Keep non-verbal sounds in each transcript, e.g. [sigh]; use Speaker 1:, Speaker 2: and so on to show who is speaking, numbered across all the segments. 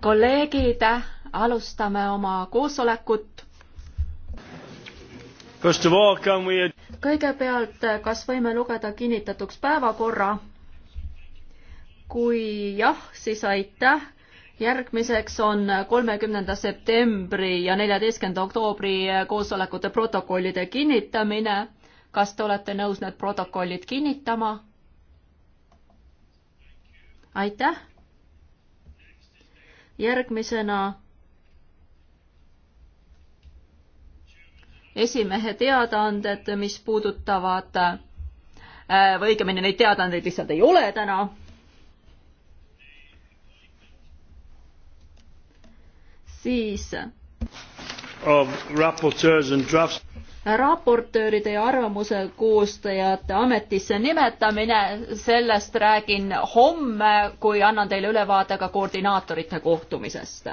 Speaker 1: kolleegid, alustame oma koosolekut. kõigepealt, kas võime lugeda kinnitatuks päevakorra? kui jah, siis aitäh. järgmiseks on kolmekümnenda septembri ja neljateistkümnenda oktoobri koosolekute protokollide kinnitamine. kas te olete nõus need protokollid kinnitama? aitäh järgmisena esimehe teadaanded, mis puudutavad äh, või õigemini neid teadaandeid lihtsalt ei ole täna. siis.
Speaker 2: Of raportöörs and drafts
Speaker 1: raportööride ja arvamuse koostajate ametisse nimetamine, sellest räägin homme, kui annan teile ülevaate ka koordinaatorite kohtumisest.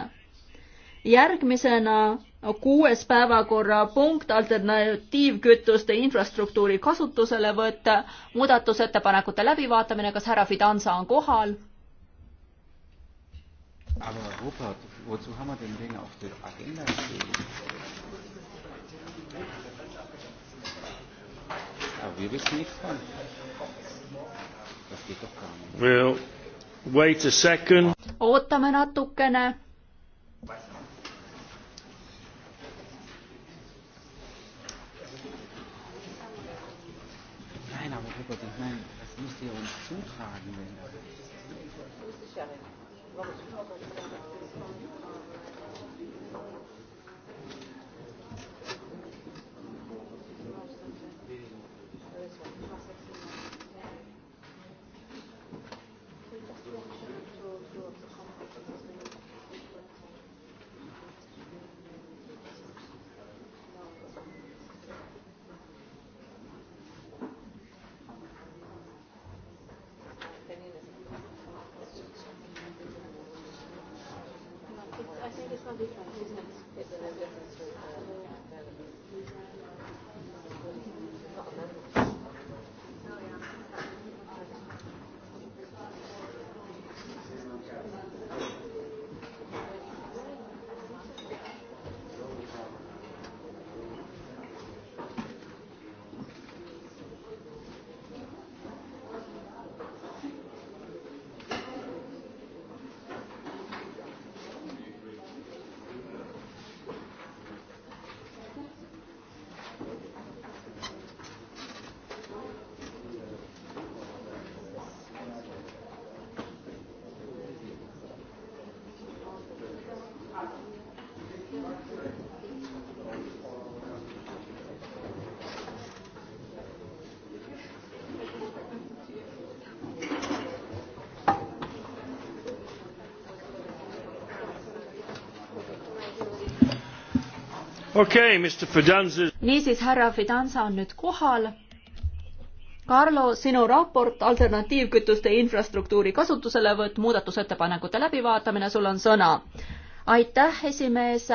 Speaker 1: järgmisena kuues päevakorrapunkt, alternatiivkütuste infrastruktuuri kasutuselevõtt, muudatusettepanekute läbivaatamine, kas härra Fidanza on kohal?
Speaker 3: aga Rupert, wozu haben wir den Ding auf der Agenda stehen? Aber wir wissen nicht wann. Das geht doch gar nicht. We'll
Speaker 2: wait a second.
Speaker 1: ootame natukene.
Speaker 3: Nein, aber Robert, ich meine, das müsst ihr uns zutragen, wenn
Speaker 2: okay,.
Speaker 1: niisiis, härra Fidanza on nüüd kohal. Carlo, sinu raport alternatiivkütuste infrastruktuuri kasutuselevõtt, muudatusettepanekute läbivaatamine, sul on sõna. aitäh, esimees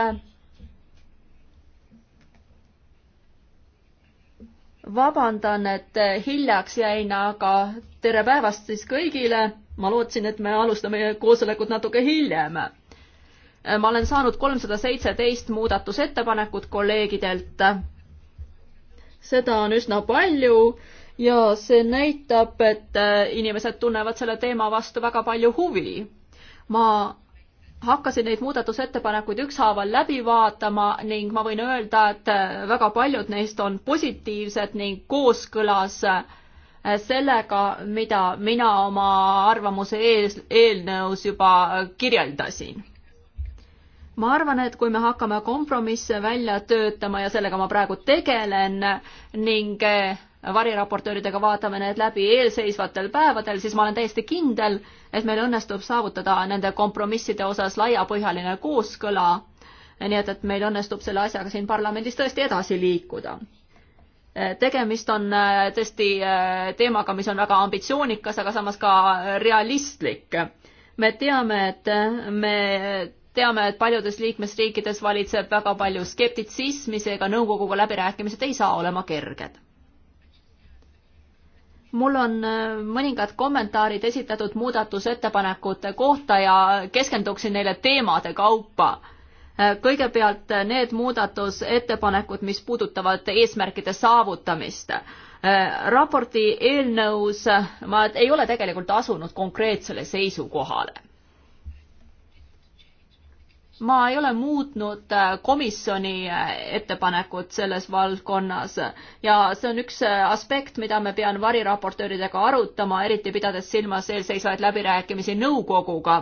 Speaker 1: vabandan, et hiljaks jäin, aga tere päevast siis kõigile. ma lootsin, et me alustame koosolekut natuke hiljem. Äh, ma olen saanud kolmsada seitseteist muudatusettepanekut kolleegidelt. seda on üsna palju ja see näitab, et äh, inimesed tunnevad selle teema vastu väga palju huvi. ma hakkasin neid muudatusettepanekuid ükshaaval läbi vaatama ning ma võin öelda, et äh, väga paljud neist on positiivsed ning kooskõlas sellega, mida mina oma arvamuse ees, eelnõus juba kirjeldasin ma arvan, et kui me hakkame kompromisse välja töötama ja sellega ma praegu tegelen ning eh, variraportööridega vaatame need läbi eelseisvatel päevadel, siis ma olen täiesti kindel, et meil õnnestub saavutada nende kompromisside osas laiapõhjaline kooskõla. nii et, et meil õnnestub selle asjaga siin parlamendis tõesti edasi liikuda eh, tegemist on eh, tõesti teemaga, mis on väga ambitsioonikas, aga samas ka realistlik. me teame, et me teame, et paljudes liikmesriikides valitseb väga palju skeptitsismi, seega nõukoguga läbirääkimised ei saa olema kerged. mul on äh, mõningad kommentaarid esitatud muudatusettepanekute kohta ja keskenduksin neile teemade kaupa. Äh, kõigepealt äh, need muudatusettepanekud, mis puudutavad eesmärkide saavutamist raporti eelnõus ma ei ole tegelikult asunud konkreetsele seisukohale ma ei ole muutnud äh, komisjoni äh, ettepanekut selles valdkonnas ja see on üks äh, aspekt, mida me pean variraportööridega arutama, eriti pidades silmas eelseisvaid läbirääkimisi nõukoguga.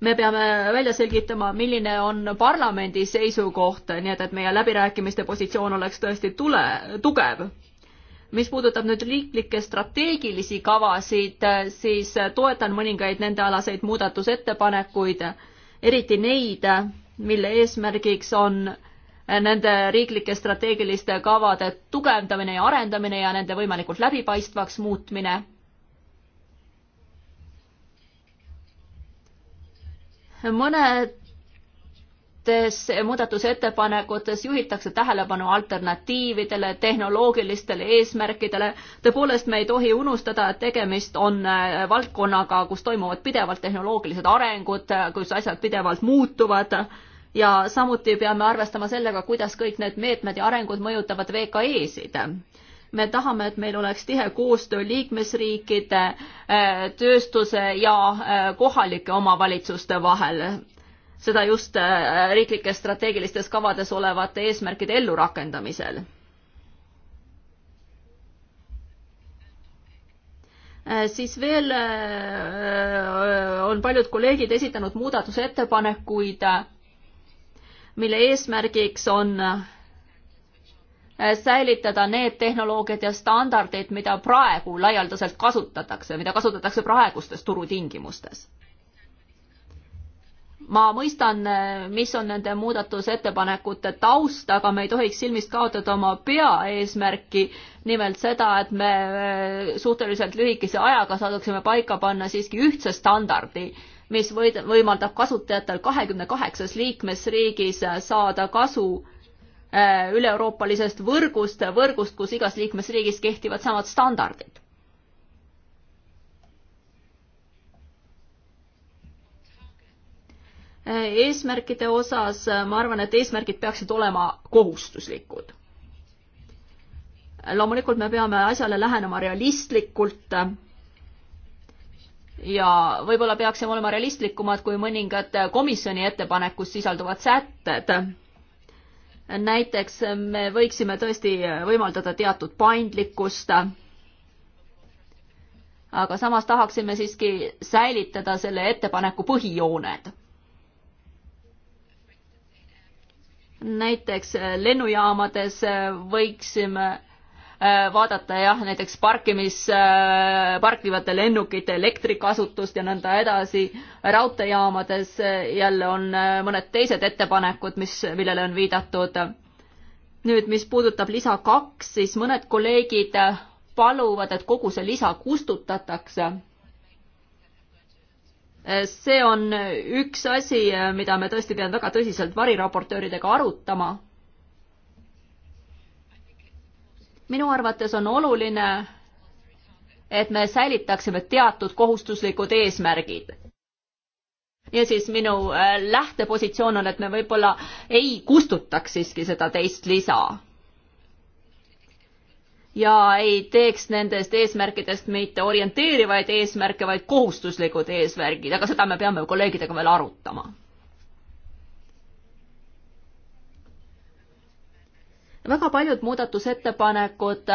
Speaker 1: me peame välja selgitama, milline on parlamendi seisukoht, nii et, et meie läbirääkimiste positsioon oleks tõesti tule, tugev mis puudutab nüüd riiklikke strateegilisi kavasid, siis toetan mõningaid nendealaseid muudatusettepanekuid eriti neid, mille eesmärgiks on nende riiklike strateegiliste kavade tugevdamine ja arendamine ja nende võimalikult läbipaistvaks muutmine. mõned erinevates muudatusettepanekutes juhitakse tähelepanu alternatiividele, tehnoloogilistele eesmärkidele. tõepoolest, me ei tohi unustada, et tegemist on äh, valdkonnaga, kus toimuvad pidevalt tehnoloogilised arengud, kus asjad pidevalt muutuvad ja samuti peame arvestama sellega, kuidas kõik need meetmed ja arengud mõjutavad VKE-sid me tahame, et meil oleks tihe koostöö liikmesriikide, äh, tööstuse ja äh, kohalike omavalitsuste vahel seda just äh, riiklikes strateegilistes kavades olevate eesmärkide ellurakendamisel. Äh, siis veel äh, on paljud kolleegid esitanud muudatusettepanekuid, mille eesmärgiks on säilitada need tehnoloogiad ja standardid, mida praegu laialdaselt kasutatakse, mida kasutatakse praegustes turutingimustes ma mõistan, eh, mis on nende muudatusettepanekute taust, aga me ei tohiks silmist kaotada oma peaeesmärki, nimelt seda, et me eh, suhteliselt lühikese ajaga saadaksime paika panna siiski ühtse standardi, mis või-, võimaldab kasutajatel kahekümne kaheksas liikmesriigis saada kasu eh, üle-euroopalisest võrgust, võrgust, kus igas liikmesriigis kehtivad samad standardid eesmärkide osas ma arvan, et eesmärgid peaksid olema kohustuslikud. loomulikult me peame asjale lähenema realistlikult ja võib-olla peaksime olema realistlikumad kui mõningad komisjoni ettepanekus sisalduvad sätted. näiteks me võiksime tõesti võimaldada teatud paindlikkust aga samas tahaksime siiski säilitada selle ettepaneku põhijooned. näiteks äh, lennujaamades äh, võiksime äh, vaadata jah, näiteks parkimis, parkivate lennukite elektrikasutust ja nõnda edasi. raudteejaamades jälle on mõned teised ettepanekud, mis, millele on viidatud. nüüd, mis puudutab lisa kaks, siis mõned kolleegid paluvad, et kogu see lisa kustutatakse see on üks asi, mida me tõesti peame väga tõsiselt variraportööridega arutama. minu arvates on oluline, et me säilitaksime teatud kohustuslikud eesmärgid ja siis minu äh, lähtepositsioon on, et me võib-olla ei kustutaks siiski seda teist lisa ja ei teeks nendest eesmärkidest mitte orienteerivaid eesmärke, vaid kohustuslikud eesmärgid, aga seda me peame kolleegidega veel arutama. väga paljud muudatusettepanekud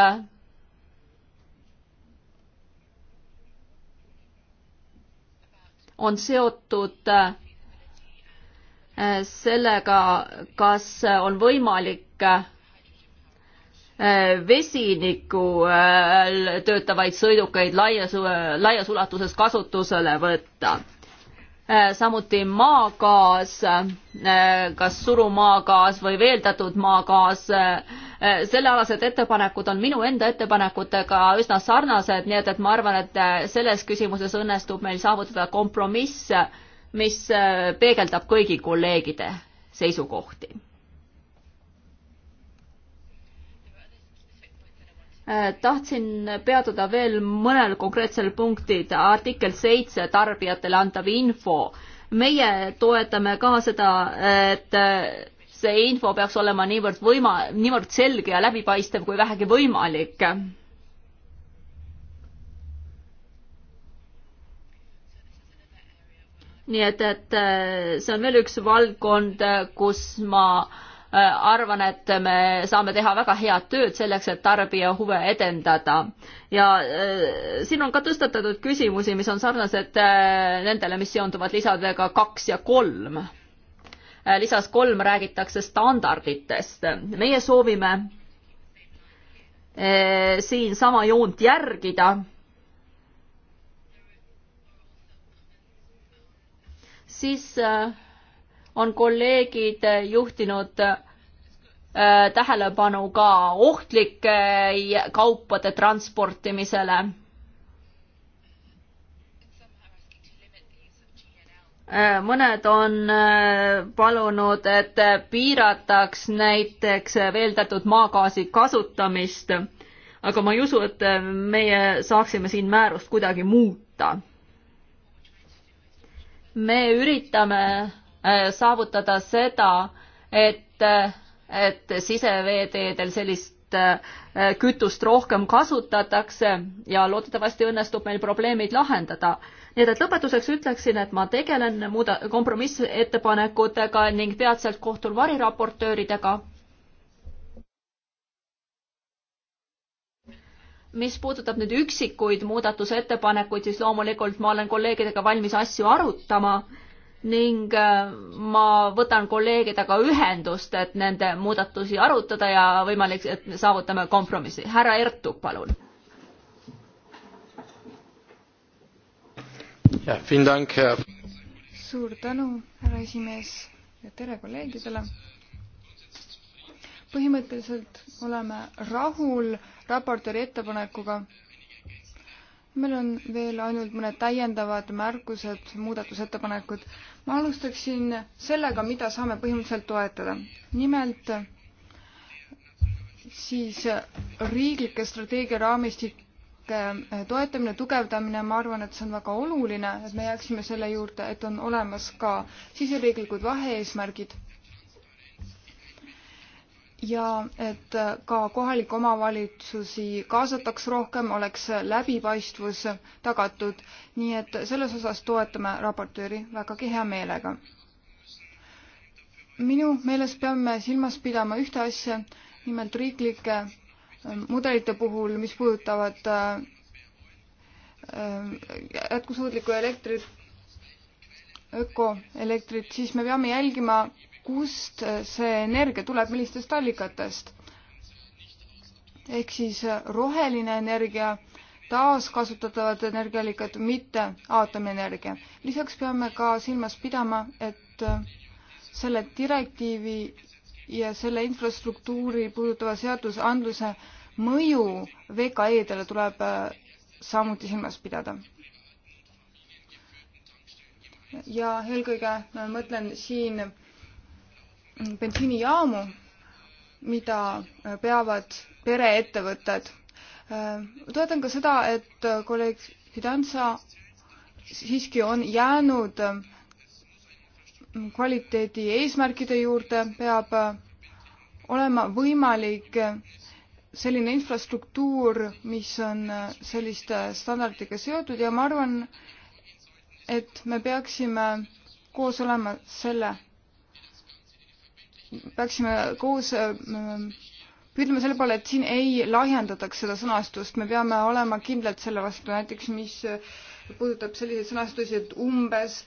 Speaker 1: on seotud eh, sellega, kas on võimalik eh, Äh, vesinikul äh, töötavaid sõidukeid laias, laias ulatuses kasutusele võtta. Äh, samuti maagaas, kas surumaagaas või veeldatud maagaas, sellealased ettepanekud on minu enda ettepanekutega üsna sarnased, nii et, et ma arvan, et selles küsimuses õnnestub meil saavutada kompromiss, mis peegeldab kõigi kolleegide seisukohti Äh, tahtsin peatuda veel mõnel konkreetsel punktil, artikkel seitse, tarbijatele antav info. meie toetame ka seda, et äh, see info peaks olema niivõrd võima-, niivõrd selge ja läbipaistev kui vähegi võimalik. nii et, et äh, see on veel üks valdkond, kus ma äh, Äh, arvan, et me saame teha väga head tööd selleks, et tarbija huve edendada. ja äh, siin on ka tõstatatud küsimusi, mis on sarnased äh, nendele, mis seonduvad lisadega kaks ja kolm. lisas kolm räägitakse standarditest. meie soovime siin sama joont järgida siis äh, on kolleegid juhtinud äh, tähelepanu ka ohtlike äh, kaupade transportimisele äh, mõned on palunud, et piirataks näiteks veeldatud maagaasi kasutamist, aga ma ei usu, et meie saaksime siin määrust kuidagi muuta. me üritame Äh, saavutada seda, et, et siseveeteedel sellist äh, kütust rohkem kasutatakse ja loodetavasti õnnestub meil probleemid lahendada. nii et, et lõpetuseks ütleksin, et ma tegelen muuda-, kompromissettepanekutega ning peatselt kohtun variraportööridega. mis puudutab nüüd üksikuid muudatusettepanekuid, siis loomulikult ma olen kolleegidega valmis asju arutama ning äh, ma võtan kolleegidega ühendust, et nende muudatusi arutada ja võimalik, et me saavutame kompromissi. härra Ertug, palun.
Speaker 4: suur tänu, härra esimees ja tere kolleegidele. põhimõtteliselt oleme rahul raportööri ettepanekuga meil on veel ainult mõned täiendavad märkused, muudatusettepanekud. ma alustaksin sellega, mida saame põhimõtteliselt toetada. nimelt siis riiklike strateegiaraamistike toetamine, tugevdamine, ma arvan, et see on väga oluline, et me jääksime selle juurde, et on olemas ka siseriiklikud vahe-eesmärgid ja et ka kohalikke omavalitsusi kaasataks rohkem, oleks läbipaistvus tagatud, nii et selles osas toetame raportööri vägagi hea meelega. minu meelest peame silmas pidama ühte asja, nimelt riiklike ähm, mudelite puhul, mis puudutavad äh, jätkusuutlikku elektrit, ökoelektrit, siis me peame jälgima kust see energia tuleb, millistest allikatest. ehk siis roheline energia, taaskasutatavad energiaallikad, mitte aatomienergia. lisaks peame ka silmas pidama, et selle direktiivi ja selle infrastruktuuri puudutava seadusandluse mõju VKE-dele tuleb äh, samuti silmas pidada. ja eelkõige mõtlen siin bensiinijaamu, mida äh, peavad pereettevõtted. Äh, toetan ka seda, et äh, kolleeg Fidanza siiski on jäänud kvaliteedi eesmärkide juurde, peab olema võimalik selline infrastruktuur, mis on selliste standarditega seotud ja ma arvan, et me peaksime koos olema selle peaksime koos äh, püüdlema selle poole, et siin ei lahjendataks seda sõnastust, me peame olema kindlad selle vastu, näiteks mis äh, puudutab selliseid sõnastusi, et umbes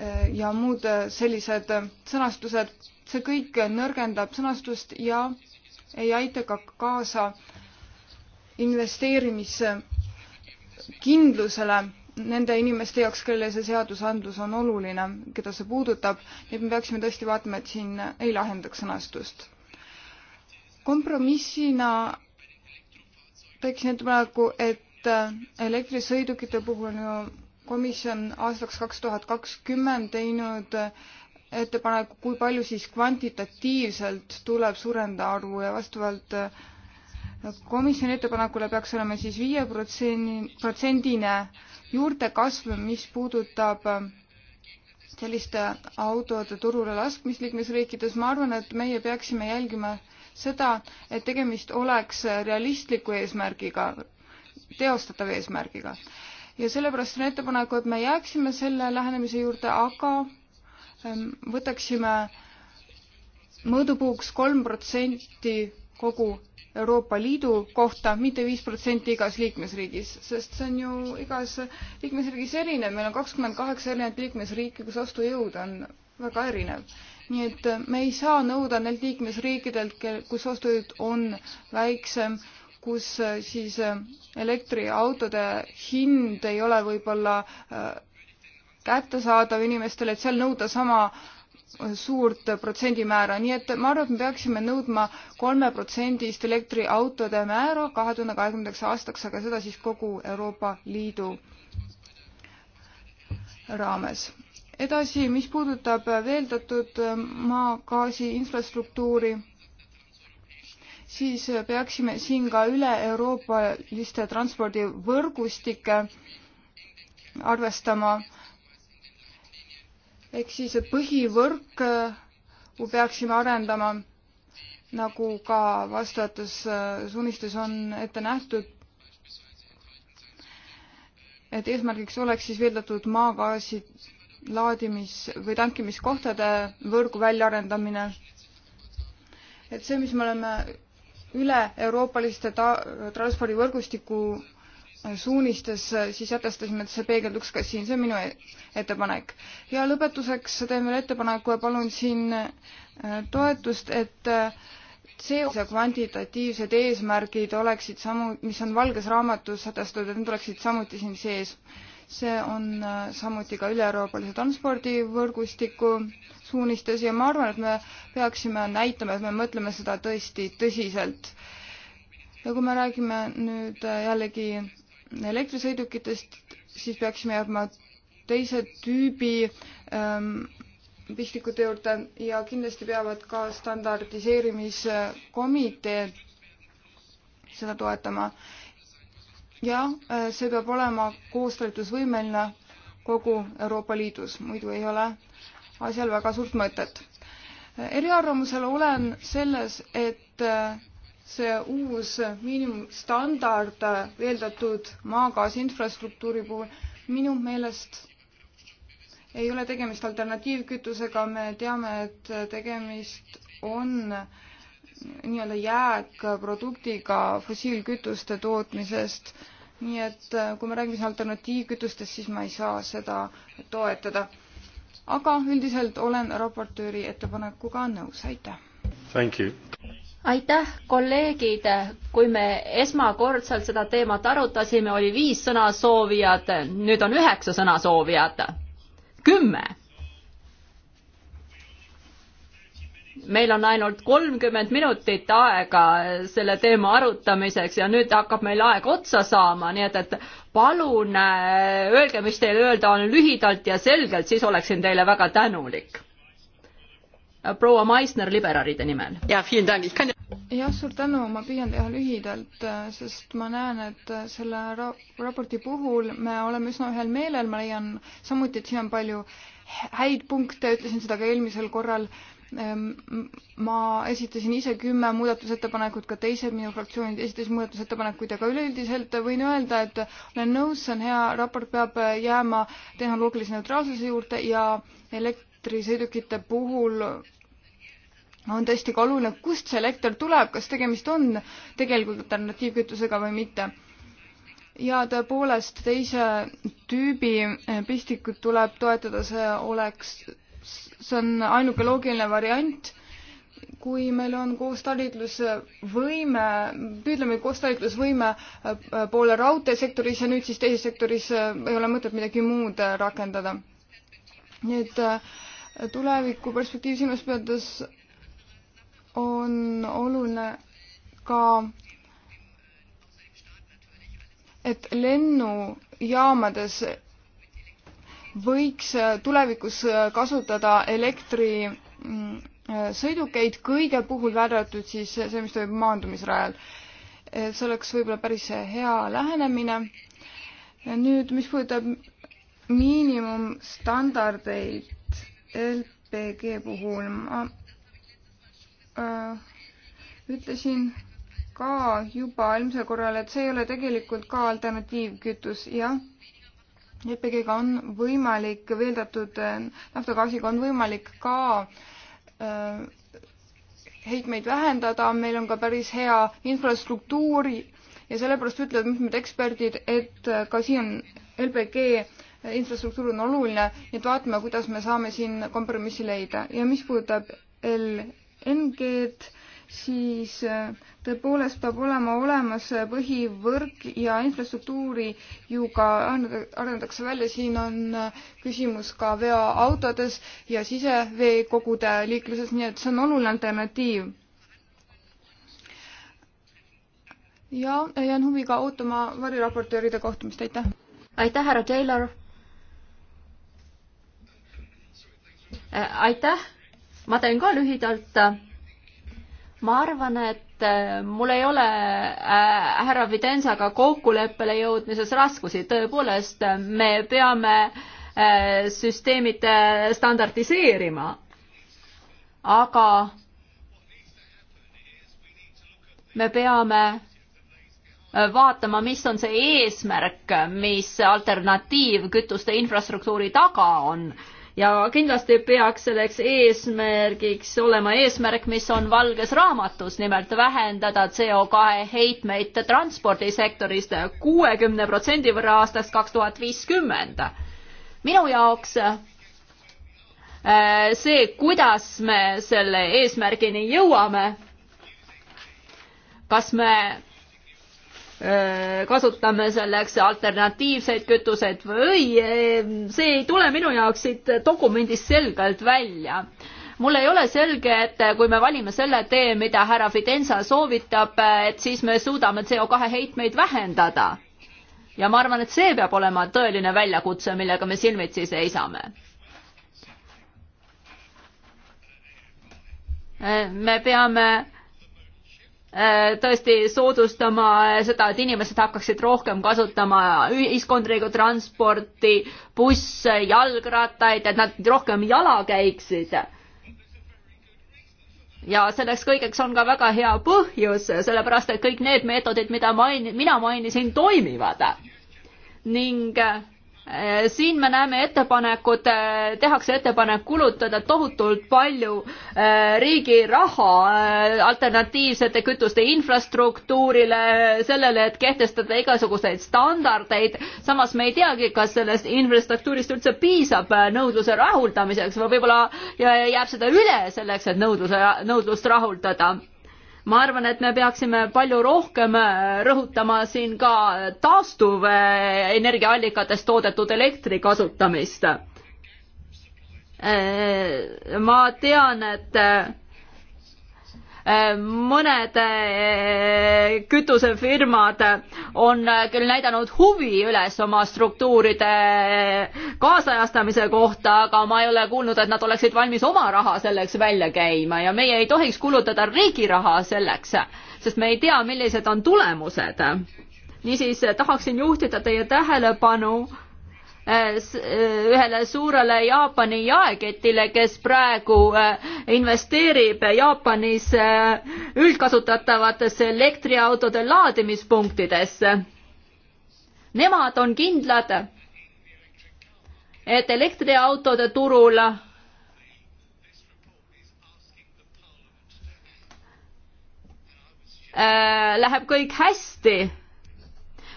Speaker 4: äh, ja muud sellised sõnastused, see kõik nõrgendab sõnastust ja ei aita ka kaasa investeerimiskindlusele nende inimeste jaoks, kellele see seadusandlus on oluline, keda see puudutab, nii et me peaksime tõesti vaatama, et siin ei lahendaks sõnastust. kompromissina teeksin ettepaneku, et elektrisõidukite puhul on ju komisjon aastaks kaks tuhat kakskümmend teinud ettepaneku, kui palju siis kvantitatiivselt tuleb suurenda arvu ja vastavalt äh, komisjoni ettepanekule peaks olema siis viie protsendi, protsendine juurdekasv, mis puudutab ähm, selliste autode turule laskmist liikmesriikides, ma arvan, et meie peaksime jälgima seda, et tegemist oleks realistliku eesmärgiga, teostatava eesmärgiga. ja sellepärast on ettepanek, et me jääksime selle lähenemise juurde, aga ähm, võtaksime mõõdupuuks kolm protsenti kogu Euroopa Liidu kohta mitte, mitte viis protsenti igas liikmesriigis, sest see on ju igas liikmesriigis erinev, meil on kakskümmend kaheksa erinevat liikmesriiki, kus ostujõud on väga erinev. nii et äh, me ei saa nõuda neilt liikmesriikidelt, kus ostujõud on väiksem, kus äh, siis äh, elektriautode hind ei ole võib-olla kättesaadav inimestele, et seal nõuda sama äh, suurt protsendimäära, nii et ma arvan, et me peaksime nõudma kolmeprotsendist elektriautode määra kahe tuhande kahekümnendaks aastaks, aga seda siis kogu Euroopa Liidu raames. edasi, mis puudutab veeldatud maagaasi infrastruktuuri, siis peaksime siin ka üle-euroopaliste transpordivõrgustike arvestama äh, ehk siis põhivõrku äh, peaksime arendama, nagu ka vastavates äh, suunistes on ette nähtud. et eesmärgiks oleks siis veeldatud maagaasi laadimis- või tankimiskohtade võrgu väljaarendamine. et see, mis me oleme üle-euroopaliste ta-, transpordivõrgustiku suunistes siis sätestasime, et see peegelduks ka siin, see on minu ettepanek. ja lõpetuseks teen veel ettepaneku ja palun siin äh, toetust, et CO2 äh, kvantitatiivsed eesmärgid oleksid samu, mis on valges raamatus sätestatud, et need oleksid samuti siin sees. see on äh, samuti ka üle-Euroopalise transpordivõrgustiku suunistes ja ma arvan, et me peaksime näitama, et me mõtleme seda tõesti tõsiselt. ja kui me räägime nüüd jällegi elektrisõidukitest, siis peaksime jääma teise tüübi ähm, pistikute juurde ja kindlasti peavad ka standardiseerimiskomitee seda toetama. ja äh, see peab olema koostalitusvõimeline kogu Euroopa Liidus, muidu ei ole asjal väga suurt mõtet. Äh, eriarvamusel olen selles, et äh, see uus miinimumstandard veeldatud maagaasi infrastruktuuri puhul minu meelest ei ole tegemist alternatiivkütusega, me teame, et tegemist on nii-öelda jääkproduktiga fossiilkütuste tootmisest. nii et äh, kui me räägime alternatiivkütustest, siis ma ei saa seda toetada. aga üldiselt olen raportööri ettepanekuga nõus, aitäh.
Speaker 1: Thank you aitäh, kolleegid, kui me esmakordselt seda teemat arutasime, oli viis sõnasoovijat, nüüd on üheksa sõnasoovijat, kümme. meil on ainult kolmkümmend minutit aega selle teema arutamiseks ja nüüd hakkab meil aeg otsa saama, nii et, et palun äh, öelge, mis teil öelda on lühidalt ja selgelt, siis oleksin teile väga tänulik proua Meissner liberaalide nimel. jah,
Speaker 4: suur tänu, ma püüan teha lühidalt, äh, sest ma näen, et äh, selle raporti puhul me oleme üsna ühel meelel, ma leian samuti, et siin on palju häid punkte, ütlesin seda ka eelmisel korral. Ähm, ma esitasin ise kümme muudatusettepanekut, ka teised minu fraktsioonid esitasid muudatusettepanekuid, aga üleüldiselt võin öelda, et olen nõus, see on hea, raport peab äh, jääma tehnoloogilise neutraalsuse juurde ja elektrisõidukite puhul on tõesti ka oluline, kust see elekter tuleb, kas tegemist on tegelikult alternatiivkütusega või mitte. ja tõepoolest, teise tüübi eh, pistikut tuleb toetada, see oleks, see on ainuke loogiline variant, kui meil on koostalitlusvõime, püüdleme koostalitlusvõime eh, poole raudteesektoris ja nüüd siis teises sektoris eh, ei ole mõtet midagi muud rakendada. nii et tuleviku perspektiivi silmas pidades on oluline ka, et lennujaamades võiks tulevikus kasutada elektrisõidukeid mm, kõige puhul, välja arvatud siis see, mis toimub maandumisrajal. see oleks võib-olla päris hea lähenemine. nüüd, mis puudutab miinimumstandardeid LPG puhul, ma Äh, ütlesin ka juba eelmisel korral, et see ei ole tegelikult ka alternatiivkütus, jah. LPG-ga on võimalik, veeldatud äh, naftagaasiga on võimalik ka äh, heitmeid vähendada, meil on ka päris hea infrastruktuur ja sellepärast ütlevad mitmed eksperdid, et äh, ka siin on LPG infrastruktuur on oluline, nii et vaatame, kuidas me saame siin kompromissi leida ja mis puudutab L NG-d, siis äh, tõepoolest peab olema olemas äh, põhivõrk ja infrastruktuuri ju ka arendatakse välja, siin on äh, küsimus ka veoautodes ja siseveekogude liikluses, nii et see on oluline alternatiiv. ja jään
Speaker 1: huviga ootama variraportööride kohtumist, aitäh! aitäh, härra Taylor! aitäh! ma teen ka lühidalt. ma arvan, et äh, mul ei ole äh, härra Fidenzaga kokkuleppele jõudmises raskusi, tõepoolest, me peame äh, süsteemid standardiseerima. aga me peame vaatama, mis on see eesmärk, mis alternatiivkütuste infrastruktuuri taga on ja kindlasti peaks selleks eesmärgiks olema eesmärk, mis on valges raamatus, nimelt vähendada CO2 heitmeid transpordisektorist kuuekümne protsendi võrra aastaks kaks tuhat viiskümmend. minu jaoks äh, see, kuidas me selle eesmärgini jõuame, kas me Äh, kasutame selleks alternatiivseid kütuseid või äh, see ei tule minu jaoks siit dokumendist selgelt välja. mul ei ole selge, et äh, kui me valime selle tee, mida härra Fidenza soovitab, et siis me suudame CO2 heitmeid vähendada. ja ma arvan, et see peab olema tõeline väljakutse, millega me silmitsi seisame me peame Äh, tõesti soodustama äh, seda, et inimesed hakkaksid rohkem kasutama ühiskondlikku transporti, busse, jalgrattaid, et nad rohkem jala käiksid. ja selleks kõigeks on ka väga hea põhjus, sellepärast et kõik need meetodid, mida main-, mina mainisin, toimivad. ning äh, Äh, siin me näeme ettepanekut, äh, tehakse ettepanek kulutada tohutult palju äh, riigi raha alternatiivsete kütuste infrastruktuurile, sellele, et kehtestada igasuguseid standardeid. samas me ei teagi, kas sellest infrastruktuurist üldse piisab nõudluse rahuldamiseks või võib-olla jääb seda üle selleks, et nõudluse, nõudlust rahuldada ma arvan, et me peaksime palju rohkem äh, rõhutama siin ka taastuvenergiaallikates toodetud elektri kasutamist. Äh, ma tean, et äh, Äh, mõned äh, kütusefirmad on äh, küll näidanud huvi üles oma struktuuride kaasajastamise kohta, aga ma ei ole kuulnud, et nad oleksid valmis oma raha selleks välja käima ja meie ei tohiks kulutada riigi raha selleks, sest me ei tea, millised on tulemused. niisiis tahaksin juhtida teie tähelepanu Äh, äh, ühele suurele Jaapani jaeketile, kes praegu äh, investeerib Jaapanis üldkasutatavatesse elektriautode laadimispunktidesse. Nemad on kindlad, et elektriautode turul läheb kõik hästi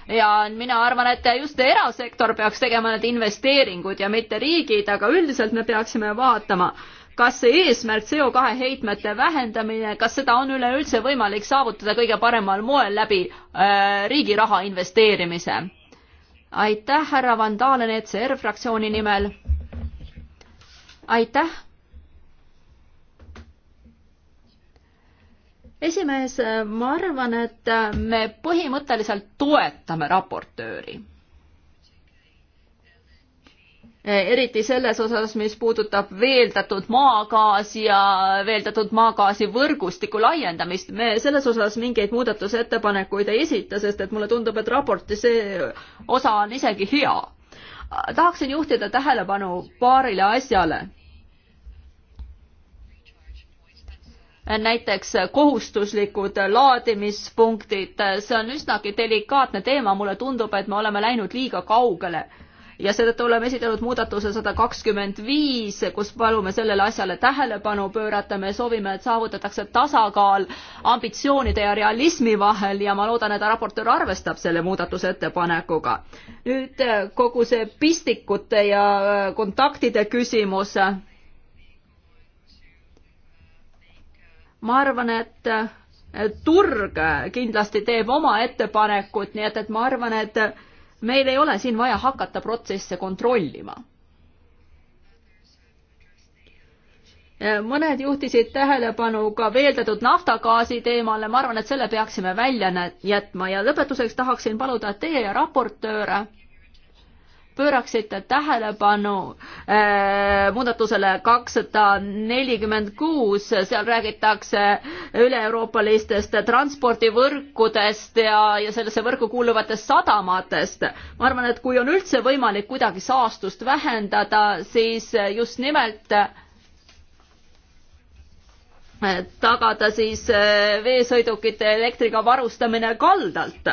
Speaker 1: ja mina arvan, et just erasektor peaks tegema need investeeringud ja mitte riigid, aga üldiselt me peaksime vaatama, kas see eesmärk CO2 heitmete vähendamine, kas seda on üleüldse võimalik saavutada kõige paremal moel läbi äh, riigi raha investeerimise? aitäh, härra Van Dalen ECR fraktsiooni nimel. aitäh esimees, äh, ma arvan, et äh, me põhimõtteliselt toetame raportööri. Äh, eriti selles osas, mis puudutab veeldatud maagaasi ja veeldatud maagaasi võrgustiku laiendamist. me selles osas mingeid muudatusettepanekuid ei esita, sest et mulle tundub, et raporti see osa on isegi hea. tahaksin juhtida tähelepanu paarile asjale näiteks kohustuslikud laadimispunktid, see on üsnagi delikaatne teema, mulle tundub, et me oleme läinud liiga kaugele. ja seetõttu oleme esitanud muudatuse sada kakskümmend viis, kus palume sellele asjale tähelepanu pöörata, me soovime, et saavutatakse tasakaal ambitsioonide ja realismi vahel ja ma loodan, et raportöör arvestab selle muudatusettepanekuga. nüüd kogu see pistikute ja kontaktide küsimus ma arvan, et turg kindlasti teeb oma ettepanekud, nii et, et ma arvan, et meil ei ole siin vaja hakata protsesse kontrollima. mõned juhtisid tähelepanu ka veeldatud naftagaasi teemale, ma arvan, et selle peaksime välja jätma ja lõpetuseks tahaksin paluda teie raportööre pööraksite tähelepanu äh, muudatusele kakssada nelikümmend kuus, seal räägitakse üle-euroopalistest transpordivõrkudest ja, ja sellesse võrku kuuluvatest sadamatest. ma arvan, et kui on üldse võimalik kuidagi saastust vähendada, siis just nimelt äh, tagada siis äh, veesõidukite elektriga varustamine kaldalt.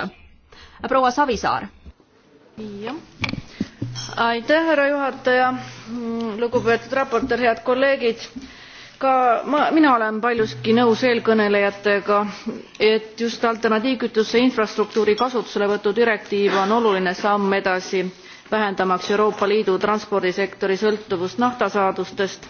Speaker 5: proua Savisaar. jah aitäh härra juhataja lugupeetud raportöör head kolleegid ka ma, mina olen paljuski nõus eelkõnelejatega et just alternatiivkütuse infrastruktuuri kasutuselevõtu direktiiv on oluline samm edasi vähendamaks euroopa liidu transpordisektori sõltuvust naftasaadustest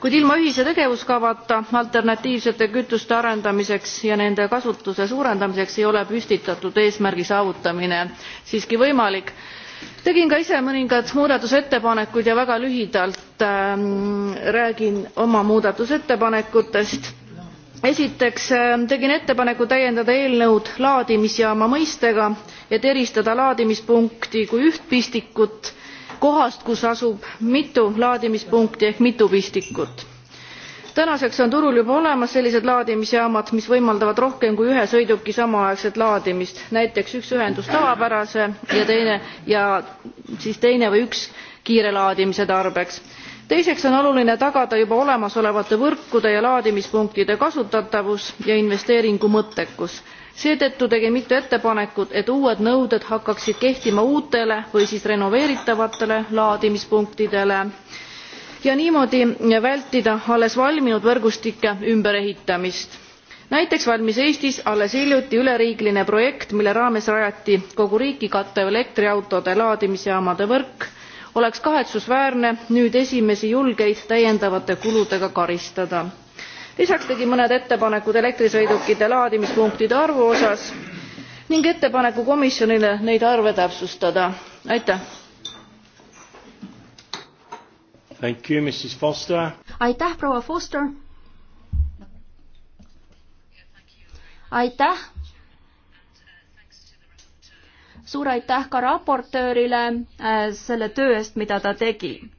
Speaker 5: kuid ilma ühise tegevuskavata alternatiivsete kütuste arendamiseks ja nende kasutuse suurendamiseks ei ole püstitatud eesmärgi saavutamine siiski võimalik tegin ka ise mõningad muudatusettepanekud ja väga lühidalt ähm, räägin oma muudatusettepanekutest. esiteks ähm, tegin ettepaneku täiendada eelnõu laadimisjaama mõistega et eristada laadimispunkti kui üht pistikut kohast kus asub mitu laadimispunkti ehk mitu pistikut tänaseks on turul juba olemas sellised laadimisjaamad mis võimaldavad rohkem kui ühe sõiduki samaaegset laadimist näiteks üks ühendus tavapärase ja teine ja siis teine või üks kiirelaadimise tarbeks. teiseks on oluline tagada juba olemasolevate võrkude ja laadimispunktide kasutatavus ja investeeringu mõttekus seetõttu tegin mitu ettepanekut et uued nõuded hakkaksid kehtima uutele või siis renoveeritavatele laadimispunktidele ja niimoodi vältida alles valminud võrgustike ümberehitamist. näiteks valmis eestis alles hiljuti üleriigiline projekt mille raames rajati kogu riiki kattev elektriautode laadimisjaamade võrk oleks kahetsusväärne nüüd esimesi julgeid täiendavate kuludega karistada. lisaks tegi mõned ettepanekud elektrisõidukite laadimispunktide arvu osas ning ettepaneku komisjonile neid arve täpsustada. aitäh! aitäh, proua Foster.
Speaker 1: aitäh. suur aitäh ka raportöörile äh, selle töö eest, mida ta tegi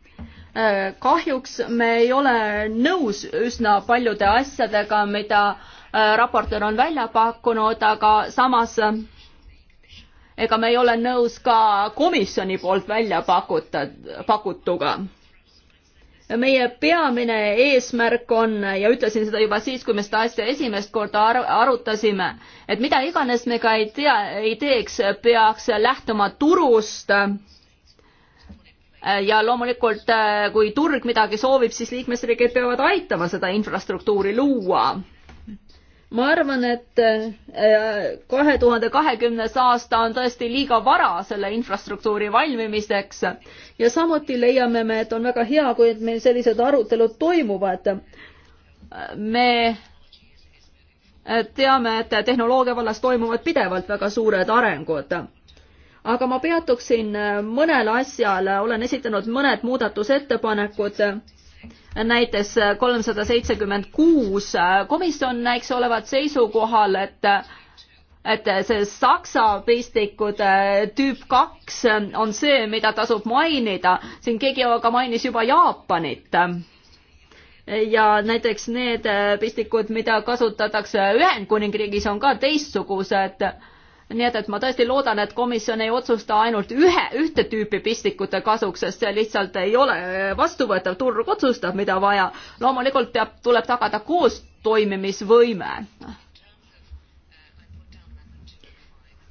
Speaker 1: äh, kahjuks me ei ole nõus üsna paljude asjadega, mida äh, raportöör on välja pakkunud, aga samas ega me ei ole nõus ka komisjoni poolt välja pakutud, pakutuga meie peamine eesmärk on ja ütlesin seda juba siis, kui me seda asja esimest korda ar arutasime, et mida iganes me ka ei tea, ei teeks, peaks lähtuma turust. ja loomulikult, kui turg midagi soovib, siis liikmesriigid peavad aitama seda infrastruktuuri luua ma arvan, et äh, kahe tuhande kahekümnes aasta on tõesti liiga vara selle infrastruktuuri valmimiseks ja samuti leiame me, et on väga hea, kui meil sellised arutelud toimuvad. me äh, teame, et tehnoloogia vallas toimuvad pidevalt väga suured arengud aga ma peatuksin äh, mõnel asjal, olen esitanud mõned muudatusettepanekud näiteks kolmsada seitsekümmend kuus, komisjon näiks olevat seisukohal, et et see saksa pistikud tüüp kaks on see, mida tasub mainida, siin keegi aga mainis juba Jaapanit. ja näiteks need pistikud, mida kasutatakse Ühendkuningriigis, on ka teistsugused et nii et, et ma tõesti loodan, et komisjon ei otsusta ainult ühe, ühte tüüpi pistikute kasuks, sest see lihtsalt ei ole äh, vastuvõetav, turg otsustab, mida vaja. loomulikult peab, tuleb tagada koostoimimisvõime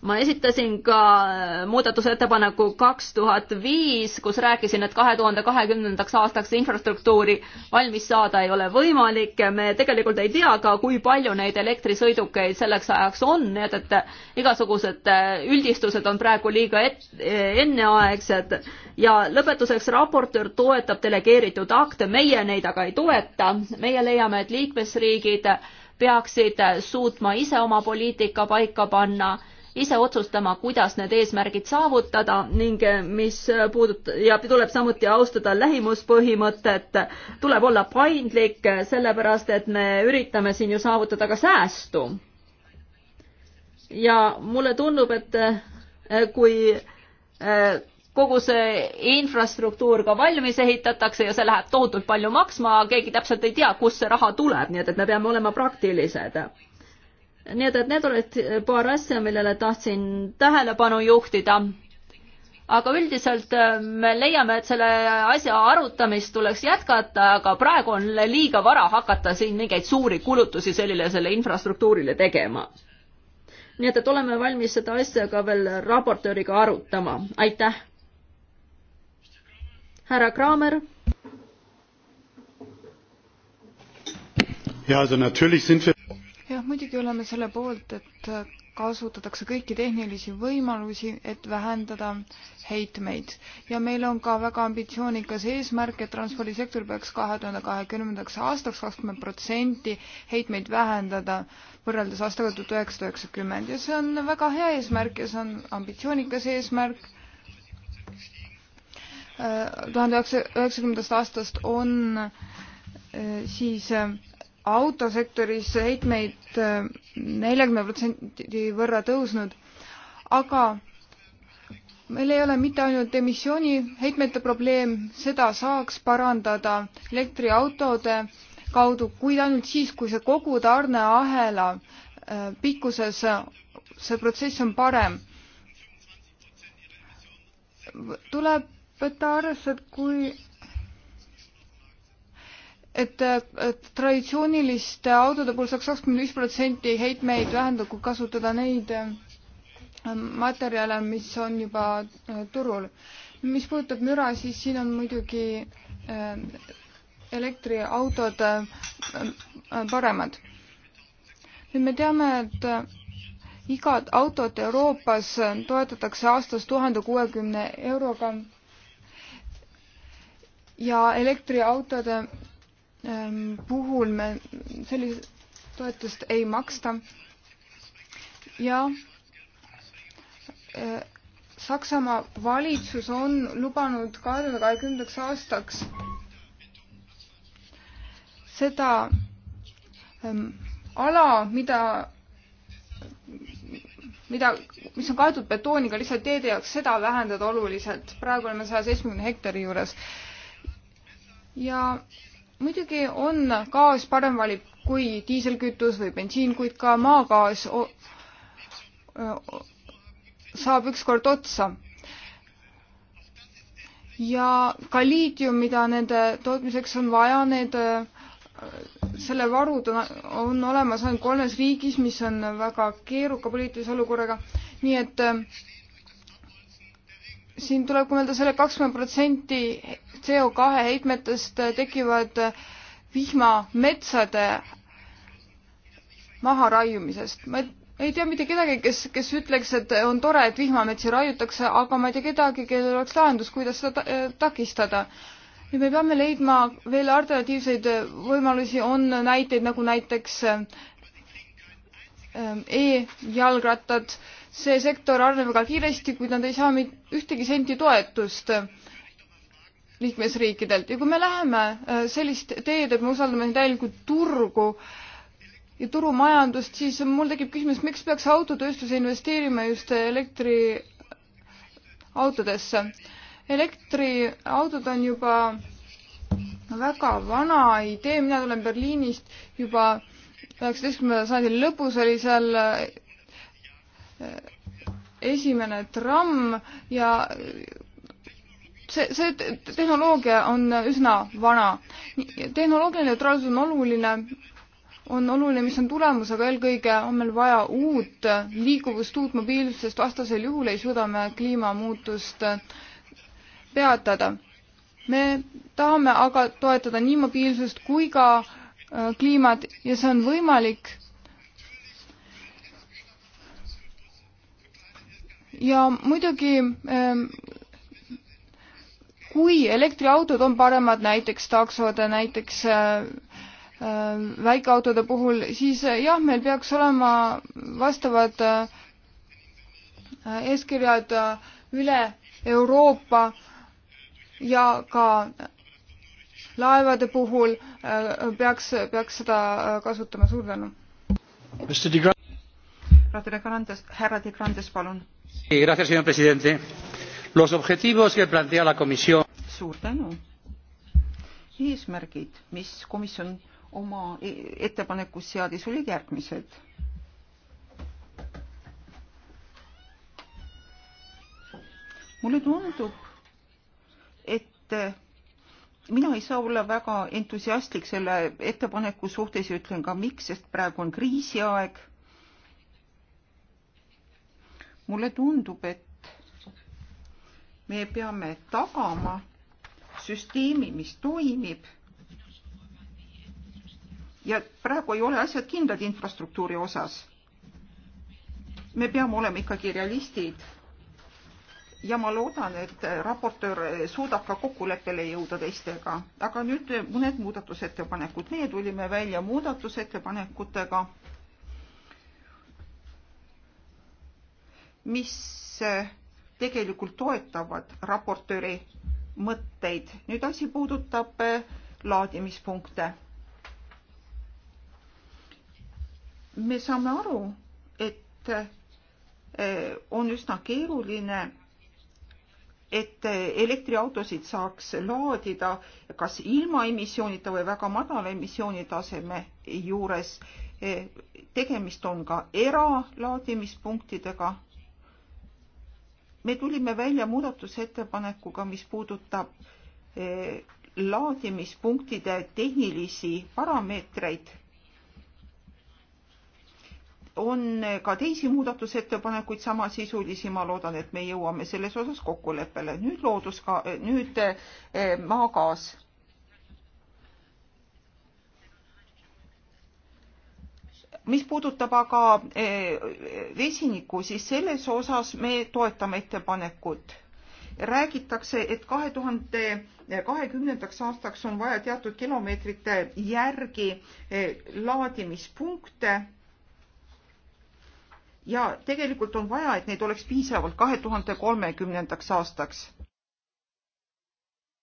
Speaker 1: ma esitasin ka äh, muudatusettepaneku kaks tuhat viis, kus rääkisin, et kahe tuhande kahekümnendaks aastaks infrastruktuuri valmis saada ei ole võimalik. me tegelikult ei tea ka, kui palju neid elektrisõidukeid selleks ajaks on, nii et, et äh, igasugused äh, üldistused on praegu liiga et, enneaegsed. ja lõpetuseks, raportöör toetab delegeeritud akte, meie neid aga ei toeta. meie leiame, et liikmesriigid peaksid suutma ise oma poliitika paika panna ise otsustama, kuidas need eesmärgid saavutada ning eh, mis puudutab ja tuleb samuti austada lähimuspõhimõtet, tuleb olla paindlik, eh, sellepärast et me üritame siin ju saavutada ka säästu. ja mulle tundub, et eh, kui kogu see infrastruktuur ka valmis ehitatakse ja see läheb tohutult palju maksma, keegi täpselt ei tea, kust see raha tuleb, nii et, et me peame olema praktilised nii et, et need olid paar asja, millele tahtsin tähelepanu juhtida. aga üldiselt äh, me leiame, et selle asja arutamist tuleks jätkata, aga praegu on liiga vara hakata siin mingeid suuri kulutusi sellele, selle infrastruktuurile tegema. nii et, et oleme valmis seda asja ka veel raportööriga arutama, aitäh. härra Kraamer
Speaker 2: Ja, also natürlich sind
Speaker 3: wir
Speaker 4: jah, muidugi oleme selle poolt, et kasutatakse kõiki tehnilisi võimalusi, et vähendada heitmeid. ja meil on ka väga ambitsioonikas eesmärk, et transpordisektor peaks kahe tuhande kahekümnendaks aastaks kakskümmend protsenti heitmeid vähendada võrreldes aastaga tuhat üheksasada üheksakümmend ja see on väga hea eesmärk ja see on ambitsioonikas eesmärk. Äh, tuhande üheksa, üheksakümnendast aastast on äh, siis äh, autosektoris heitmeid äh, neljakümne protsendi võrra tõusnud, aga meil ei ole mitte ainult emissiooni heitmete probleem, seda saaks parandada elektriautode kaudu, kuid ainult siis, kui see kogu tarneahela äh, pikkuses, see protsess on parem. tuleb võtta arvesse, et kui et, et traditsiooniliste autode puhul saaks kakskümmend viis protsenti heitmeid vähendada, kui kasutada neid ähm, materjale, mis on juba äh, turul. mis puudutab müra, siis siin on muidugi ähm, elektriautod ähm, äh, paremad. nüüd me teame, et äh, igat autot Euroopas toetatakse aastas tuhande kuuekümne euroga ja elektriautode Ehm, puhul me sellist toetust ei maksta ja eh, Saksamaa valitsus on lubanud kahe tuhande kahekümnendaks aastaks seda ähm, ala, mida, mida, mis on kaetud betooniga lihtsalt teede jaoks, seda vähendada oluliselt. praegu oleme saja seitsmekümne hektari juures. ja muidugi on gaas parem valik kui diiselkütus või bensiin, kuid ka maagaas saab ükskord otsa. ja ka liitium, mida nende tootmiseks on vaja, need, äh, selle varud on, on olemas ainult kolmes riigis, mis on väga keeruka poliitilise olukorraga, nii et äh, siin tuleb ka mõelda selle kakskümmend protsenti CO kahe heitmetest tekivad vihmametsade maharaiumisest. ma ei tea mitte kedagi, kes, kes ütleks, et on tore, et vihmametsi raiutakse, aga ma ei tea kedagi, kellel oleks lahendus, kuidas seda ta takistada. ja me peame leidma veel alternatiivseid võimalusi, on näiteid nagu näiteks ähm, e-jalgrattad see sektor areneb väga kiiresti, kuid nad ei saa ühtegi senti toetust liikmesriikidelt ja kui me läheme äh, sellist teed, et me usaldame täielikult turgu ja turumajandust, siis mul tekib küsimus, miks peaks autotööstus investeerima just elektriautodesse. elektriautod on juba väga vana idee, mina tulen Berliinist juba üheksateistkümnenda sajandi lõpus oli seal esimene tramm ja see, see tehnoloogia on üsna vana. tehnoloogiline neutraalsus on oluline, on oluline, mis on tulemus, aga eelkõige on meil vaja uut liikuvust, uut mobiilsust, sest vastasel juhul ei suuda me kliimamuutust peatada. me tahame aga toetada nii mobiilsust kui ka äh, kliimat ja see on võimalik ja muidugi ähm, kui elektriautod on paremad näiteks taksode, näiteks äh, äh, väikeautode puhul, siis äh, jah, meil peaks olema vastavad eeskirjad üle Euroopa ja ka laevade puhul peaks, peaks seda kasutama. suur tänu. härra De Grandes, härra De Grandes, palun
Speaker 6: suur tänu. eesmärgid, mis komisjon oma e, ettepanekus seadis, olid järgmised. mulle tundub, et e, mina ei saa olla väga entusiastlik selle ettepaneku suhtes ja ütlen ka miks, sest praegu on kriisiaeg mulle tundub, et me peame tagama süsteemi, mis toimib. ja praegu ei ole asjad kindlad infrastruktuuri osas. me peame olema ikkagi realistid. ja ma loodan, et raportöör suudab ka kokkuleppele jõuda teistega, aga nüüd mõned muudatusettepanekud, meie tulime välja muudatusettepanekutega mis äh, tegelikult toetavad raportööri mõtteid. nüüd asi puudutab äh, laadimispunkte. me saame aru, et äh, on üsna keeruline, et elektriautosid saaks laadida kas ilma emissioonita või väga madala emissioonitaseme juures. tegemist on ka eralaadimispunktidega me tulime välja muudatusettepanekuga, mis puudutab eh, laadimispunktide tehnilisi parameetreid. on ka teisi muudatusettepanekuid samasisulisi, ma loodan, et me jõuame selles osas kokkuleppele. nüüd loodus ka, eh, nüüd eh, maagaas mis puudutab aga eh, vesinikku, siis selles osas me toetame ettepanekut. räägitakse, et kahe tuhande eh, kahekümnendaks aastaks on vaja teatud kilomeetrite järgi eh, laadimispunkte. ja tegelikult on vaja, et neid oleks piisavalt kahe tuhande kolmekümnendaks aastaks.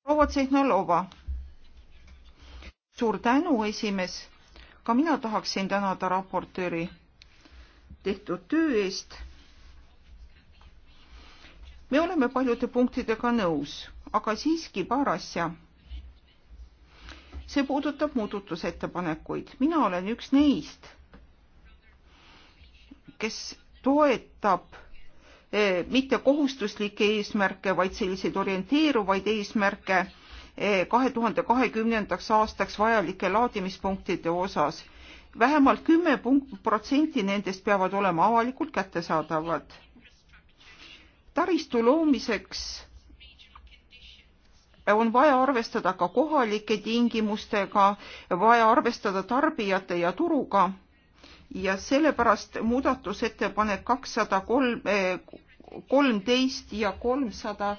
Speaker 6: proua Tsehhnalova. suur tänu, esimees ka mina tahaksin tänada raportööri tehtud töö eest. me oleme paljude punktidega nõus, aga siiski paar asja. see puudutab muudatusettepanekuid, mina olen üks neist, kes toetab eh, mitte kohustuslikke eesmärke, vaid selliseid orienteeruvaid eesmärke kahe tuhande kahekümnendaks aastaks vajalike laadimispunktide osas. vähemalt kümme protsenti nendest peavad olema avalikult kättesaadavad. taristu loomiseks on vaja arvestada ka kohalike tingimustega, vaja arvestada tarbijate ja turuga ja sellepärast muudatusettepanek kakssada kolm, eh, kolmteist ja kolmsada 300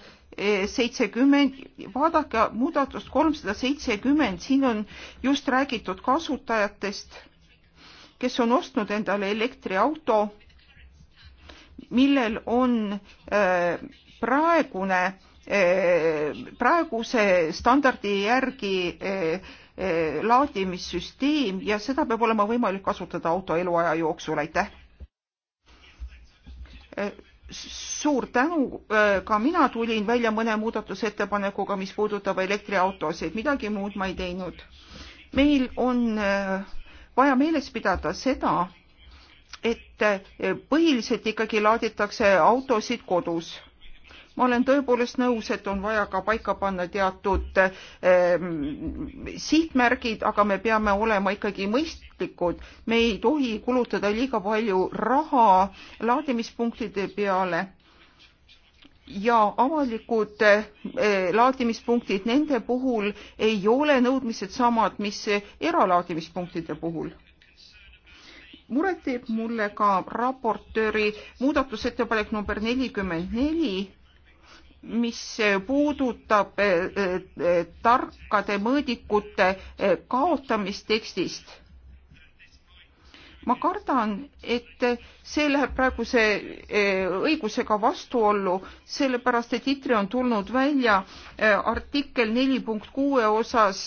Speaker 6: seitsekümmend, vaadake muudatust kolmsada seitsekümmend, siin on just räägitud kasutajatest, kes on ostnud endale elektriauto, millel on äh, praegune, äh, praeguse standardi järgi äh, laadimissüsteem ja seda peab olema võimalik kasutada auto eluaja jooksul, aitäh suur tänu, äh, ka mina tulin välja mõne muudatusettepanekuga, mis puudutab elektriautosid, midagi muud ma ei teinud. meil on äh, vaja meeles pidada seda, et äh, põhiliselt ikkagi laaditakse autosid kodus ma olen tõepoolest nõus, et on vaja ka paika panna teatud ähm, sihtmärgid, aga me peame olema ikkagi mõistlikud. me ei tohi kulutada liiga palju raha laadimispunktide peale ja avalikud äh, laadimispunktid, nende puhul ei ole nõudmised samad, mis eralaadimispunktide puhul muret teeb mulle ka raportööri muudatusettepanek number nelikümmend neli mis puudutab eh, eh, tarkade mõõdikute eh, kaotamist tekstist. ma kardan, et see läheb praeguse õigusega vastuollu, sellepärast et ITRE on tulnud välja artikkel neli punkt kuue osas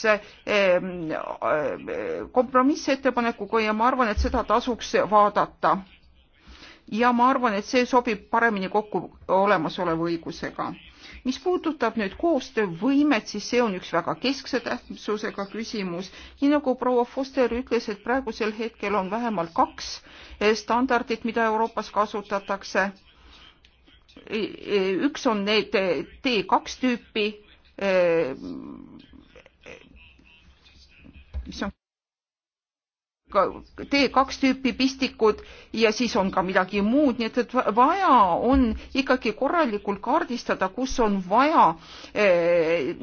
Speaker 6: kompromissettepanekuga ja ma arvan, et seda tasuks vaadata ja ma arvan, et see sobib paremini kokku olemasoleva õigusega. mis puudutab nüüd koostöövõimet, siis see on üks väga keskse tähtsusega küsimus. nii nagu proua Foster ütles, et praegusel hetkel on vähemalt kaks eh, standardit, mida Euroopas kasutatakse. E, e, üks on need eh, T2 tüüpi, eh, mis on tee kaks tüüpi pistikud ja siis on ka midagi muud, nii et, et vaja on ikkagi korralikult kaardistada, kus on vaja eh,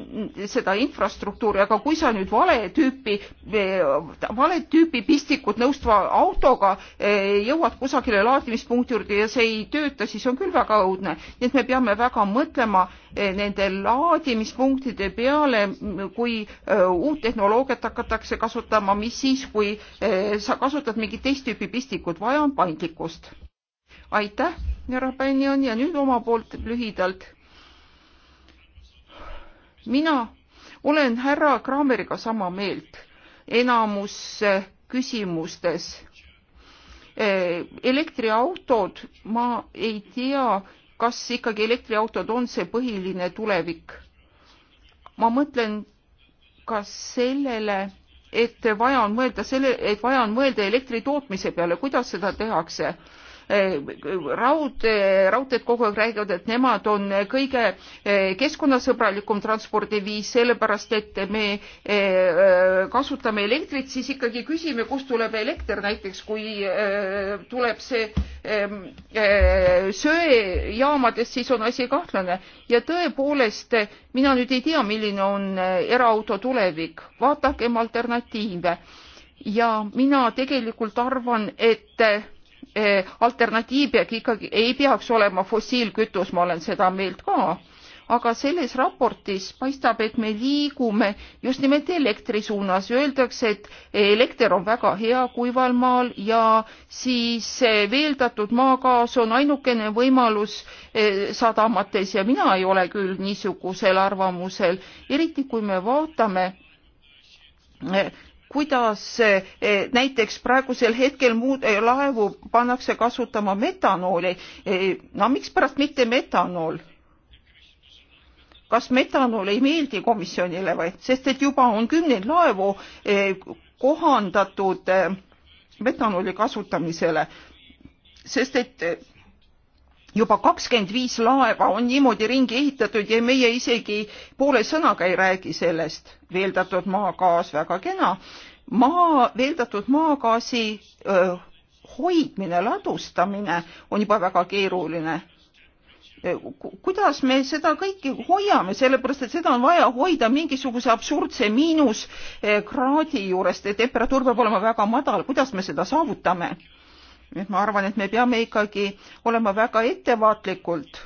Speaker 6: seda infrastruktuuri, aga kui sa nüüd vale tüüpi eh,, vale tüüpi pistikut nõustva autoga eh, jõuad kusagile laadimispunkti juurde ja see ei tööta, siis on küll väga õudne. nii et me peame väga mõtlema eh, nende laadimispunktide peale, kui eh, uut tehnoloogiat hakatakse kasutama, mis siis, kui eh, sa kasutad mingit teist tüüpi pistikut, vaja on paindlikkust. aitäh, härra Pännion ja nüüd oma poolt lühidalt. mina olen härra Kraameriga sama meelt enamus eh, küsimustes. Eh, elektriautod, ma ei tea, kas ikkagi elektriautod on see põhiline tulevik. ma mõtlen ka sellele et vaja on mõelda selle, et vaja on mõelda elektri tootmise peale, kuidas seda tehakse raud, raudteed kogu aeg räägivad, et nemad on kõige eh, keskkonnasõbralikum transpordiviis, sellepärast et me eh, kasutame elektrit, siis ikkagi küsime, kust tuleb elekter, näiteks kui eh, tuleb see ehm, söejaamadest, siis on asi kahtlane. ja tõepoolest, mina nüüd ei tea, milline on eraauto tulevik, vaadakem alternatiive ja mina tegelikult arvan, et Eh, alternatiiv ikkagi ei peaks olema fossiilkütus, ma olen seda meelt ka, aga selles raportis paistab, et me liigume just nimelt elektri suunas. Öeldakse, et elekter on väga hea kuival maal ja siis eh, veeldatud maagaas on ainukene võimalus eh, sadamates ja mina ei ole küll niisugusel arvamusel, eriti kui me vaatame kuidas eh, näiteks praegusel hetkel muud eh, laevu pannakse kasutama metanooli. Eh, no mikspärast mitte metanool? kas metanool ei meeldi komisjonile või, sest et juba on kümneid laevu kohandatud metanooli kasutamisele, sest et juba kakskümmend viis laeva on niimoodi ringi ehitatud ja meie isegi poole sõnaga ei räägi sellest. veeldatud maagaas, väga kena. maa, veeldatud maagaasi öö, hoidmine, ladustamine on juba väga keeruline kuidas me seda kõike hoiame, sellepärast et seda on vaja hoida mingisuguse absurdse miinuskraadi juures, temperatuur peab olema väga madal, kuidas me seda saavutame? nii et ma arvan, et me peame ikkagi olema väga ettevaatlikult,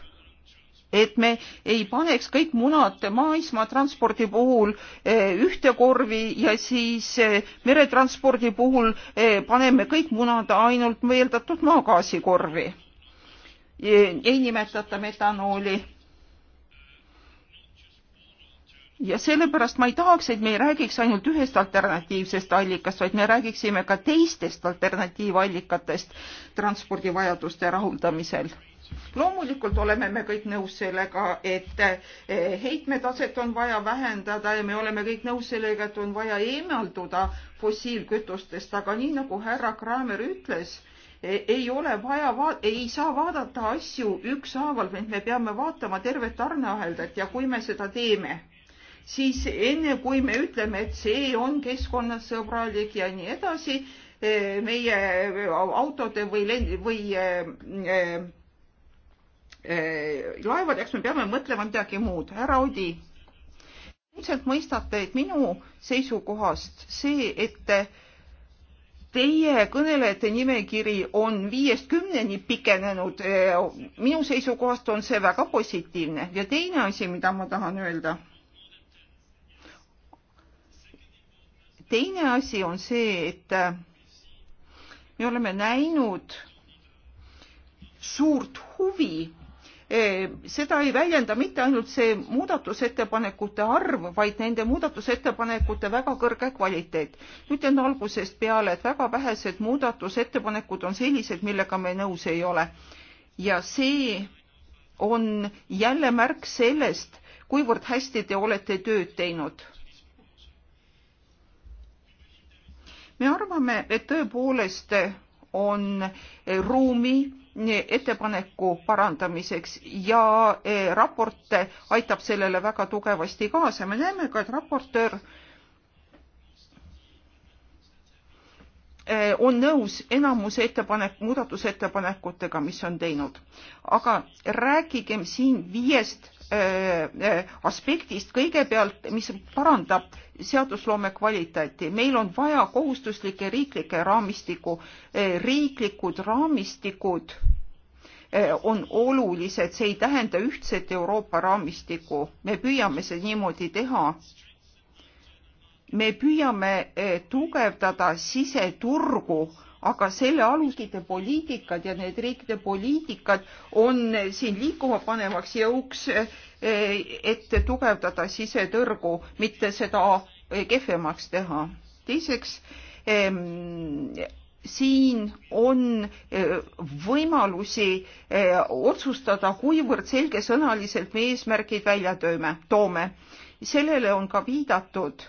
Speaker 6: et me ei paneks kõik munad maismaatranspordi puhul eh, ühte korvi ja siis eh, meretranspordi puhul eh, paneme kõik munad ainult veeldatud maagaasi korvi. ei nimetata metanooli ja sellepärast ma ei tahaks, et me ei räägiks ainult ühest alternatiivsest allikast, vaid me räägiksime ka teistest alternatiivallikatest transpordivajaduste rahuldamisel. loomulikult oleme me kõik nõus sellega, et eh, heitmetaset on vaja vähendada ja me oleme kõik nõus sellega, et on vaja eemalduda fossiilkütustest, aga nii nagu härra Kramer ütles, eh, ei ole vaja, ei saa vaadata asju ükshaaval, vaid me peame vaatama tervet tarneaheldat ja kui me seda teeme siis enne kui me ütleme, et see on keskkonnasõbralik ja nii edasi, eh, meie autode või lend- või eh, eh, laevadeks me peame mõtlema midagi muud. härra Odi, ilmselt mõistate, et minu seisukohast see, et teie kõnelejate nimekiri on viiest kümneni pikenenud. minu seisukohast on see väga positiivne ja teine asi, mida ma tahan öelda teine asi on see, et äh, me oleme näinud suurt huvi äh, seda ei väljenda mitte ainult see muudatusettepanekute arv, vaid nende muudatusettepanekute väga kõrge kvaliteet. ütlen algusest peale, et väga vähesed muudatusettepanekud on sellised, millega me nõus ei ole. ja see on jälle märk sellest, kuivõrd hästi te olete tööd teinud me arvame, et tõepoolest on ruumi ettepaneku parandamiseks ja e, raport aitab sellele väga tugevasti kaasa. me näeme ka, et raportöör e, on nõus enamuse ettepanek, muudatusettepanekutega, mis on teinud. aga rääkigem siin viiest Äh, äh, aspektist kõigepealt, mis parandab seadusloome kvaliteeti. meil on vaja kohustuslikke riiklikke raamistiku, äh, riiklikud raamistikud on olulised, see ei tähenda ühtset Euroopa raamistikku, me püüame see niimoodi teha. me püüame tugevdada siseturgu aga selle alusriikide poliitikad ja need riikide poliitikad on siin liikuma panevaks jõuks, eh, et tugevdada siseturgu, mitte seda eh, kehvemaks teha. teiseks, ehm, siin on eh, võimalusi otsustada, kuivõrd selgesõnaliselt me eesmärgid välja tööme, toome. sellele on ka viidatud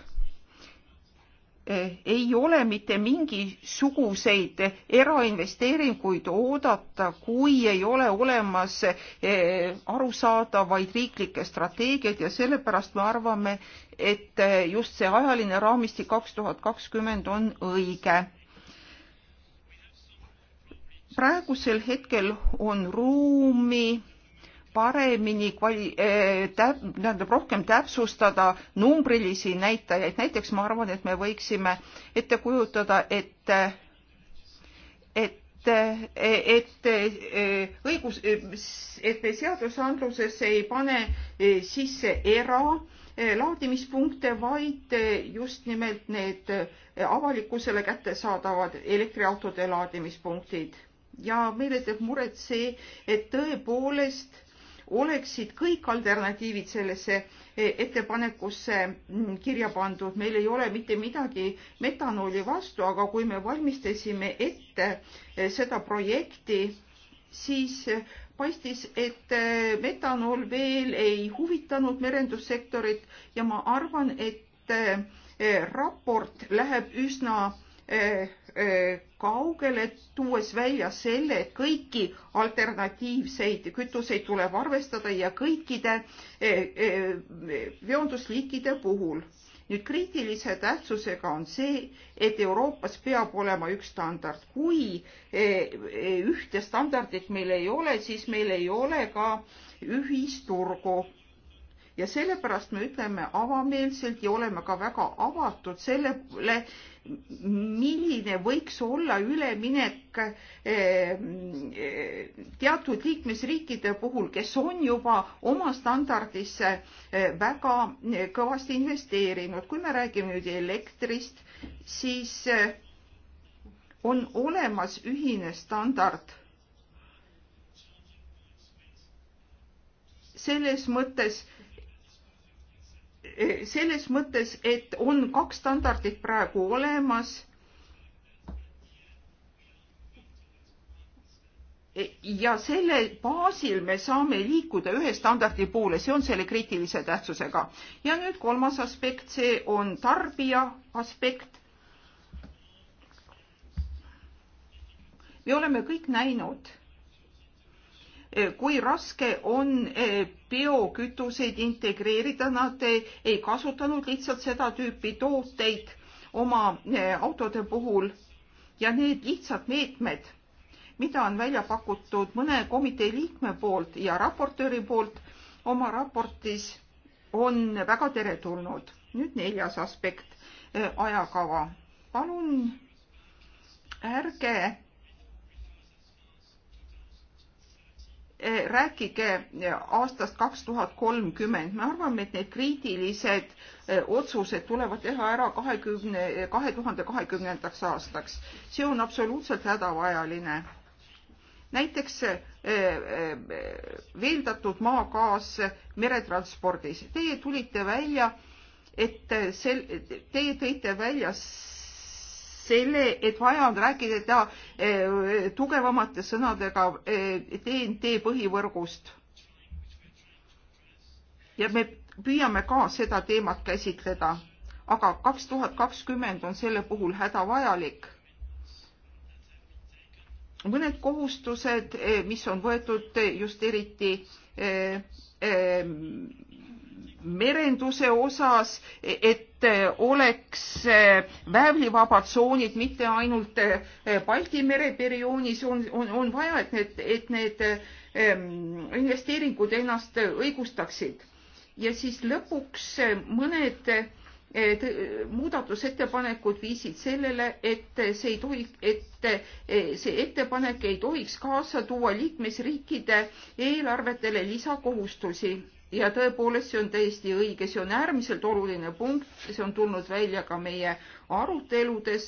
Speaker 6: Eh, ei ole mitte mingisuguseid erainvesteeringuid oodata, kui ei ole olemas eh, arusaadavaid riiklikke strateegiaid ja sellepärast me arvame, et eh, just see ajaline raamistik kaks tuhat kakskümmend on õige. praegusel hetkel on ruumi paremini kvali-, eh, täp-, tähendab rohkem täpsustada numbrilisi näitajaid, näiteks ma arvan, et me võiksime ette kujutada, et, et et, et eh, õigus, et seadusandlusesse ei pane eh, sisse eralaadimispunkte, vaid just nimelt need avalikkusele kättesaadavad elektriautode laadimispunktid. ja meile teeb muret see, et tõepoolest oleksid kõik alternatiivid sellesse eh, ettepanekusse mm, kirja pandud. meil ei ole mitte midagi metanooli vastu, aga kui me valmistasime ette eh, seda projekti, siis eh, paistis, et metanool veel ei huvitanud merendussektorit ja ma arvan, et raport läheb üsna Eh, eh, kaugele, tuues välja selle, et kõiki alternatiivseid kütuseid tuleb arvestada ja kõikide eh, veondusliikide puhul. nüüd kriitilise tähtsusega on see, et Euroopas peab olema üks standard. kui ühte standardit meil ei ole, siis meil ei ole ka ühisturgu ja sellepärast me ütleme avameelselt ja oleme ka väga avatud sellele, milline võiks olla üleminek eh, teatud liikmesriikide puhul, kes on juba oma standardisse eh, väga eh, kõvasti investeerinud. kui me räägime nüüd elektrist, siis on olemas ühine standard selles mõttes Eh, selles mõttes, et on kaks standardit praegu olemas. Eh, ja selle baasil me saame liikuda ühe standardi poole, see on selle kriitilise tähtsusega. ja nüüd kolmas aspekt, see on tarbija aspekt. me oleme kõik näinud Eh, kui raske on eh, biokütuseid integreerida, nad eh, ei kasutanud lihtsalt seda tüüpi tooteid oma autode puhul ja need lihtsad meetmed, mida on välja pakutud mõne komitee liikme poolt ja raportööri poolt oma raportis, on väga teretulnud. nüüd neljas aspekt, ajakava. palun ärge Eh, rääkige eh, aastast kaks tuhat kolmkümmend. me arvame, et need kriitilised eh, otsused tulevad teha ära kahekümne, kahe tuhande kahekümnendaks aastaks. see on absoluutselt hädavajaline. näiteks veeldatud maagaas meretranspordis. Teie tulite välja, et sel, teie tõite välja selle, et vaja on rääkida eh, tugevamate sõnadega TNT eh, põhivõrgust. ja me püüame ka seda teemat käsitleda, aga kaks tuhat kakskümmend on selle puhul hädavajalik mõned kohustused, eh, mis on võetud just eriti merenduse osas, et oleks väävlivabad tsoonid mitte ainult Balti mere periooniis, on, on, on vaja, et need, et need ähm, investeeringud ennast õigustaksid. ja siis lõpuks mõned äh, muudatusettepanekud viisid sellele, et see ei tohi, et äh, see ettepanek ei tohiks kaasa tuua liikmesriikide eelarvetele lisakohustusi ja tõepoolest, see on täiesti õige, see on äärmiselt oluline punkt, see on tulnud välja ka meie aruteludes.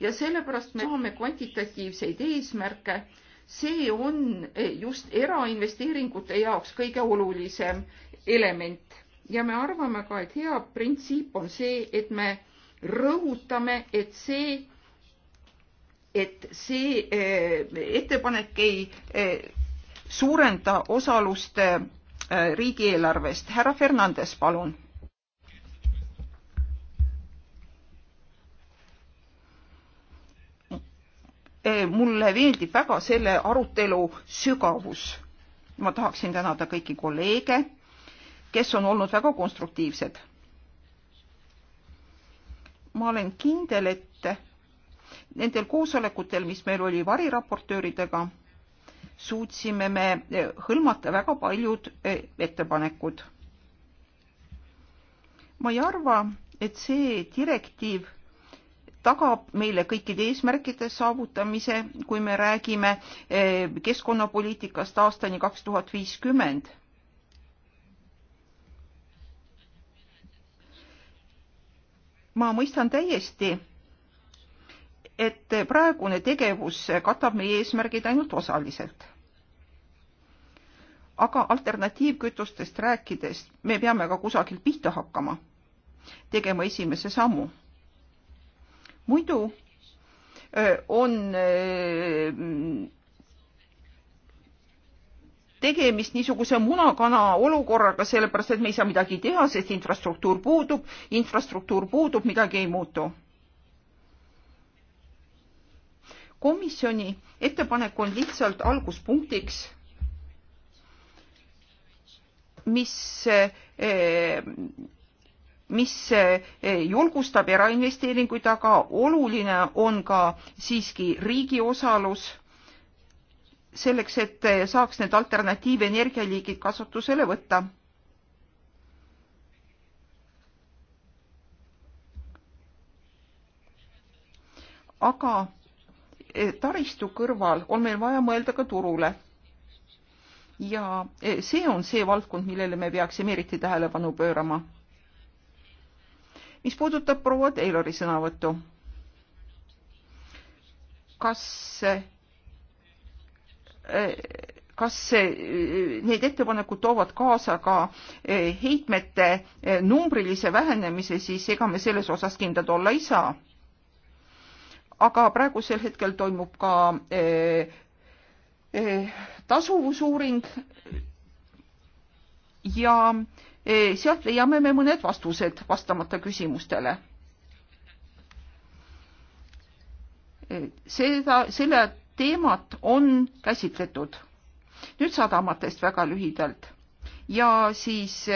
Speaker 6: ja sellepärast me tahame kvantitatiivseid eesmärke. see on just erainvesteeringute jaoks kõige olulisem element ja me arvame ka, et hea printsiip on see, et me rõhutame, et see, et see eh, ettepanek ei eh, suurenda osalust eh, Äh, riigieelarvest. härra Fernandes, palun. Eh, mulle meeldib väga selle arutelu sügavus. ma tahaksin tänada kõiki kolleege, kes on olnud väga konstruktiivsed. ma olen kindel, et nendel koosolekutel, mis meil oli variraportööridega, suutsime me eh, hõlmata väga paljud eh, ettepanekud. ma ei arva, et see direktiiv tagab meile kõikide eesmärkide saavutamise, kui me räägime eh, keskkonnapoliitikast aastani kaks tuhat viiskümmend. ma mõistan täiesti et praegune tegevus katab meie eesmärgid ainult osaliselt. aga alternatiivkütustest rääkides me peame ka kusagilt pihta hakkama, tegema esimese sammu. muidu on tegemist niisuguse munakana olukorraga, sellepärast et me ei saa midagi teha, sest infrastruktuur puudub, infrastruktuur puudub, midagi ei muutu komisjoni ettepanek on lihtsalt alguspunktiks, mis, mis julgustab erainvesteeringuid, aga oluline on ka siiski riigi osalus selleks, et saaks need alternatiivenergialiigid kasutusele võtta aga Eh, taristu kõrval on meil vaja mõelda ka turule. ja eh, see on see valdkond, millele me peaksime eriti tähelepanu pöörama. mis puudutab proua Taylori sõnavõttu, kas eh, kas need ettepanekud toovad kaasa ka heitmete numbrilise vähenemise, siis ega me selles osas kindlad olla ei saa aga praegusel hetkel toimub ka eh, eh, tasuvusuuring ja eh, sealt leiame me mõned vastused vastamata küsimustele. seda, selle teemat on käsitletud. nüüd sadamatest väga lühidalt ja siis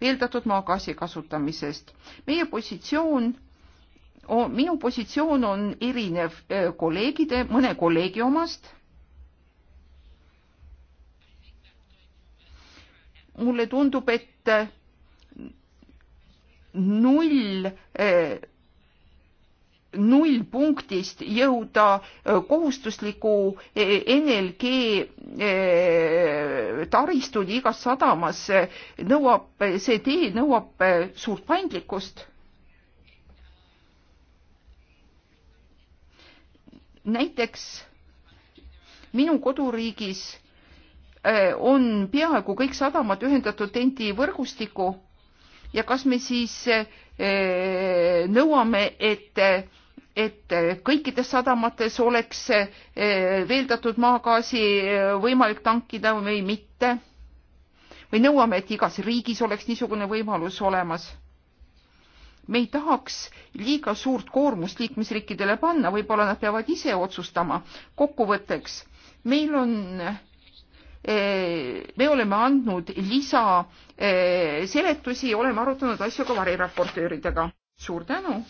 Speaker 6: veeldatud maagaasi kasutamisest. meie positsioon minu positsioon on erinev e, kolleegide, mõne kolleegi omast. mulle tundub, et null, e, null punktist jõuda e, kohustusliku NLG taristuni igas sadamas nõuab, see tee nõuab suurt paindlikkust näiteks minu koduriigis äh, on peaaegu kõik sadamad ühendatud TENT-i võrgustiku ja kas me siis äh, nõuame, et, et kõikides sadamates oleks äh, veeldatud maagaasi võimalik tankida või mitte? või nõuame, et igas riigis oleks niisugune võimalus olemas? me ei tahaks liiga suurt koormust liikmesriikidele panna, võib-olla nad peavad ise otsustama. kokkuvõtteks, meil on eh, me oleme andnud lisa eh, seletusi, oleme arutanud asju ka variraportööridega. suur tänu.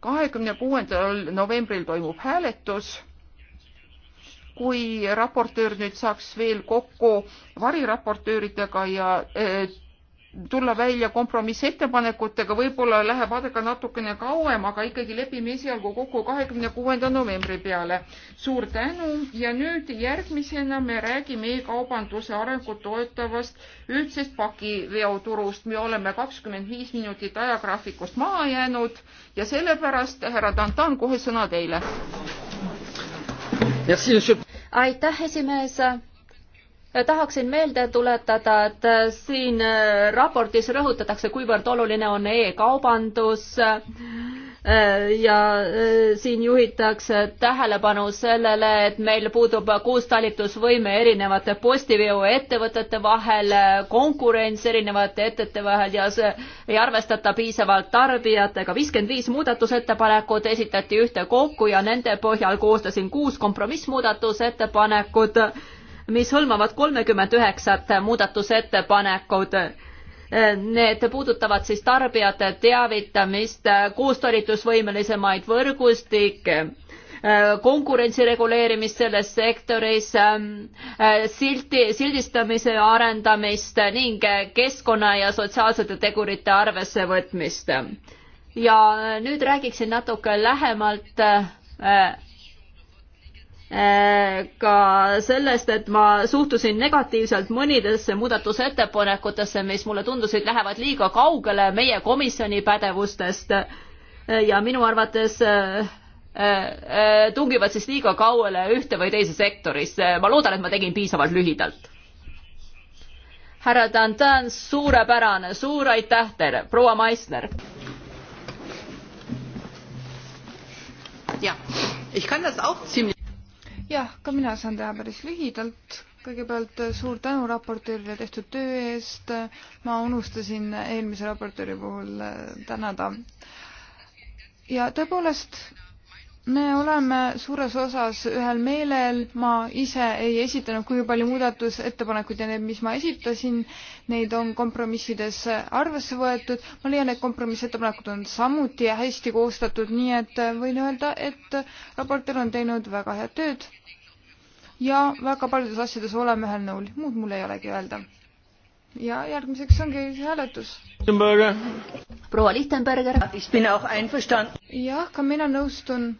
Speaker 6: kahekümne kuuendal novembril toimub hääletus. kui raportöör nüüd saaks veel kokku variraportööridega ja eh, tulla välja kompromissettepanekutega, võib-olla läheb aega natukene kauem, aga ikkagi lepime esialgu kokku kahekümne kuuenda novembri peale. suur tänu ja nüüd järgmisena me räägime e-kaubanduse arengut toetavast ühtsest pakiveoturust. me oleme kakskümmend viis minutit ajagraafikust maha jäänud ja sellepärast, härra Dantan, kohe sõna teile.
Speaker 1: aitäh, esimees tahaksin meelde tuletada, et äh, siin äh, raportis rõhutatakse, kuivõrd oluline on e-kaubandus äh, ja siin juhitakse tähelepanu sellele, et meil puudub koostalitusvõime erinevate postiveoettevõtete vahel, konkurents erinevate ettevõtete vahel ja see ei arvestata piisavalt tarbijatega. viiskümmend viis muudatusettepanekut esitati ühtekokku ja nende põhjal koostasin kuus kompromissmuudatusettepanekut mis hõlmavad kolmekümmet üheksat muudatusettepanekut. Need puudutavad siis tarbijate teavitamist, koostalitusvõimelisemaid võrgustikke, konkurentsi reguleerimist selles sektoris, silti, sildistamise arendamist ning keskkonna ja sotsiaalsete tegurite arvessevõtmist. ja nüüd räägiksin natuke lähemalt Äh, ka sellest, et ma suhtusin negatiivselt mõnidesse muudatusettepanekutesse, mis mulle tundusid, lähevad liiga kaugele meie komisjoni pädevustest äh, ja minu arvates äh, tungivad siis liiga kaugele ühte või teise sektorisse. ma loodan, et ma tegin piisavalt lühidalt. härra Dantan, suurepärane, suur aitäh teile, proua Maisner. jah,
Speaker 5: ich kann
Speaker 4: das auch ziemlich jah, ka mina saan teha päris lühidalt. kõigepealt äh, suur tänu raportöörile tehtud töö eest. ma unustasin eelmise raportööri puhul äh, tänada. ja tõepoolest me oleme suures osas ühel meelel, ma ise ei esitanud kuigi palju muudatusettepanekuid ja need, mis ma esitasin, neid on kompromissides arvesse võetud. ma leian, et kompromissettepanekud on samuti hästi koostatud, nii et võin öelda, et raportöör on teinud väga head tööd ja väga paljudes asjades oleme ühel nõul, muud mul ei olegi öelda. ja järgmiseks ongi hääletus. proua Lichtenberger. jah, ka mina nõustun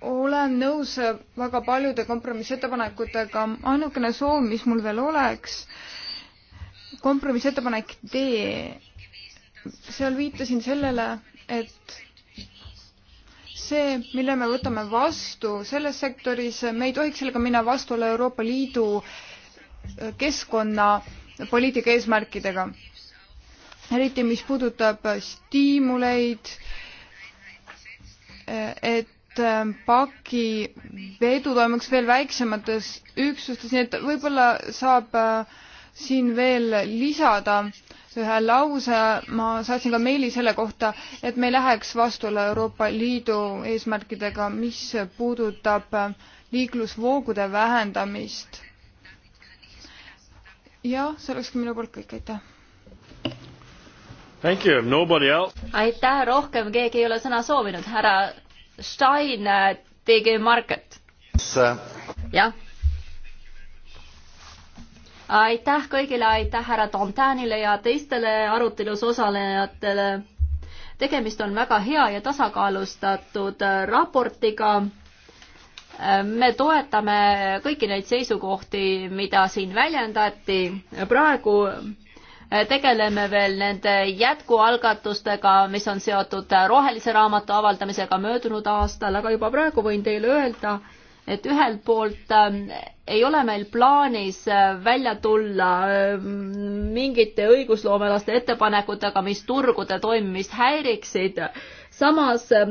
Speaker 4: olen nõus väga paljude kompromissettepanekutega. ainukene soov, mis mul veel oleks, kompromissettepanek D. seal viitasin sellele, et see, mille me võtame vastu selles sektoris, me ei tohiks sellega minna vastuollu Euroopa Liidu keskkonnapoliitika eesmärkidega. eriti, mis puudutab stiimuleid äh, et äh, paki vedu toimuks veel väiksemates üksustes, nii et võib-olla saab äh, siin veel lisada ühe lause, ma saatsin ka meili selle kohta, et me ei läheks vastuolla Euroopa Liidu eesmärkidega, mis puudutab äh, liiklusvoogude vähendamist. jah, see olekski minu poolt kõik,
Speaker 1: aitäh
Speaker 2: aitäh,
Speaker 1: rohkem keegi ei ole sõna soovinud, härra Stein, äh, TG Market. jah. aitäh kõigile, aitäh härra Dantanile ja teistele arutelus osalejatele. tegemist on väga hea ja tasakaalustatud äh, raportiga äh, me toetame kõiki neid seisukohti, mida siin väljendati. praegu tegeleme veel nende jätkualgatustega, mis on seotud rohelise raamatu avaldamisega möödunud aastal, aga juba praegu võin teile öelda, et ühelt poolt ähm, ei ole meil plaanis äh, välja tulla ähm, mingite õigusloomelaste ettepanekutega, mis turgude toimimist häiriksid samas ähm,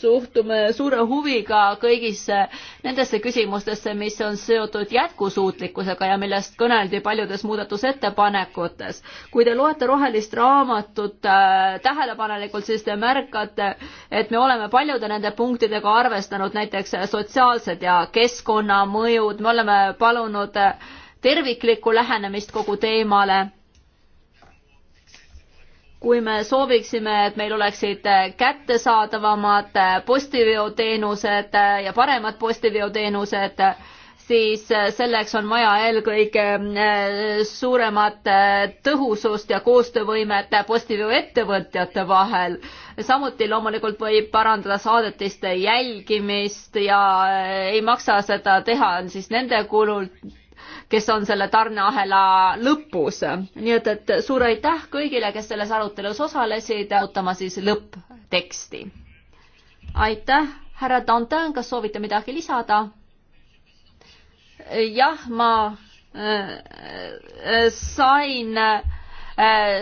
Speaker 1: suhtume suure huviga kõigisse nendesse küsimustesse, mis on seotud jätkusuutlikkusega ja millest kõneldi paljudes muudatusettepanekutes. kui te loete rohelist raamatut äh, tähelepanelikult, siis te märkate, et me oleme paljude nende punktidega arvestanud, näiteks sotsiaalsed ja keskkonnamõjud, me oleme palunud terviklikku lähenemist kogu teemale kui me sooviksime, et meil oleksid äh, kättesaadavamad äh, postiveoteenused äh, ja paremad postiveoteenused, siis selleks on vaja eelkõige suuremat tõhusust ja koostöövõimet postiveoettevõtjate vahel. samuti loomulikult võib parandada saadetiste jälgimist ja ei maksa seda teha siis nende kulul kes on selle tarneahela lõpus. nii et, et suur aitäh kõigile, kes selles arutelus osalesid, ootama siis lõppteksti. aitäh, härra Dantin, kas soovite midagi lisada? jah, ma äh, sain äh,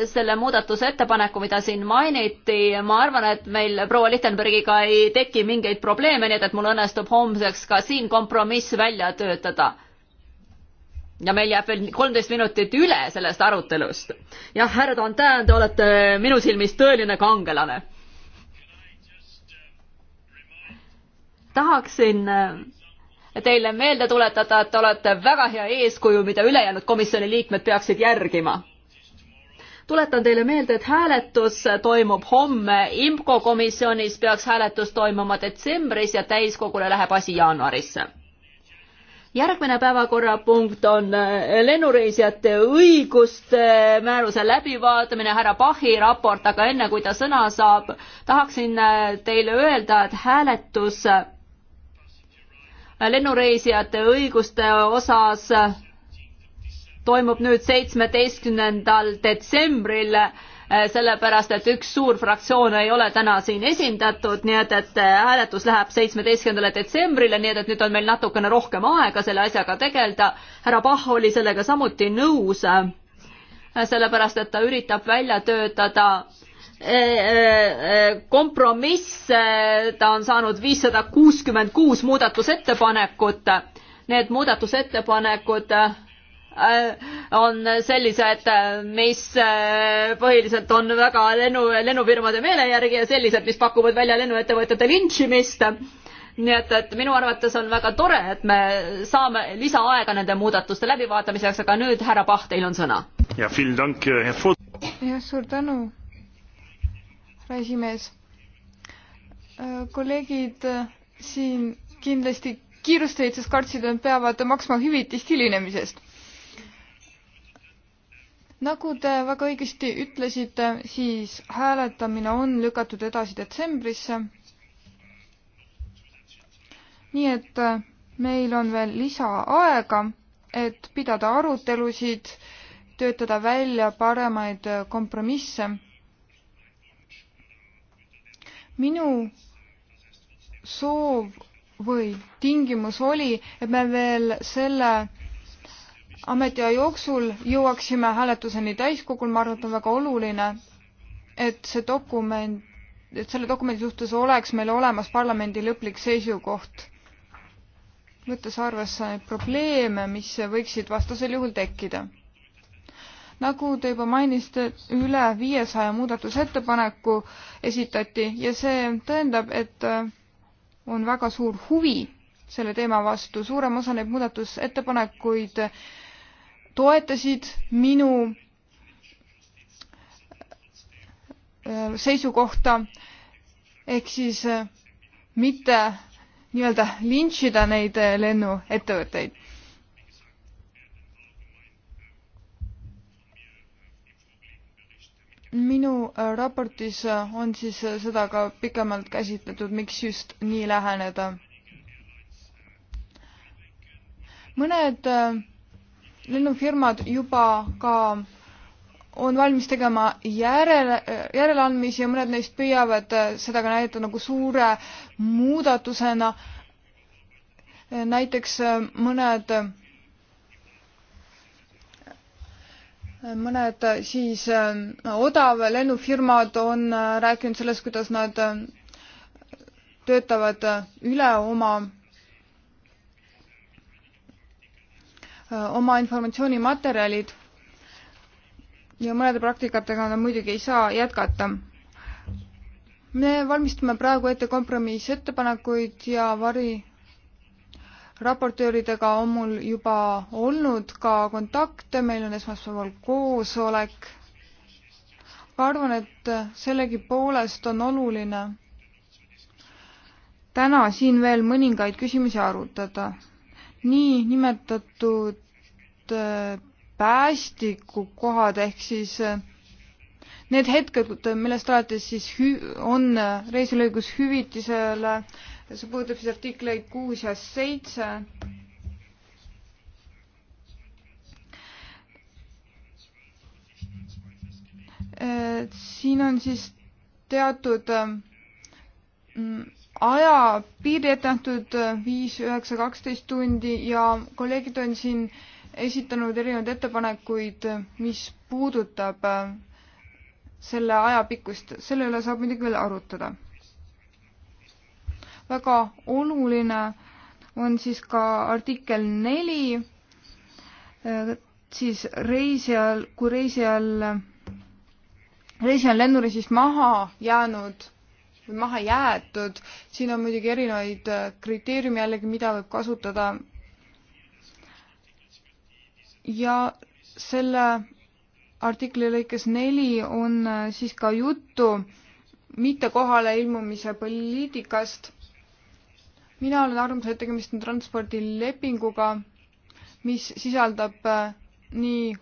Speaker 1: selle muudatusettepaneku, mida siin mainiti, ma arvan, et meil proua Lichtenbergiga ei teki mingeid probleeme, nii et, et mul õnnestub homseks ka siin kompromiss välja töötada ja meil jääb veel kolmteist minutit üle sellest arutelust. jah, härra Dantin, te olete minu silmis tõeline kangelane. tahaksin äh, teile meelde tuletada, et te olete väga hea eeskuju, mida ülejäänud komisjoni liikmed peaksid järgima. tuletan teile meelde, et hääletus toimub homme, IMCO komisjonis peaks hääletus toimuma detsembris ja täiskogule läheb asi jaanuarisse järgmine päevakorrapunkt on äh, lennureisijate õiguste äh, määruse läbivaatamine, härra Pahi raport, aga enne kui ta sõna saab, tahaksin äh, teile öelda, et hääletus lennureisijate õiguste osas toimub nüüd seitsmeteistkümnendal detsembril Eh, sellepärast et üks suur fraktsioon ei ole täna siin esindatud, nii et, et eh, hääletus läheb seitsmeteistkümnendale detsembrile, nii et, et nüüd on meil natukene rohkem aega selle asjaga tegeleda. härra Pahh oli sellega samuti nõus, eh, sellepärast et ta üritab välja töötada kompromiss, ta on saanud viissada kuuskümmend kuus muudatusettepanekut. Need muudatusettepanekud äh, Äh, on sellised, mis äh, põhiliselt on väga lennu, lennufirmade meele järgi ja sellised, mis pakuvad välja lennuettevõtete lintšimist. nii et, et minu arvates on väga tore, et me saame lisaaega nende muudatuste läbivaatamiseks, aga nüüd härra Pahv, teil on sõna.
Speaker 2: Äh,
Speaker 4: ja suur tänu, härra esimees. kolleegid siin kindlasti kiirustasid, sest kartsid, et peavad maksma hüvitist hilinemisest nagu te väga õigesti ütlesite, siis hääletamine on lükatud edasi detsembrisse. nii et äh, meil on veel lisaaega, et pidada arutelusid, töötada välja paremaid äh, kompromisse. minu soov või tingimus oli, et me veel selle ametiaja jooksul jõuaksime hääletuseni täiskogul, ma arvan, et on väga oluline, et see dokument, et selle dokumendi suhtes oleks meil olemas parlamendi lõplik seisukoht, võttes arvesse neid probleeme, mis võiksid vastasel juhul tekkida. nagu te juba mainisite, üle viiesaja muudatusettepaneku esitati ja see tõendab, et on väga suur huvi selle teema vastu, suurem osa neid muudatusettepanekuid toetasid minu äh, seisukohta ehk siis äh, mitte nii-öelda lintšida neid äh, lennuettevõtteid. minu raportis on siis seda ka pikemalt käsitletud, miks just nii läheneda. mõned äh, lennufirmad juba ka on valmis tegema järele, järeleandmisi ja mõned neist püüavad seda ka näidata nagu suure muudatusena. näiteks mõned, mõned siis odav lennufirmad on rääkinud sellest, kuidas nad töötavad üle oma Äh, oma informatsioonimaterjalid ja mõnede praktikatega nad muidugi ei saa jätkata. me valmistame praegu ette kompromissettepanekuid ja vari raportööridega on mul juba olnud ka kontakte, meil on esmaspäeval koosolek. ma arvan, et sellegipoolest on oluline täna siin veel mõningaid küsimusi arutada. niinimetatud Äh, päästikukohad ehk siis äh, need hetked, millest alates siis hü-, on äh, reisil õigus hüvitisele, see puudutab siis artikleid kuus ja seitse. siin on siis teatud mm, aja piiri ette antud viis, üheksa, kaksteist tundi ja kolleegid on siin äh, esitanud erinevaid ettepanekuid, mis puudutab äh, selle ajapikkust, selle üle saab muidugi veel arutada. väga oluline on siis ka artikkel neli, äh, siis reisijal, kui reisijal, reisija on lennureisist maha jäänud või maha jäetud, siin on muidugi erinevaid äh, kriteeriume jällegi, mida võib kasutada ja selle artikli lõikes neli on äh, siis ka juttu mitte kohale ilmumise poliitikast. mina olen arvamusel, et tegemist on transpordilepinguga, mis sisaldab äh, nii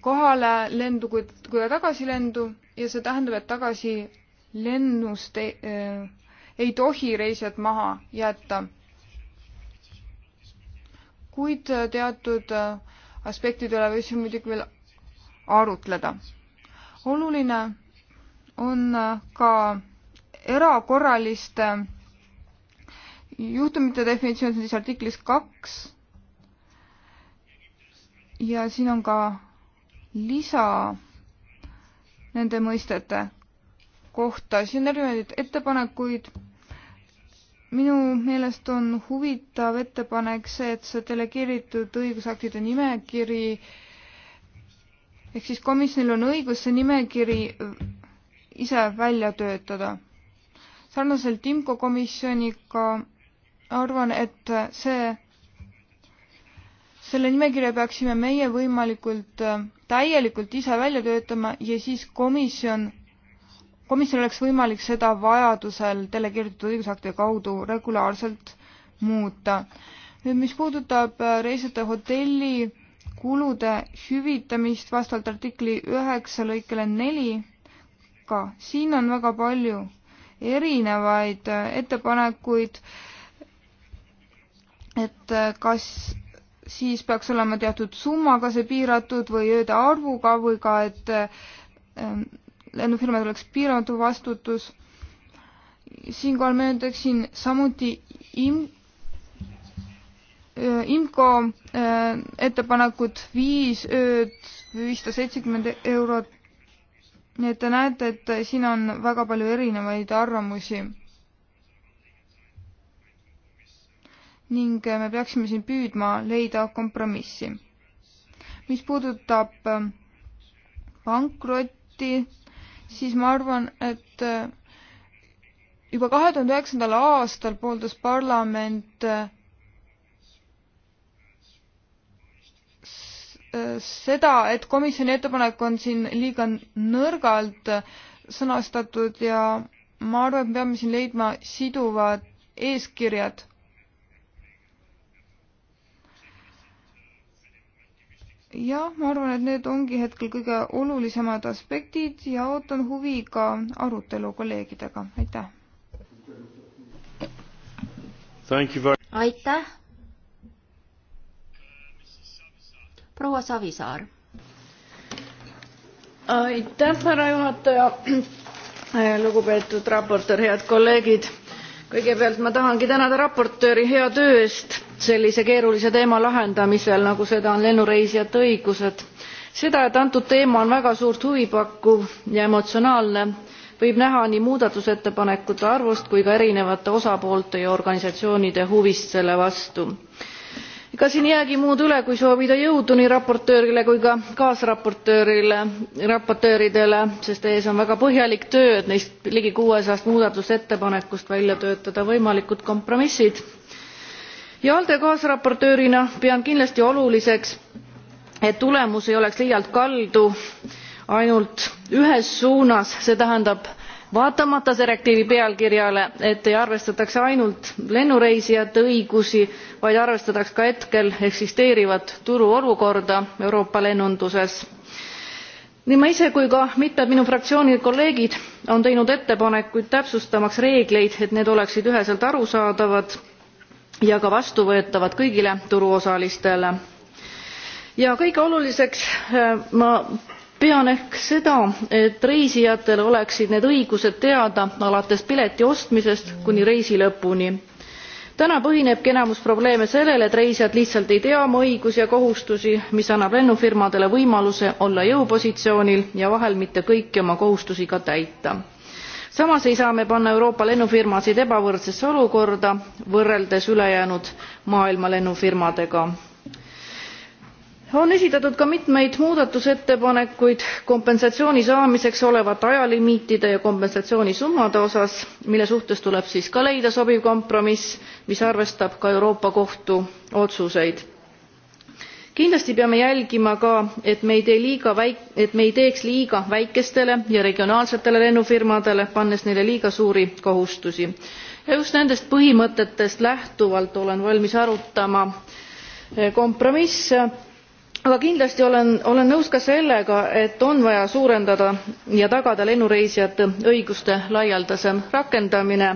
Speaker 4: kohale lendu kui, kui ka tagasilendu ja see tähendab, et tagasilennust ei, äh, ei tohi reisijat maha jätta kuid äh, teatud äh, aspektide üle võiks muidugi veel arutleda. oluline on äh, ka erakorraliste juhtumite definitsioon siis artiklis kaks ja siin on ka lisa nende mõistete kohta, siin on erinevaid ettepanekuid minu meelest on huvitav ettepanek see, et see delegeeritud õigusaktide nimekiri ehk siis komisjonil on õigus see nimekiri ise välja töötada. sarnaselt IMCO komisjoniga arvan, et see, selle nimekirja peaksime meie võimalikult täielikult ise välja töötama ja siis komisjon komisjonil oleks võimalik seda vajadusel delegeeritud õigusakti kaudu regulaarselt muuta. nüüd, mis puudutab äh, reisijate hotelli kulude hüvitamist vastavalt artikli üheksa lõikele neli, ka siin on väga palju erinevaid äh, ettepanekuid, et äh, kas siis peaks olema teatud summaga see piiratud või ööde arvuga või ka, et lennufirmadel oleks piiramatu vastutus. siinkohal meenutaksin samuti im-, äh, IMCO äh, ettepanekut viis ööd viissada seitsekümmend eurot. nii et te näete, et siin on väga palju erinevaid arvamusi. ning äh, me peaksime siin püüdma leida kompromissi. mis puudutab pankrotti, siis ma arvan, et äh, juba kahe tuhande üheksandal aastal pooldas parlament äh, äh, seda, et komisjoni ettepanek on siin liiga nõrgalt sõnastatud ja ma arvan, et peame siin leidma siduvad eeskirjad jah, ma arvan, et need ongi hetkel kõige olulisemad aspektid ja ootan huviga arutelu kolleegidega, aitäh.
Speaker 1: aitäh. proua Savisaar.
Speaker 5: aitäh, härra juhataja. [clears throat] lugupeetud raportöör, head kolleegid kõigepealt ma tahangi tänada raportööri hea töö eest sellise keerulise teema lahendamisel nagu seda on lennureisijate õigused. seda et antud teema on väga suurt huvi pakkuv ja emotsionaalne võib näha nii muudatusettepanekute arvust kui ka erinevate osapoolte ja organisatsioonide huvist selle vastu ega siin ei jäägi muud üle kui soovida jõudu nii raportöörile kui ka kaasraportööridele sest ees on väga põhjalik töö et neist ligi 600 muudatusettepanekust välja töötada võimalikud kompromissid. ja alde kaasraportöörina pean kindlasti oluliseks et tulemus ei oleks liialt kaldu ainult ühes suunas see tähendab vaatamata direktiivi pealkirjale et ei arvestataks ainult lennureisijate õigusi vaid arvestataks ka hetkel eksisteerivat turuolukorda euroopa lennunduses. nii ma ise kui ka mitmed minu fraktsiooni kolleegid on teinud ettepanekuid täpsustamaks reegleid et need oleksid üheselt arusaadavad ja ka vastuvõetavad kõigile turuosalistele. ja kõige olulisemaks äh, ma pean ehk seda et reisijatel oleksid need õigused teada alates pileti ostmisest kuni reisi lõpuni. täna põhinebki enamus probleeme sellel et reisijad lihtsalt ei tea oma õigusi ja kohustusi mis annab lennufirmadele võimaluse olla jõupositsioonil ja vahel mitte kõiki oma kohustusi ka täita. samas ei saa me panna euroopa lennufirmasid ebavõrdsesse olukorda võrreldes ülejäänud maailma lennufirmadega on esitatud ka mitmeid muudatusettepanekuid kompensatsiooni saamiseks olevate ajalimiitide ja kompensatsioonisummade osas mille suhtes tuleb siis ka leida sobiv kompromiss mis arvestab ka euroopa kohtu otsuseid. kindlasti peame jälgima ka et me ei, tee liiga väik, et me ei teeks liiga väikestele ja regionaalsetele lennufirmadele pannes neile liiga suuri kohustusi ja just nendest põhimõtetest lähtuvalt olen valmis arutama kompromisse aga kindlasti olen, olen nõus ka sellega et on vaja suurendada ja tagada lennureisijate õiguste laialdasem rakendamine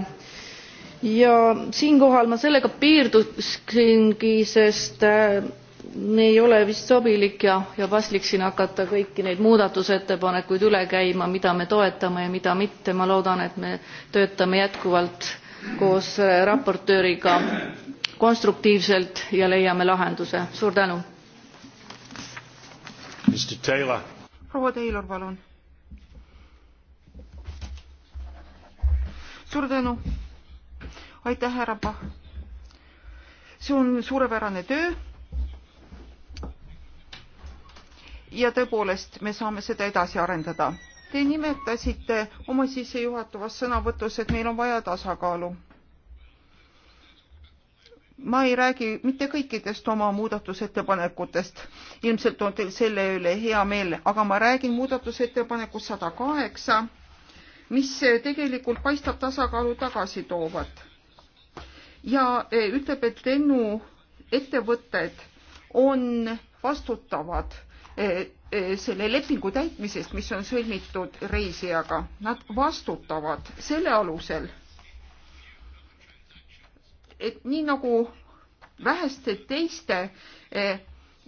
Speaker 5: ja siinkohal ma sellega piirduksingi sest äh, ei ole vist sobilik ja, ja paslik siin hakata kõiki neid muudatusettepanekuid üle käima mida me toetame ja mida mitte ma loodan et me töötame jätkuvalt koos äh, raportööriga konstruktiivselt ja leiame lahenduse suur tänu!
Speaker 6: proua Taylor, palun. suur tänu. aitäh, härra Pahv. see on suurepärane töö. ja tõepoolest, me saame seda edasi arendada. Te nimetasite oma sissejuhatavas sõnavõtus, et meil on vaja tasakaalu ma ei räägi mitte kõikidest oma muudatusettepanekutest, ilmselt on teil selle üle hea meel, aga ma räägin muudatusettepanekust sada kaheksa, mis tegelikult paistab tasakaalu tagasi toovat ja eh, ütleb, et lennuettevõtted on vastutavad eh, eh, selle lepingu täitmisest, mis on sõlmitud reisijaga, nad vastutavad selle alusel et nii nagu väheste teiste eh,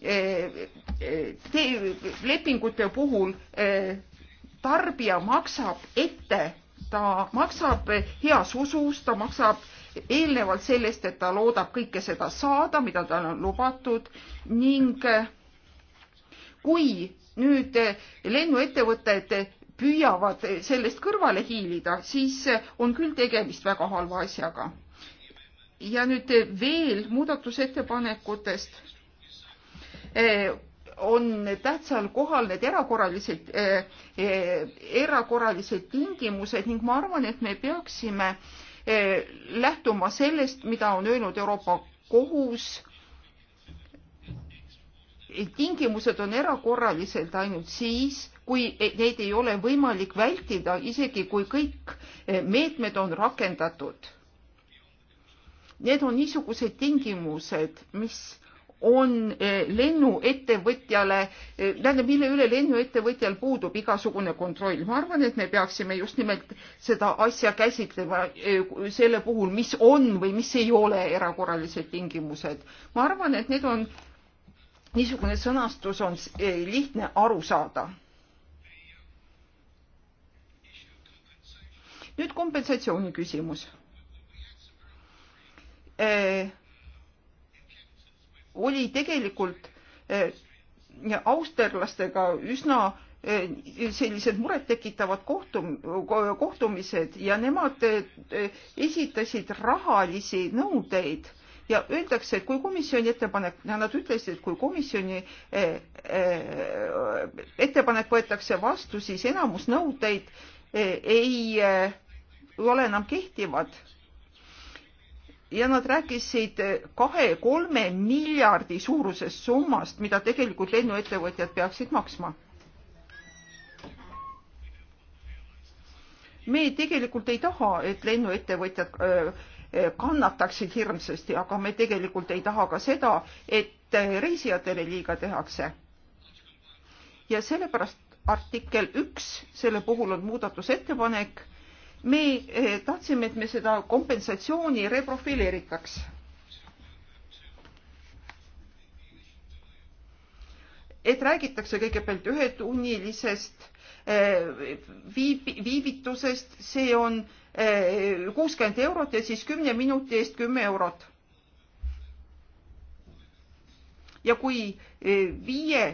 Speaker 6: eh, eh, te, lepingute puhul tarbija maksab ette, ta maksab heas usus, ta maksab eelnevalt sellest, et ta loodab kõike seda saada, mida talle on lubatud ning kui nüüd lennuettevõtted püüavad sellest kõrvale hiilida, siis on küll tegemist väga halva asjaga ja nüüd veel muudatusettepanekutest äh, on tähtsal kohal need erakorralised eh,, eh, erakorralised tingimused ning ma arvan, et me peaksime eh, lähtuma sellest, mida on öelnud Euroopa Kohus. tingimused on erakorralised ainult siis, kui neid ei ole võimalik vältida, isegi kui kõik meetmed on rakendatud Need on niisugused tingimused, mis on eh, lennuettevõtjale, eh, tähendab, mille üle lennuettevõtjal puudub igasugune kontroll. ma arvan, et me peaksime just nimelt seda asja käsitlema eh, selle puhul, mis on või mis ei ole erakorralised tingimused. ma arvan, et need on, niisugune sõnastus on lihtne aru saada. nüüd kompensatsiooni küsimus Äh, oli tegelikult äh, austerlastega üsna äh, sellised murettekitavad kohtum, kohtumised ja nemad esitasid rahalisi nõudeid ja öeldakse, et kui komisjoni ettepanek, nad ütlesid, et kui komisjoni ettepanek võetakse vastu, siis enamus nõudeid ei ole enam kehtivad ja nad rääkisid kahe-kolme miljardi suurusest summast, mida tegelikult lennuettevõtjad peaksid maksma. me tegelikult ei taha, et lennuettevõtjad äh, äh, kannataksid hirmsasti, aga me tegelikult ei taha ka seda, et äh, reisijatele liiga tehakse. ja sellepärast artikkel üks, selle puhul on muudatusettepanek me eh, tahtsime, et me seda kompensatsiooni reprofileeritaks. et räägitakse kõigepealt ühetunnilisest eh, viibi-, viivitusest, see on eh, kuuskümmend eurot ja siis kümne minuti eest kümme eurot. ja kui viie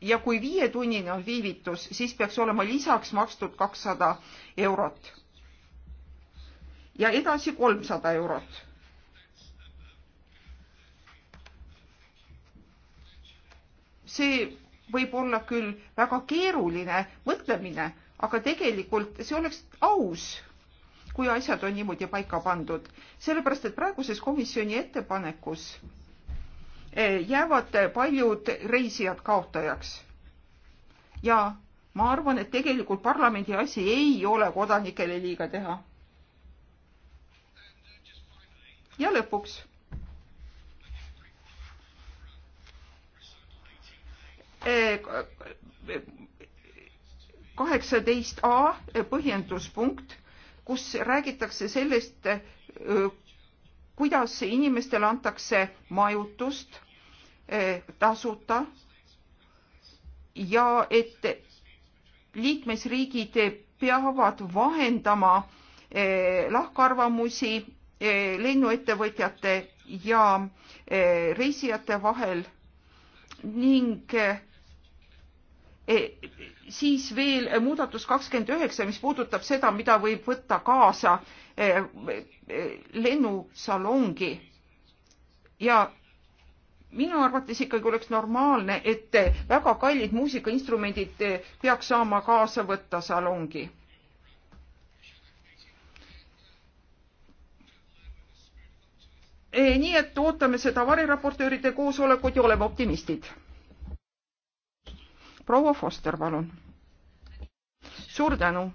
Speaker 6: ja kui viietunnine on viivitus, siis peaks olema lisaks makstud kakssada eurot. ja edasi kolmsada eurot. see võib olla küll väga keeruline mõtlemine, aga tegelikult see oleks aus, kui asjad on niimoodi paika pandud, sellepärast et praeguses komisjoni ettepanekus jäävad paljud reisijad kaotajaks. ja ma arvan, et tegelikult parlamendi asi ei ole kodanikele liiga teha. ja lõpuks. E, kaheksateist A põhjenduspunkt, kus räägitakse sellest, e, kuidas inimestele antakse majutust Eh, tasuta ja et liikmesriigid peavad vahendama eh, lahkarvamusi eh, lennuettevõtjate ja reisijate vahel ning siis veel muudatus kakskümmend üheksa, mis puudutab seda, mida võib võtta kaasa lennusalongi ja minu arvates ikkagi oleks normaalne, et väga kallid muusikainstrumendid peaks saama kaasa võtta salongi. Eh, nii et ootame seda variraportööride koosolekut ja oleme optimistid. proua Foster, palun. suur tänu.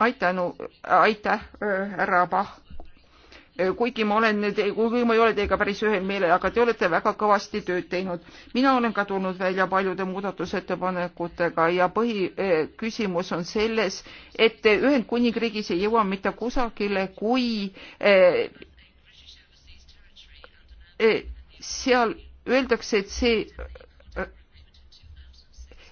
Speaker 6: aitäh, aitäh, äh, härra Pahh Äh, kuigi ma olen nüüd, kuigi ma ei ole teiega päris ühel meelel, aga te olete väga kõvasti tööd teinud. mina olen ka tulnud välja paljude muudatusettepanekutega ja põhiküsimus äh, on selles, et Ühendkuningriigis ei jõua mitte kusagile, kui äh, seal öeldakse, et see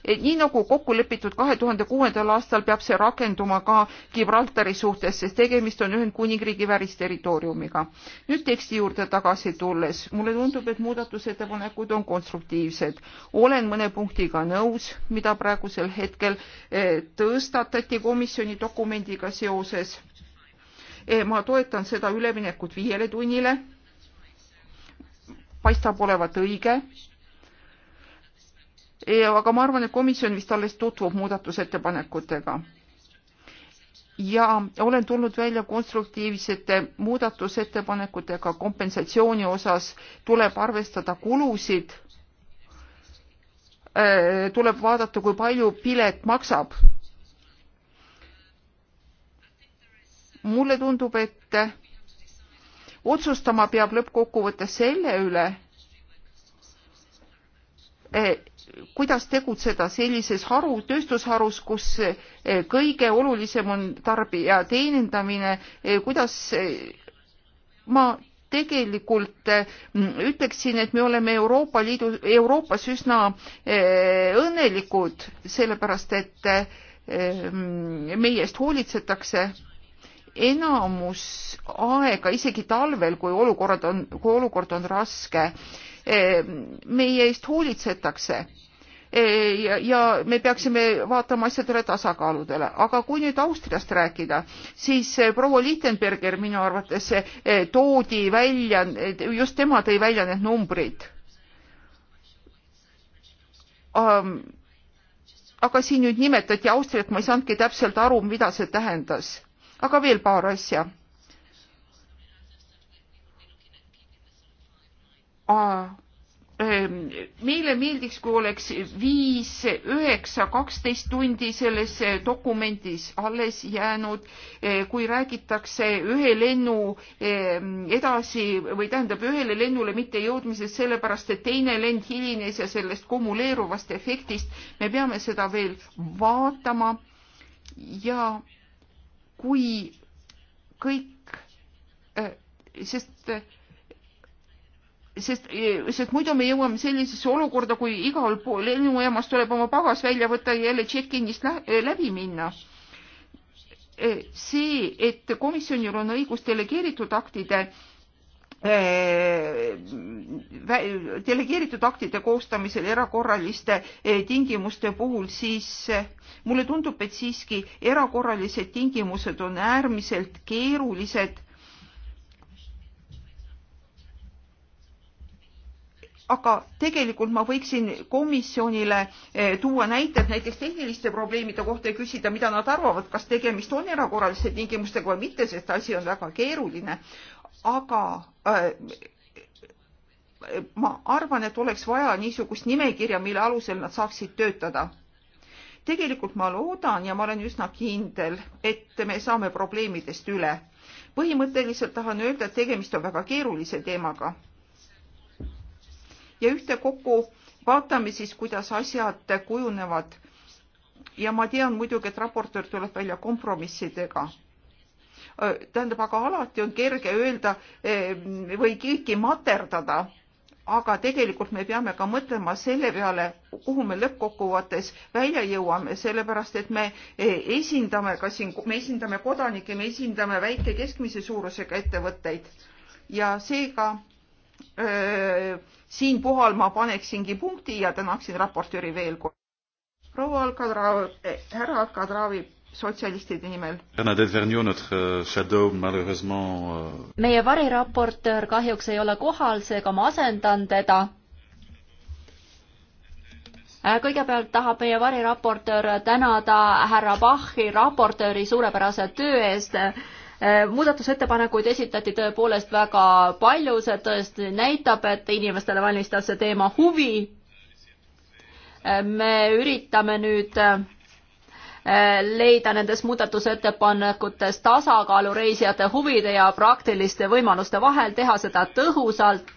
Speaker 6: nii nagu kokku lepitud kahe tuhande kuuendal aastal peab see rakenduma ka Gibraltari suhtes, sest tegemist on Ühendkuningriigi välisterritooriumiga. nüüd teksti juurde tagasi tulles, mulle tundub, et muudatusettepanekud on konstruktiivsed. olen mõne punktiga nõus, mida praegusel hetkel eh, tõstatati komisjoni dokumendiga seoses. Eh, ma toetan seda üleminekut viiele tunnile paistab olevat õige aga ma arvan, et komisjon vist alles tutvub muudatusettepanekutega. ja olen tulnud välja konstruktiivsete muudatusettepanekutega kompensatsiooni osas, tuleb arvestada kulusid, äh, tuleb vaadata, kui palju pilet maksab. mulle tundub, et otsustama peab lõppkokkuvõttes selle üle, kuidas tegutseda sellises haru, tööstusharus, kus eh, kõige olulisem on tarbija teenindamine, eh, kuidas eh, ma tegelikult mm, ütleksin, et me oleme Euroopa Liidu, Euroopas üsna õnnelikud, sellepärast et meie eest hoolitsetakse enamus aega, isegi talvel, kui olukorrad on, kui olukord on raske Ehm, meie eest hoolitsetakse ehm, ja, ja me peaksime vaatama asjadele tasakaaludele. aga kui nüüd Austriast rääkida, siis eh, proua Lichtenberger minu arvates eh, toodi välja, just tema tõi välja need numbrid. Ehm, aga siin nüüd nimetati Austriat, ma ei saanudki täpselt aru, mida see tähendas. aga veel paar asja Ähm, meile meeldiks, kui oleks viis, üheksa, kaksteist tundi selles äh, dokumendis alles jäänud, äh, kui räägitakse ühe lennu ähm, edasi või tähendab ühele lennule mitte jõudmisest, sellepärast et teine lend hilines ja sellest kumuleeruvast efektist. me peame seda veel vaatama ja kui kõik, äh, sest sest, sest muidu me jõuame sellisesse olukorda, kui igal pool lennujaamas tuleb oma pagas välja võtta ja jälle check-in'ist eh, läbi minna. Eh, see, et komisjonil on õigus delegeeritud aktide eh, delegeeritud aktide koostamisel erakorraliste tingimuste puhul, siis mulle tundub, et siiski erakorralised tingimused on äärmiselt keerulised aga tegelikult ma võiksin komisjonile eh, tuua näited näiteks tehniliste probleemide kohta ja küsida, mida nad arvavad, kas tegemist on erakorraliste tingimustega või mitte, sest asi on väga keeruline. aga eh, ma arvan, et oleks vaja niisugust nimekirja, mille alusel nad saaksid töötada. tegelikult ma loodan ja ma olen üsna kindel, et me saame probleemidest üle. põhimõtteliselt tahan öelda, et tegemist on väga keerulise teemaga ja ühtekokku vaatame siis, kuidas asjad kujunevad. ja ma tean muidugi, et raportöör tuleb välja kompromissidega tähendab, aga alati on kerge öelda eh, või keegi materdada, aga tegelikult me peame ka mõtlema selle peale, kuhu me lõppkokkuvõttes välja jõuame, sellepärast et me eh, esindame ka siin, me esindame kodanikke, me esindame väike keskmise suurusega ettevõtteid ja seega Äh, siinkohal ma paneksingi punkti ja tänaksin raportööri veel kord.
Speaker 1: proua Alkadraav, eh, härra Alkadraavi sotsialistide nimel.
Speaker 3: Euh, euh,
Speaker 1: meie variraportöör kahjuks ei ole kohal, seega ma asendan teda. Äh, kõigepealt tahab meie variraportöör tänada härra Bachi raportööri suurepärase töö eest Äh, muudatusettepanekuid esitati tõepoolest väga palju, see tõesti näitab, et inimestele valmistab see teema huvi. Äh, me üritame nüüd äh, leida nendes muudatusettepanekutes tasakaalu reisijate huvide ja praktiliste võimaluste vahel, teha seda tõhusalt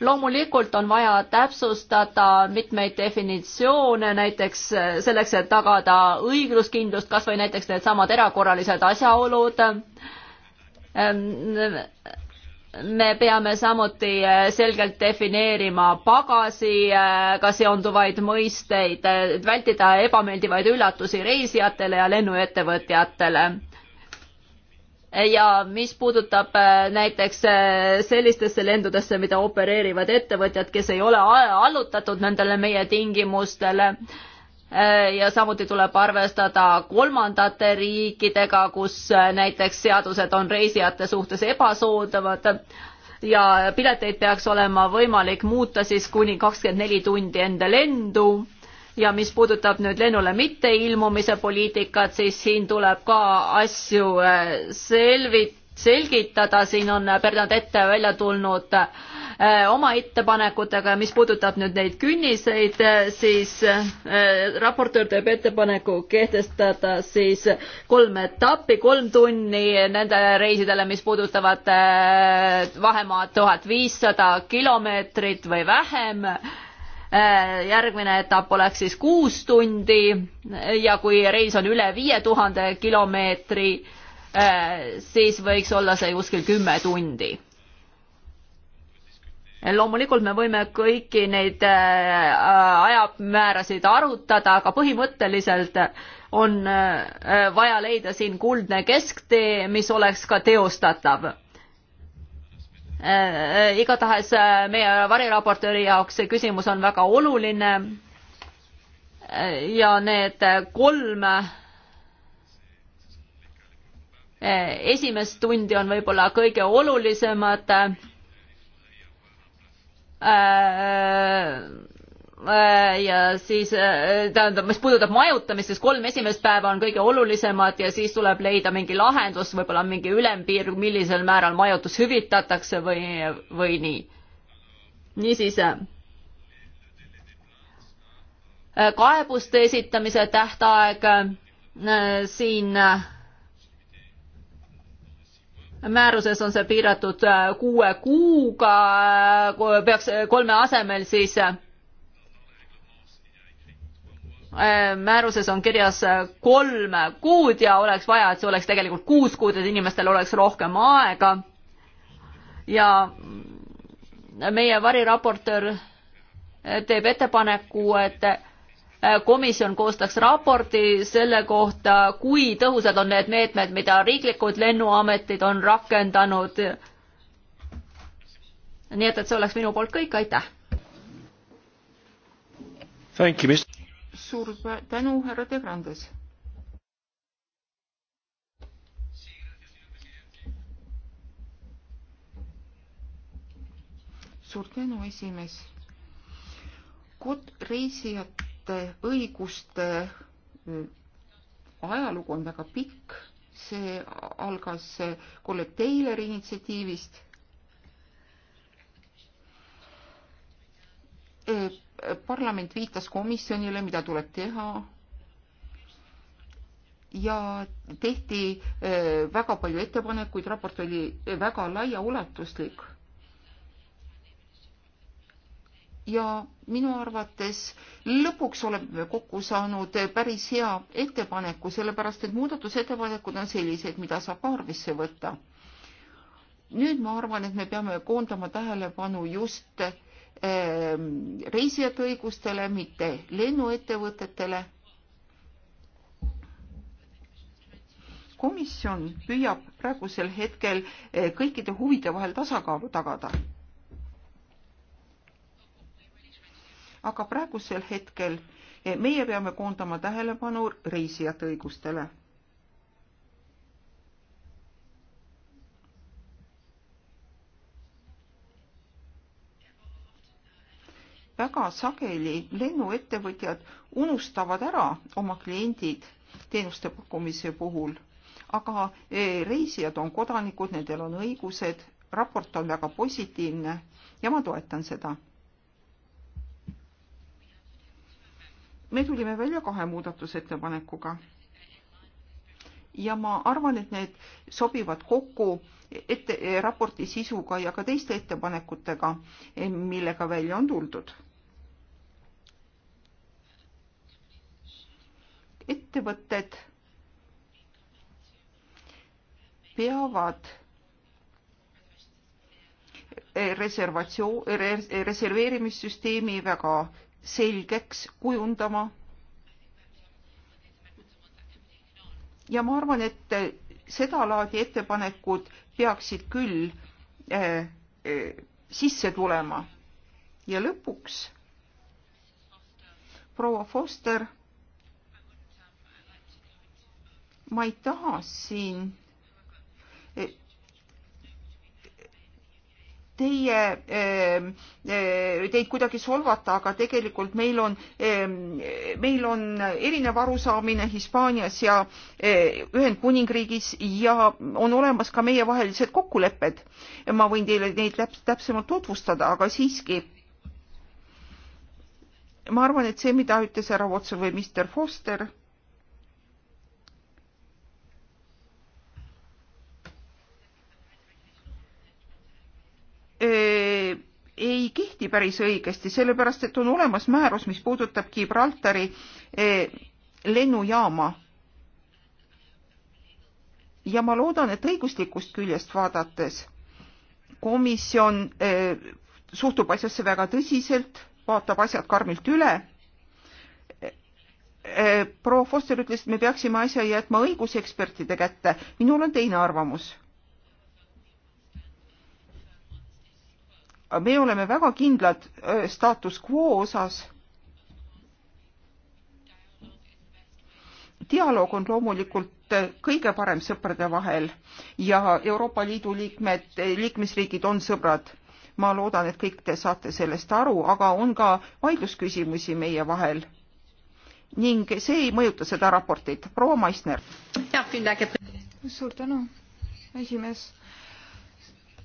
Speaker 1: loomulikult on vaja täpsustada mitmeid definitsioone, näiteks eh, selleks, et tagada õigluskindlust, kas või näiteks needsamad erakorralised asjaolud. Ehm, me peame samuti eh, selgelt defineerima pagasiga eh, seonduvaid mõisteid, vältida ebameeldivaid üllatusi reisijatele ja lennuettevõtjatele ja mis puudutab äh, näiteks äh, sellistesse lendudesse, mida opereerivad ettevõtjad, kes ei ole allutatud nendele meie tingimustele, äh, ja samuti tuleb arvestada kolmandate riikidega, kus näiteks seadused on reisijate suhtes ebasoodavad ja pileteid peaks olema võimalik muuta siis kuni kakskümmend neli tundi enda lendu ja mis puudutab nüüd lennule mitteilmumise poliitikat, siis siin tuleb ka asju äh, selvit-, selgitada, siin on äh, Bernadette välja tulnud äh, oma ettepanekutega ja mis puudutab nüüd neid künniseid, siis raportöör teeb ettepaneku kehtestada siis kolm etappi, kolm tunni nendele reisidele, mis puudutavad vahemaad tuhat viissada kilomeetrit või vähem Äh, järgmine etapp oleks siis kuus tundi ja kui reis on üle viie tuhande kilomeetri, äh, siis võiks olla see kuskil kümme tundi loomulikult me võime kõiki neid äh, ajamäärasid arutada, aga põhimõtteliselt on vaja leida siin kuldne kesktee, mis oleks ka teostatav. Äh, äh, igatahes äh, meie variraportööri jaoks see küsimus on väga oluline. ja need kolm esimest tundi on võib-olla kõige olulisemad Äh, ja siis äh, tähendab, mis puudutab majutamist, siis kolm esimest päeva on kõige olulisemad ja siis tuleb leida mingi lahendus, võib-olla mingi ülempiir, millisel määral majutus hüvitatakse või, või nii. niisiis. Äh, kaebuste esitamise tähtaeg siin määruses on see piiratud kuue kuuga, peaks kolme asemel siis Äh, määruses on kirjas äh, kolm kuud ja oleks vaja, et see oleks tegelikult kuus kuud, et inimestel oleks rohkem aega. ja meie variraportöör äh, teeb ettepaneku, et komisjon koostaks raporti selle kohta, kui tõhusad on need meetmed, mida riiklikud lennuametid on rakendanud. nii et, et see oleks minu poolt kõik, aitäh.
Speaker 2: Thank you, Mr
Speaker 1: suur
Speaker 6: tänu, härra De Grandes. suur tänu, esimees. kod-, reisijate õiguste mm, ajalugu on väga pikk, see algas eh, kolleeg Taylori initsiatiivist eh, parlament viitas komisjonile, mida tuleb teha ja tehti äh, väga palju ettepanekuid, raport oli äh, väga laiaulatuslik. ja minu arvates lõpuks oleme kokku saanud äh, päris hea ettepaneku, sellepärast et muudatusettepanekud on sellised, mida saab arvesse võtta. nüüd ma arvan, et me peame koondama tähelepanu just Ähm, reisijate õigustele, mitte lennuettevõtetele. komisjon püüab praegusel hetkel äh, kõikide huvide vahel tasakaalu tagada. aga praegusel hetkel äh, meie peame koondama tähelepanu reisijate õigustele väga sageli lennuettevõtjad unustavad ära oma kliendid teenuste pakkumise puhul, aga e, reisijad on kodanikud, nendel on õigused, raport on väga positiivne ja ma toetan seda. me tulime välja kahe muudatusettepanekuga ja ma arvan, et need sobivad kokku ette, e, raporti sisuga ja ka teiste ettepanekutega, e, millega välja on tuldud ettevõtted peavad reservatsioon, reserveerimissüsteemi väga selgeks kujundama. ja ma arvan, et sedalaadi ettepanekud peaksid küll äh, äh, sisse tulema. ja lõpuks proua Foster ma ei taha siin e, teie, e, e, teid kuidagi solvata, aga tegelikult meil on, meil on erinev arusaamine Hispaanias ja Ühendkuningriigis ja on olemas ka meievahelised kokkulepped. ma võin teile neid täpsemalt tutvustada, aga siiski ma arvan, et see, mida ütles härra Watson või Mr Foster ei kehti päris õigesti, sellepärast et on olemas määrus, mis puudutab Gibraltari eh, lennujaama. ja ma loodan, et õiguslikust küljest vaadates komisjon eh, suhtub asjasse väga tõsiselt, vaatab asjad karmilt üle eh, proua Foster ütles, et me peaksime asja jätma õigusekspertide kätte. minul on teine arvamus. me oleme väga kindlad status quo osas. dialoog on loomulikult kõige parem sõprade vahel ja Euroopa Liidu liikmed, liikmesriigid on sõbrad. ma loodan, et kõik te saate sellest aru, aga on ka vaidlusküsimusi meie vahel ning see ei mõjuta seda raportit. proua Maisner.
Speaker 4: suur tänu, esimees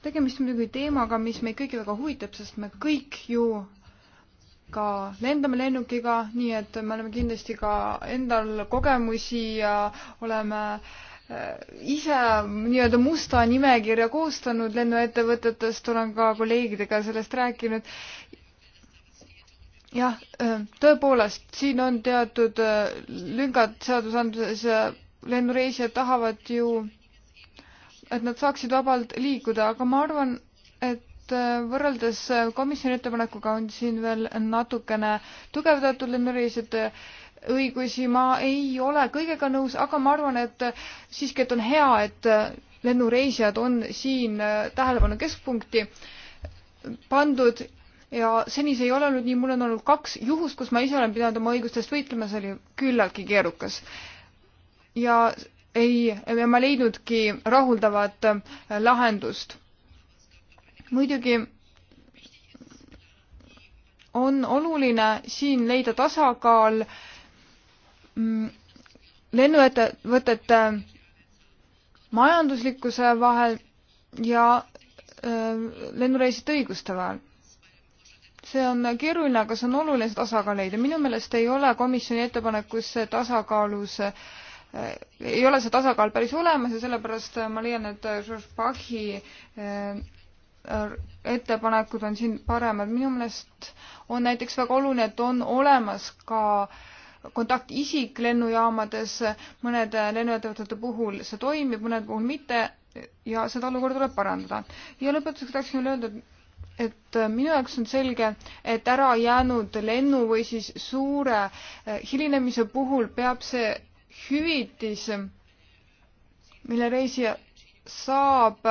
Speaker 4: tegemist on muidugi teemaga, mis meid kõiki väga huvitab, sest me kõik ju ka lendame lennukiga, nii et me oleme kindlasti ka endal kogemusi ja oleme äh, ise nii-öelda musta nimekirja koostanud lennuettevõtetest, olen ka kolleegidega sellest rääkinud. jah, äh, tõepoolest, siin on teatud äh, lüngad seadusandluses, lennureisijad tahavad ju et nad saaksid vabalt liikuda, aga ma arvan, et äh, võrreldes äh, komisjoni ettepanekuga on siin veel natukene tugevdatud lennureisijate äh, õigusi, ma ei ole kõigega nõus, aga ma arvan, et siiski, et on hea, et lennureisijad on siin tähelepanu keskpunkti pandud ja seni see ei ole olnud nii, mul on olnud kaks juhust, kus ma ise olen pidanud oma õigustest võitlema, see oli küllaltki keerukas. ja ei, ma leidnudki rahuldavat äh, lahendust. muidugi on oluline siin leida tasakaal mm, lennuettevõtete majanduslikkuse vahel ja äh, lennureisijate õiguste vahel. see on keeruline, aga see on oluline, see tasakaal leida. minu meelest ei ole komisjoni ettepanekus tasakaalus äh, Äh, ei ole see tasakaal päris olemas ja sellepärast äh, ma leian, et äh, George Bachi ettepanekud on siin paremad. minu meelest on näiteks väga oluline, et on olemas ka kontaktisik lennujaamades, mõnede lennuettevõtete puhul see toimib, mõnede puhul mitte ja seda olukorda tuleb parandada. ja lõpetuseks tahaksin veel öelda, et minu jaoks on selge, et ära jäänud lennu või siis suure hilinemise puhul peab see hüvitis, mille reisija saab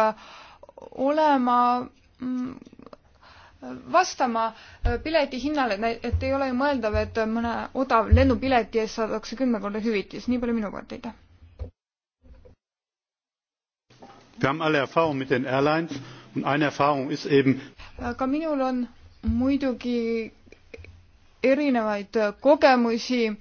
Speaker 4: olema mm, vastama pileti hinnale, et ei ole ju mõeldav, et mõne odav lennupileti eest saadakse kümme korda hüvitis, nii palju minu poolt, aitäh. ka minul on muidugi erinevaid kogemusi äh,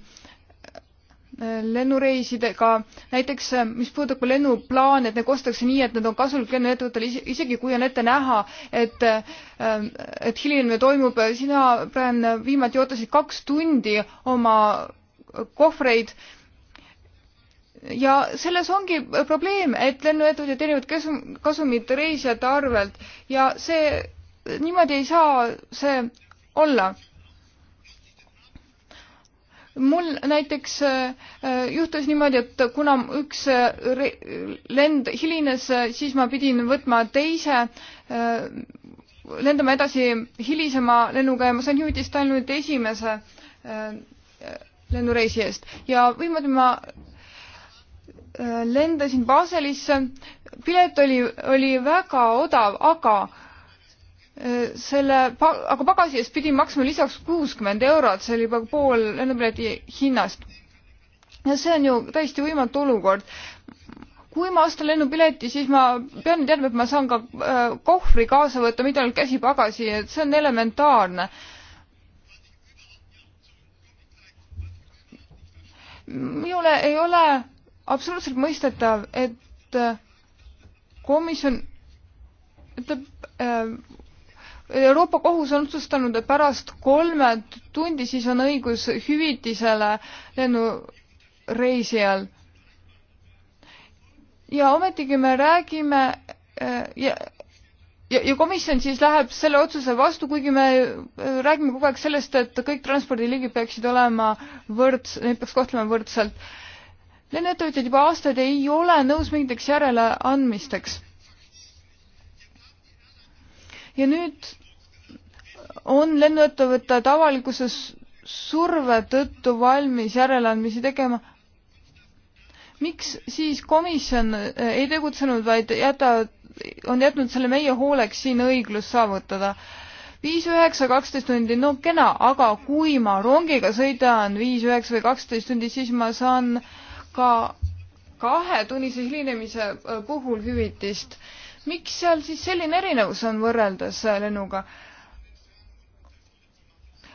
Speaker 4: lennureisidega, näiteks äh, mis puudutab lennuplaane, et need ostetakse nii, et need on kasulik lennuettevõttele, isegi kui on ette näha, et ähm, et hilinemine toimub, sina, Brian, viimati ootasid kaks tundi oma kohvreid ja selles ongi probleem, et lennuettevõtjad teenivad kasum, kasumit reisijate arvelt ja see, niimoodi ei saa see olla mul näiteks äh, äh, juhtus niimoodi, et kuna üks äh, lend hilines, siis ma pidin võtma teise, lendama edasi hilisema lennuga ja ma sain hüvitist ainult esimese lennureisi eest ja niimoodi ma lendasin Baselisse, pilet oli, oli väga odav, aga selle, aga pagasi eest pidin maksma lisaks kuuskümmend eurot, see oli juba pool lennupileti hinnast. ja see on ju täiesti võimatu olukord. kui ma ostan lennupileti, siis ma pean teadma, et ma saan ka äh, kohvri kaasa võtta, mitte ainult käsipagasi, et see on elementaarne minule ei ole absoluutselt mõistetav, et äh, komisjon ütleb äh, Euroopa Kohus on otsustanud, et pärast kolme tundi siis on õigus hüvitisele lennureisijal. ja ometigi me räägime äh, ja, ja, ja komisjon siis läheb selle otsuse vastu, kuigi me äh, räägime kogu aeg sellest, et kõik transpordiliigid peaksid olema võrds-, neid peaks kohtlema võrdselt. lennuettevõtjad juba aastaid ei ole nõus mingiteks järeleandmisteks ja nüüd on lennuettevõtted avalikkuse surve tõttu valmis järeleandmisi tegema. miks siis komisjon äh, ei tegutsenud, vaid jätavad, on jätnud selle meie hooleks siin õiglus saavutada? viis, üheksa, kaksteist tundi, no kena, aga kui ma rongiga sõidan viis, üheksa või kaksteist tundi, siis ma saan ka kahetunnises liinemise äh, puhul hüvitist miks seal siis selline erinevus on võrreldes äh, lennuga?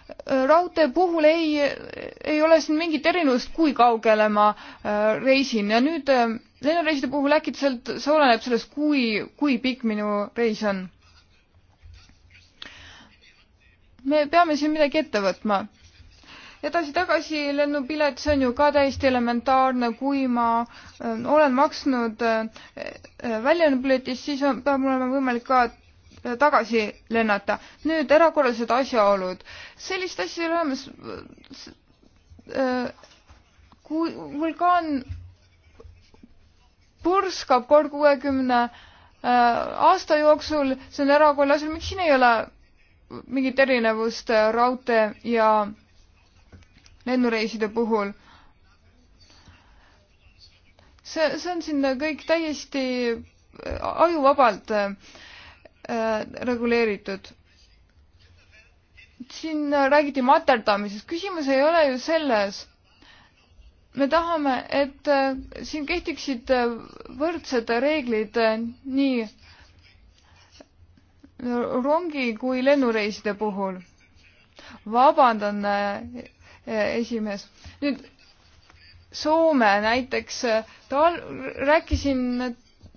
Speaker 4: Äh, raudtee puhul ei, ei ole siin mingit erinevust, kui kaugele ma äh, reisin ja nüüd lennureiside puhul äkitselt see oleneb sellest, kui, kui pikk minu reis on. me peame siin midagi ette võtma edasi-tagasi lennupilet, see on ju ka täiesti elementaarne, kui ma ähm, olen maksnud äh, äh, väljalennupiletist, siis on, peab mul olema võimalik ka äh, tagasi lennata. nüüd erakorralised asjaolud. sellist asja ei ole olemas. kui vulkaan purskab kord kuuekümne aasta jooksul, see on erakorraline asi, miks siin ei ole mingit erinevust raudtee ja äh, lennureiside puhul. see, see on siin kõik täiesti äh, ajuvabalt äh, äh, reguleeritud. siin räägiti materdamisest, küsimus ei ole ju selles, me tahame, et äh, siin kehtiksid võrdsed reeglid nii rongi kui lennureiside puhul. vabandan esimees. nüüd Soome näiteks, äh, tal-, rääkisin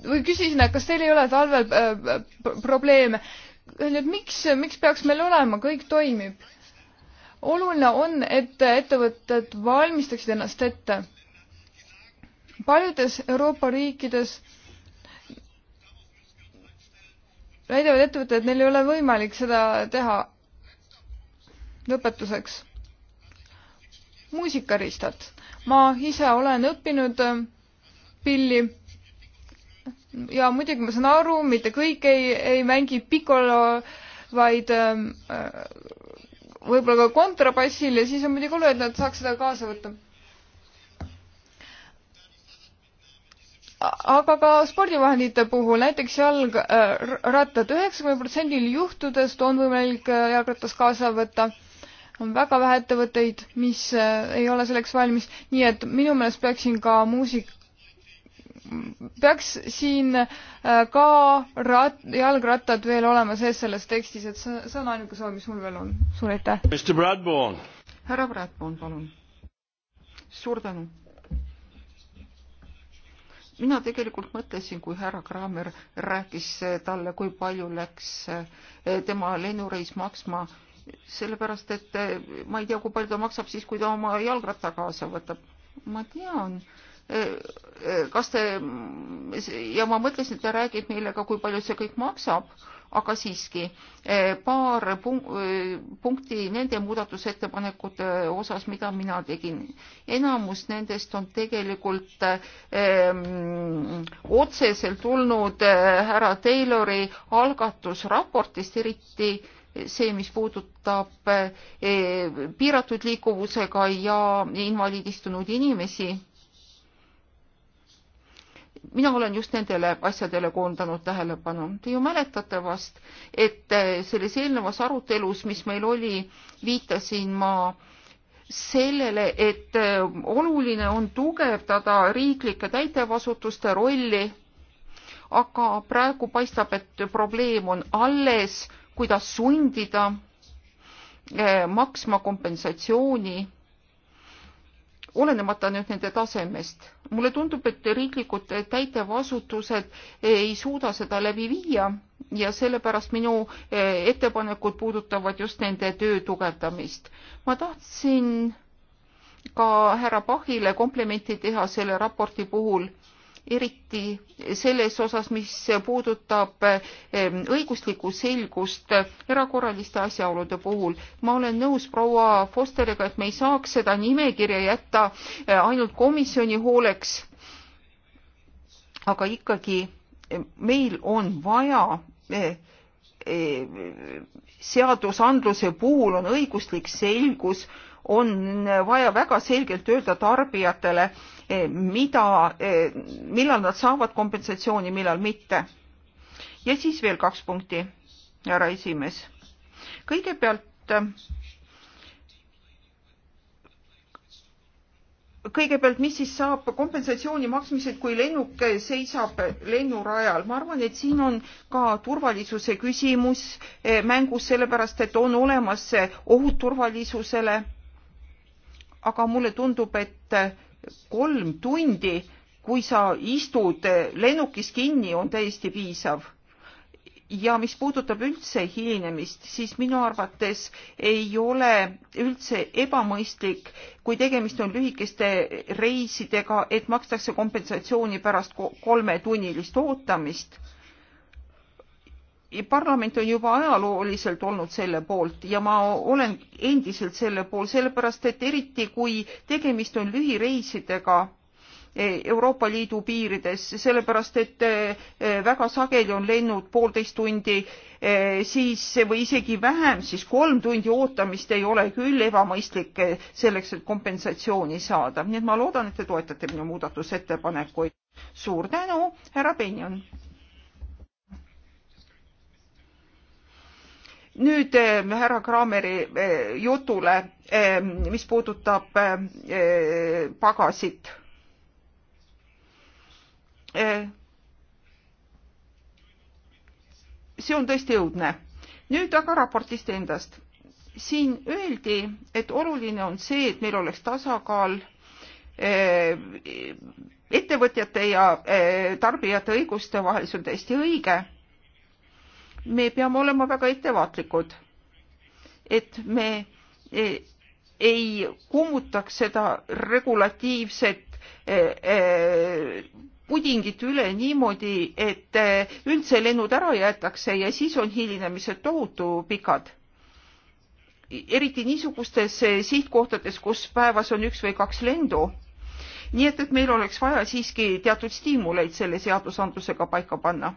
Speaker 4: või küsisin, et kas teil ei ole talvel äh, probleeme. Öeldi, et miks, miks peaks meil olema, kõik toimib. oluline on, et ettevõtted valmistaksid ennast ette. paljudes Euroopa riikides väidavad ettevõtted, et neil ei ole võimalik seda teha. lõpetuseks muusikariistad. ma ise olen õppinud äh, pilli ja muidugi ma saan aru, mitte kõik ei, ei mängi pikolo, vaid äh, äh, võib-olla ka kontrabassil ja siis on muidugi oluline, et nad saaks seda kaasa võtta. aga ka spordivahendite puhul, näiteks jalgrattad äh,, üheksakümne protsendil juhtudest on võimalik äh, jalgratas kaasa võtta on väga vähe ettevõtteid, mis äh, ei ole selleks valmis, nii et minu meelest peaksin ka muusik, peaks siin äh, ka rat-, jalgrattad veel olema sees selles tekstis, et see, see on ainuke soov, mis mul veel on. suur aitäh! härra Bradburn, palun! suur
Speaker 6: tänu! mina tegelikult mõtlesin, kui härra Kramer rääkis talle, kui palju läks äh, tema lennureis maksma sellepärast et eh, ma ei tea, kui palju ta maksab siis, kui ta oma jalgratta kaasa võtab. ma tean, eh, eh, kas te, ja ma mõtlesin, et ta räägib meile ka, kui palju see kõik maksab, aga siiski paar punkti nende muudatusettepanekute osas, mida mina tegin. enamus nendest on tegelikult ähm, otseselt tulnud härra Taylori algatusraportist, eriti äh, see, mis puudutab eh, piiratud liikuvusega ja invaliidistunud inimesi. mina olen just nendele asjadele koondanud tähelepanu. Te ju mäletate vast, et eh, selles eelnevas arutelus, mis meil oli, viitasin ma sellele, et eh, oluline on tugevdada riiklike täitevasutuste rolli, aga praegu paistab, et probleem on alles kuidas sundida eh, maksma kompensatsiooni, olenemata nüüd nende tasemest. mulle tundub, et riiklikud täitevasutused ei suuda seda läbi viia ja sellepärast minu eh, ettepanekud puudutavad just nende töö tugevdamist. ma tahtsin ka härra Pahile komplimenti teha selle raporti puhul eriti selles osas, mis puudutab eh, õiguslikku selgust erakorraliste asjaolude puhul. ma olen nõus proua Fosteriga, et me ei saaks seda nimekirja jätta eh, ainult komisjoni hooleks. aga ikkagi eh, meil on vaja seadusandluse puhul on õiguslik selgus on vaja väga selgelt öelda tarbijatele, eh, mida, eh, millal nad saavad kompensatsiooni, millal mitte. ja siis veel kaks punkti, härra esimees. kõigepealt, kõigepealt, mis siis saab kompensatsiooni maksmisel, kui lennuk seisab lennurajal? ma arvan, et siin on ka turvalisuse küsimus eh, mängus, sellepärast et on olemas ohud turvalisusele aga mulle tundub, et kolm tundi, kui sa istud lennukis kinni, on täiesti piisav. ja mis puudutab üldse hilinemist, siis minu arvates ei ole üldse ebamõistlik, kui tegemist on lühikeste reisidega, et makstakse kompensatsiooni pärast kolmetunnilist ootamist parlament on juba ajalooliselt olnud selle poolt ja ma olen endiselt selle pool, sellepärast et eriti kui tegemist on lühireisidega eh, Euroopa Liidu piirides, sellepärast et eh, väga sageli on lennud poolteist tundi eh, siis või isegi vähem, siis kolm tundi ootamist ei ole küll ebamõistlik selleks, et kompensatsiooni saada. nii et ma loodan, et te toetate minu muudatusettepanekuid. suur tänu, härra Benjon! nüüd eh, härra Kraameri eh, jutule, eh, mis puudutab pagasit. see on tõesti õudne. nüüd aga raportist endast. siin öeldi, et oluline on see, et meil oleks tasakaal ettevõtjate ja tarbijate õiguste vahel, see on täiesti õige me peame olema väga ettevaatlikud, et me e, ei kummutaks seda regulatiivset e, e, pudingit üle niimoodi, et üldse lennud ära jäetakse ja siis on hilinemised tohutu pikad. eriti niisugustes sihtkohtades, kus päevas on üks või kaks lendu. nii et, et meil oleks vaja siiski teatud stiimuleid selle seadusandlusega paika panna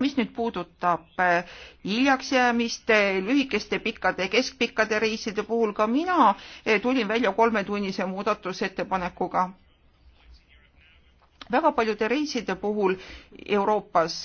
Speaker 6: mis nüüd puudutab eh, hiljaks jäämist lühikeste, pikkade, keskpikkade reiside puhul, ka mina eh, tulin välja kolmetunnise muudatusettepanekuga. väga paljude reiside puhul Euroopas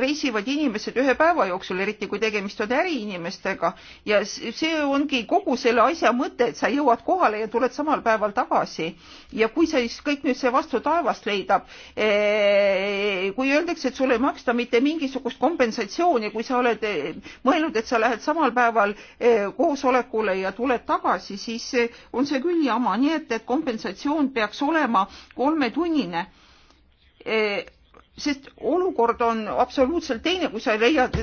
Speaker 6: reisivad inimesed ühe päeva jooksul, eriti kui tegemist on äriinimestega ja see ongi kogu selle asja mõte, et sa jõuad kohale ja tuled samal päeval tagasi. ja kui sa siis kõik nüüd see vastu taevast leidab, eh, kui öeldakse, et sulle ei maksta mitte mingisugust kompensatsiooni, kui sa oled eh, mõelnud, et sa lähed samal päeval eh, koosolekule ja tuled tagasi, siis on see küll jama, nii et, et kompensatsioon peaks olema kolmetunnine sest olukord on absoluutselt teine, kui sa leiad,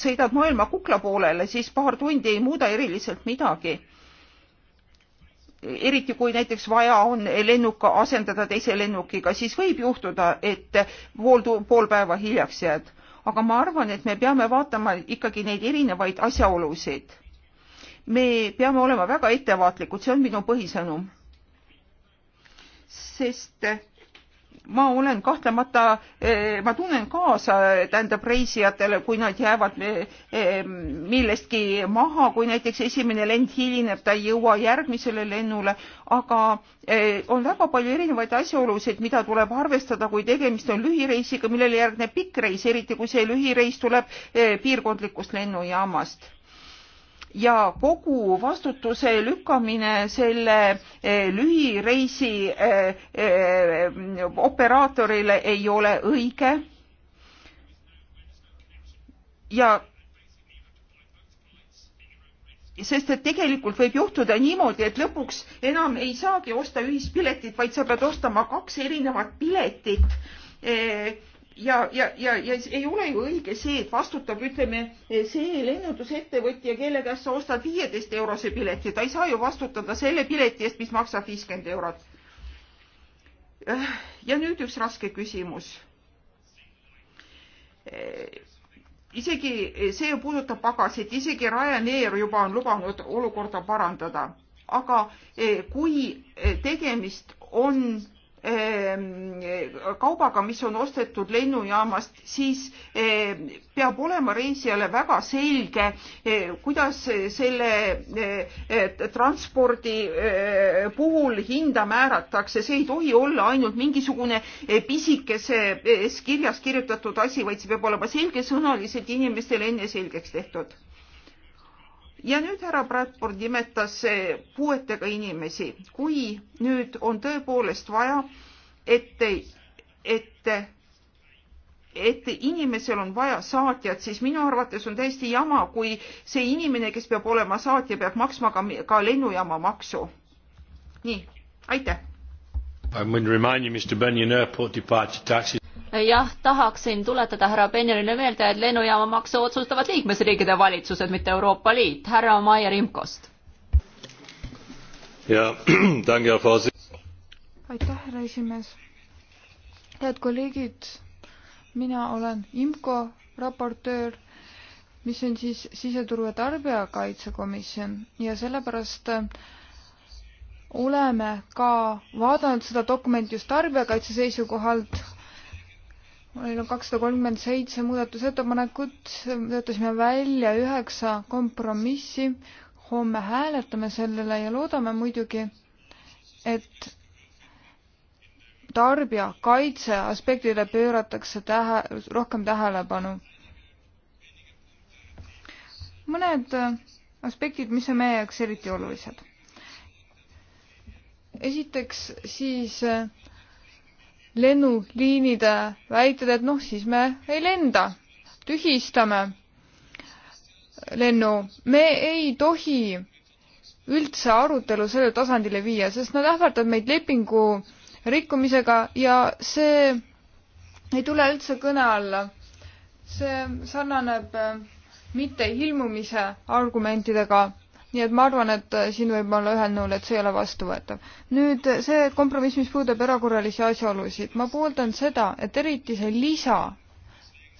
Speaker 6: sõidad maailma kukla poolele, siis paar tundi ei muuda eriliselt midagi. eriti kui näiteks vaja on lennuka asendada teise lennukiga, siis võib juhtuda, et pool, pool päeva hiljaks jääd. aga ma arvan, et me peame vaatama ikkagi neid erinevaid asjaolusid. me peame olema väga ettevaatlikud, see on minu põhisõnum. sest ma olen kahtlemata, eh, ma tunnen kaasa, tähendab reisijatele, kui nad jäävad eh, eh, millestki maha, kui näiteks esimene lend hilineb, ta ei jõua järgmisele lennule, aga on väga palju erinevaid asjaolusid, mida tuleb arvestada, kui tegemist on lühireisiga, millele järgneb pikk reis, eriti kui see lühireis tuleb piirkondlikust lennujaamast ja kogu vastutuse lükkamine selle eh, lühireisi eh, eh, operaatorile ei ole õige. ja sest et tegelikult võib juhtuda niimoodi, et lõpuks enam ei saagi osta ühispiletit, vaid sa pead ostma kaks erinevat piletit ja, ja, ja, ja ei ole ju õige see, et vastutab, ütleme, see lennundusettevõtja, kelle käest sa ostad viieteist eurose pileti, ta ei saa ju vastutada selle pileti eest, mis maksab viiskümmend eurot. Äh, ja nüüd üks raske küsimus. Äh, isegi see ju puudutab pagasit, isegi Ryanair juba on lubanud olukorda parandada, aga äh, kui tegemist on Ehm, kaubaga, mis on ostetud lennujaamast, siis ehm, peab olema reisijale väga selge, eh, kuidas selle eh, transpordi eh, puhul hinda määratakse, see ei tohi olla ainult mingisugune pisikeses kirjas kirjutatud asi, vaid see peab olema selgesõnaliselt inimestele enne selgeks tehtud ja nüüd härra Bradford nimetas puuetega inimesi. kui nüüd on tõepoolest vaja, et, et, et inimesel on vaja saatjat, siis minu arvates on täiesti jama, kui see inimene, kes peab olema saatja, peab maksma ka, ka lennujaama maksu. nii,
Speaker 1: aitäh.
Speaker 2: I would remind you Mr Bunyan airport departure taxes
Speaker 1: jah, tahaksin tuletada härra Benjanile meelde, et lennujaama makse otsustavad liikmesriikide valitsused, mitte Euroopa Liit. härra Maier Imkost.
Speaker 2: [clears throat]
Speaker 1: aitäh, härra esimees. head kolleegid,
Speaker 4: mina olen IMCO raportöör, mis on siis siseturu ja tarbijakaitsekomisjon ja sellepärast äh, oleme ka vaadanud seda dokumenti just tarbijakaitse seisukohalt, meil on kakssada kolmkümmend seitse muudatusettepanekut, töötasime välja üheksa kompromissi, homme hääletame sellele ja loodame muidugi, et tarbijakaitse aspektile pööratakse tähe, rohkem tähelepanu. mõned aspektid, mis on meie jaoks eriti olulised. esiteks siis äh, lennuliinide väited, et noh, siis me ei lenda, tühistame lennu. me ei tohi üldse arutelu sellele tasandile viia, sest nad ähvardavad meid lepingu rikkumisega ja see ei tule üldse kõne alla. see sarnaneb mitte ilmumise argumentidega nii et ma arvan, et äh, siin võib olla ühel nõul, et see ei ole vastuvõetav. nüüd äh, see kompromiss, mis puudutab erakorralisi asjaolusid, ma pooldan seda, et eriti see lisa,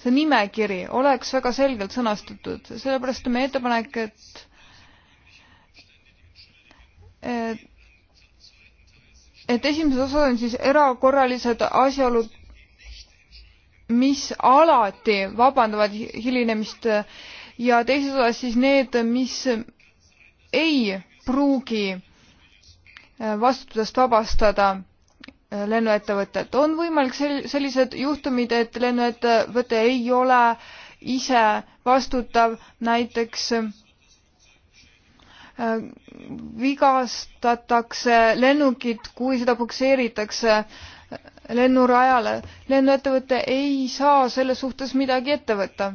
Speaker 4: see nimekiri oleks väga selgelt sõnastatud, sellepärast on meie ettepanek, et et et esimeses osas on siis erakorralised asjaolud, mis alati vabandavad hilinemist ja teises osas siis need, mis ei pruugi äh, vastutusest vabastada äh, lennuettevõtet. on võimalik sel-, sellised juhtumid, et lennuettevõte ei ole ise vastutav näiteks äh, vigastatakse lennukit, kui seda pukseeritakse lennurajale. lennuettevõte ei saa selles suhtes midagi ette võtta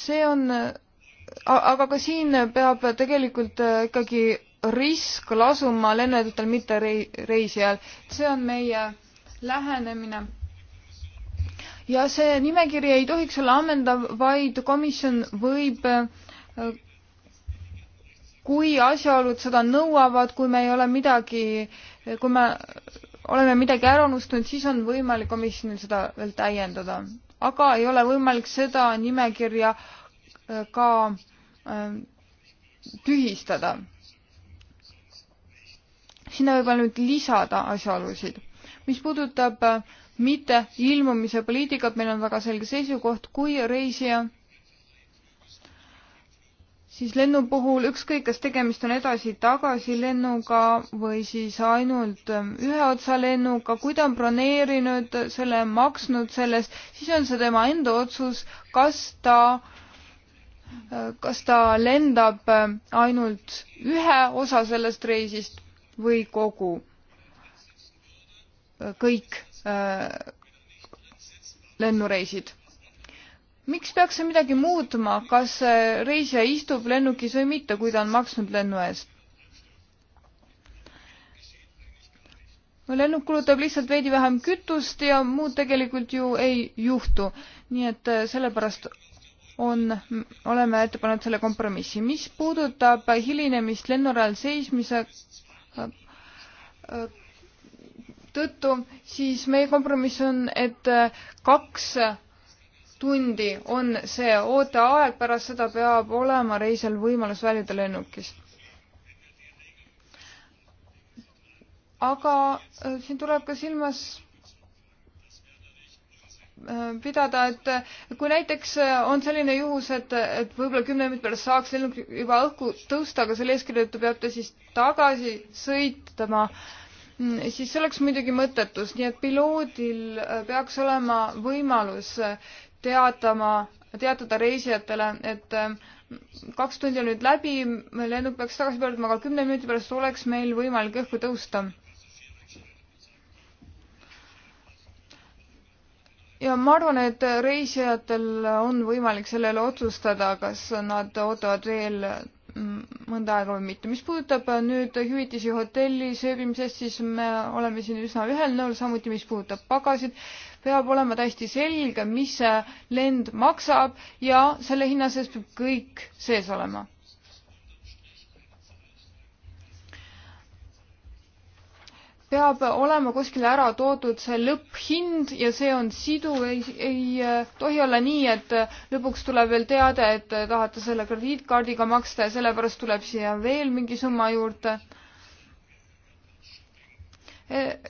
Speaker 4: see on, aga ka siin peab tegelikult äh, ikkagi risk lasuma lennujatel, mitte rei-, reisijal. see on meie lähenemine. ja see nimekiri ei tohiks olla ammendav, vaid komisjon võib äh, kui asjaolud seda nõuavad, kui me ei ole midagi, kui me oleme midagi ära unustanud, siis on võimalik komisjonil seda veel täiendada aga ei ole võimalik seda nimekirja äh, ka äh, tühistada. sinna võib ainult lisada asjaolusid. mis puudutab äh, mitte ilmumise poliitikat, meil on väga selge seisukoht, kui reisija siis lennu puhul ükskõik, kas tegemist on edasi-tagasi lennuga või siis ainult ähm, ühe otsa lennuga, kui ta on broneerinud selle, maksnud sellest, siis on see tema enda otsus, kas ta, äh, kas ta lendab ähm, ainult ühe osa sellest reisist või kogu, äh, kõik äh, lennureisid miks peaks see midagi muutma, kas äh, reisija istub lennukis või mitte, kui ta on maksnud lennu eest? lennuk kulutab lihtsalt veidi vähem kütust ja muud tegelikult ju ei juhtu. nii et äh, sellepärast on, oleme ette pannud selle kompromissi. mis puudutab hilinemist lennurajal seismise äh, tõttu, siis meie kompromiss on, et kaks tundi on see ooteaeg, pärast seda peab olema reisil võimalus väljuda lennukist. aga äh, siin tuleb ka silmas äh, pidada, et äh, kui näiteks on selline juhus, et, et võib-olla kümne minuti pärast saaks lennuk juba õhku tõusta, aga selle eeskirja tõttu peab ta siis tagasi sõitma, mm, siis see oleks muidugi mõttetus, nii et piloodil peaks olema võimalus teatama, teatada reisijatele, et ähm, kaks tundi on nüüd läbi, lennuk peaks tagasi pöörduma, aga kümne minuti pärast oleks meil võimalik õhku tõusta. ja ma arvan, et reisijatel on võimalik selle üle otsustada, kas nad ootavad veel mm, mõnda aega või mitte. mis puudutab nüüd hüvitisi hotellis ööbimisest, siis me oleme siin üsna ühel nõul, samuti mis puudutab pagasid peab olema täiesti selge, mis see lend maksab ja selle hinna sees peab kõik sees olema. peab olema kuskile ära toodud see lõpphind ja see on siduv, ei, ei äh, tohi olla nii, et äh, lõpuks tuleb veel teade, et äh, tahate selle krediitkaardiga maksta ja sellepärast tuleb siia veel mingi summa juurde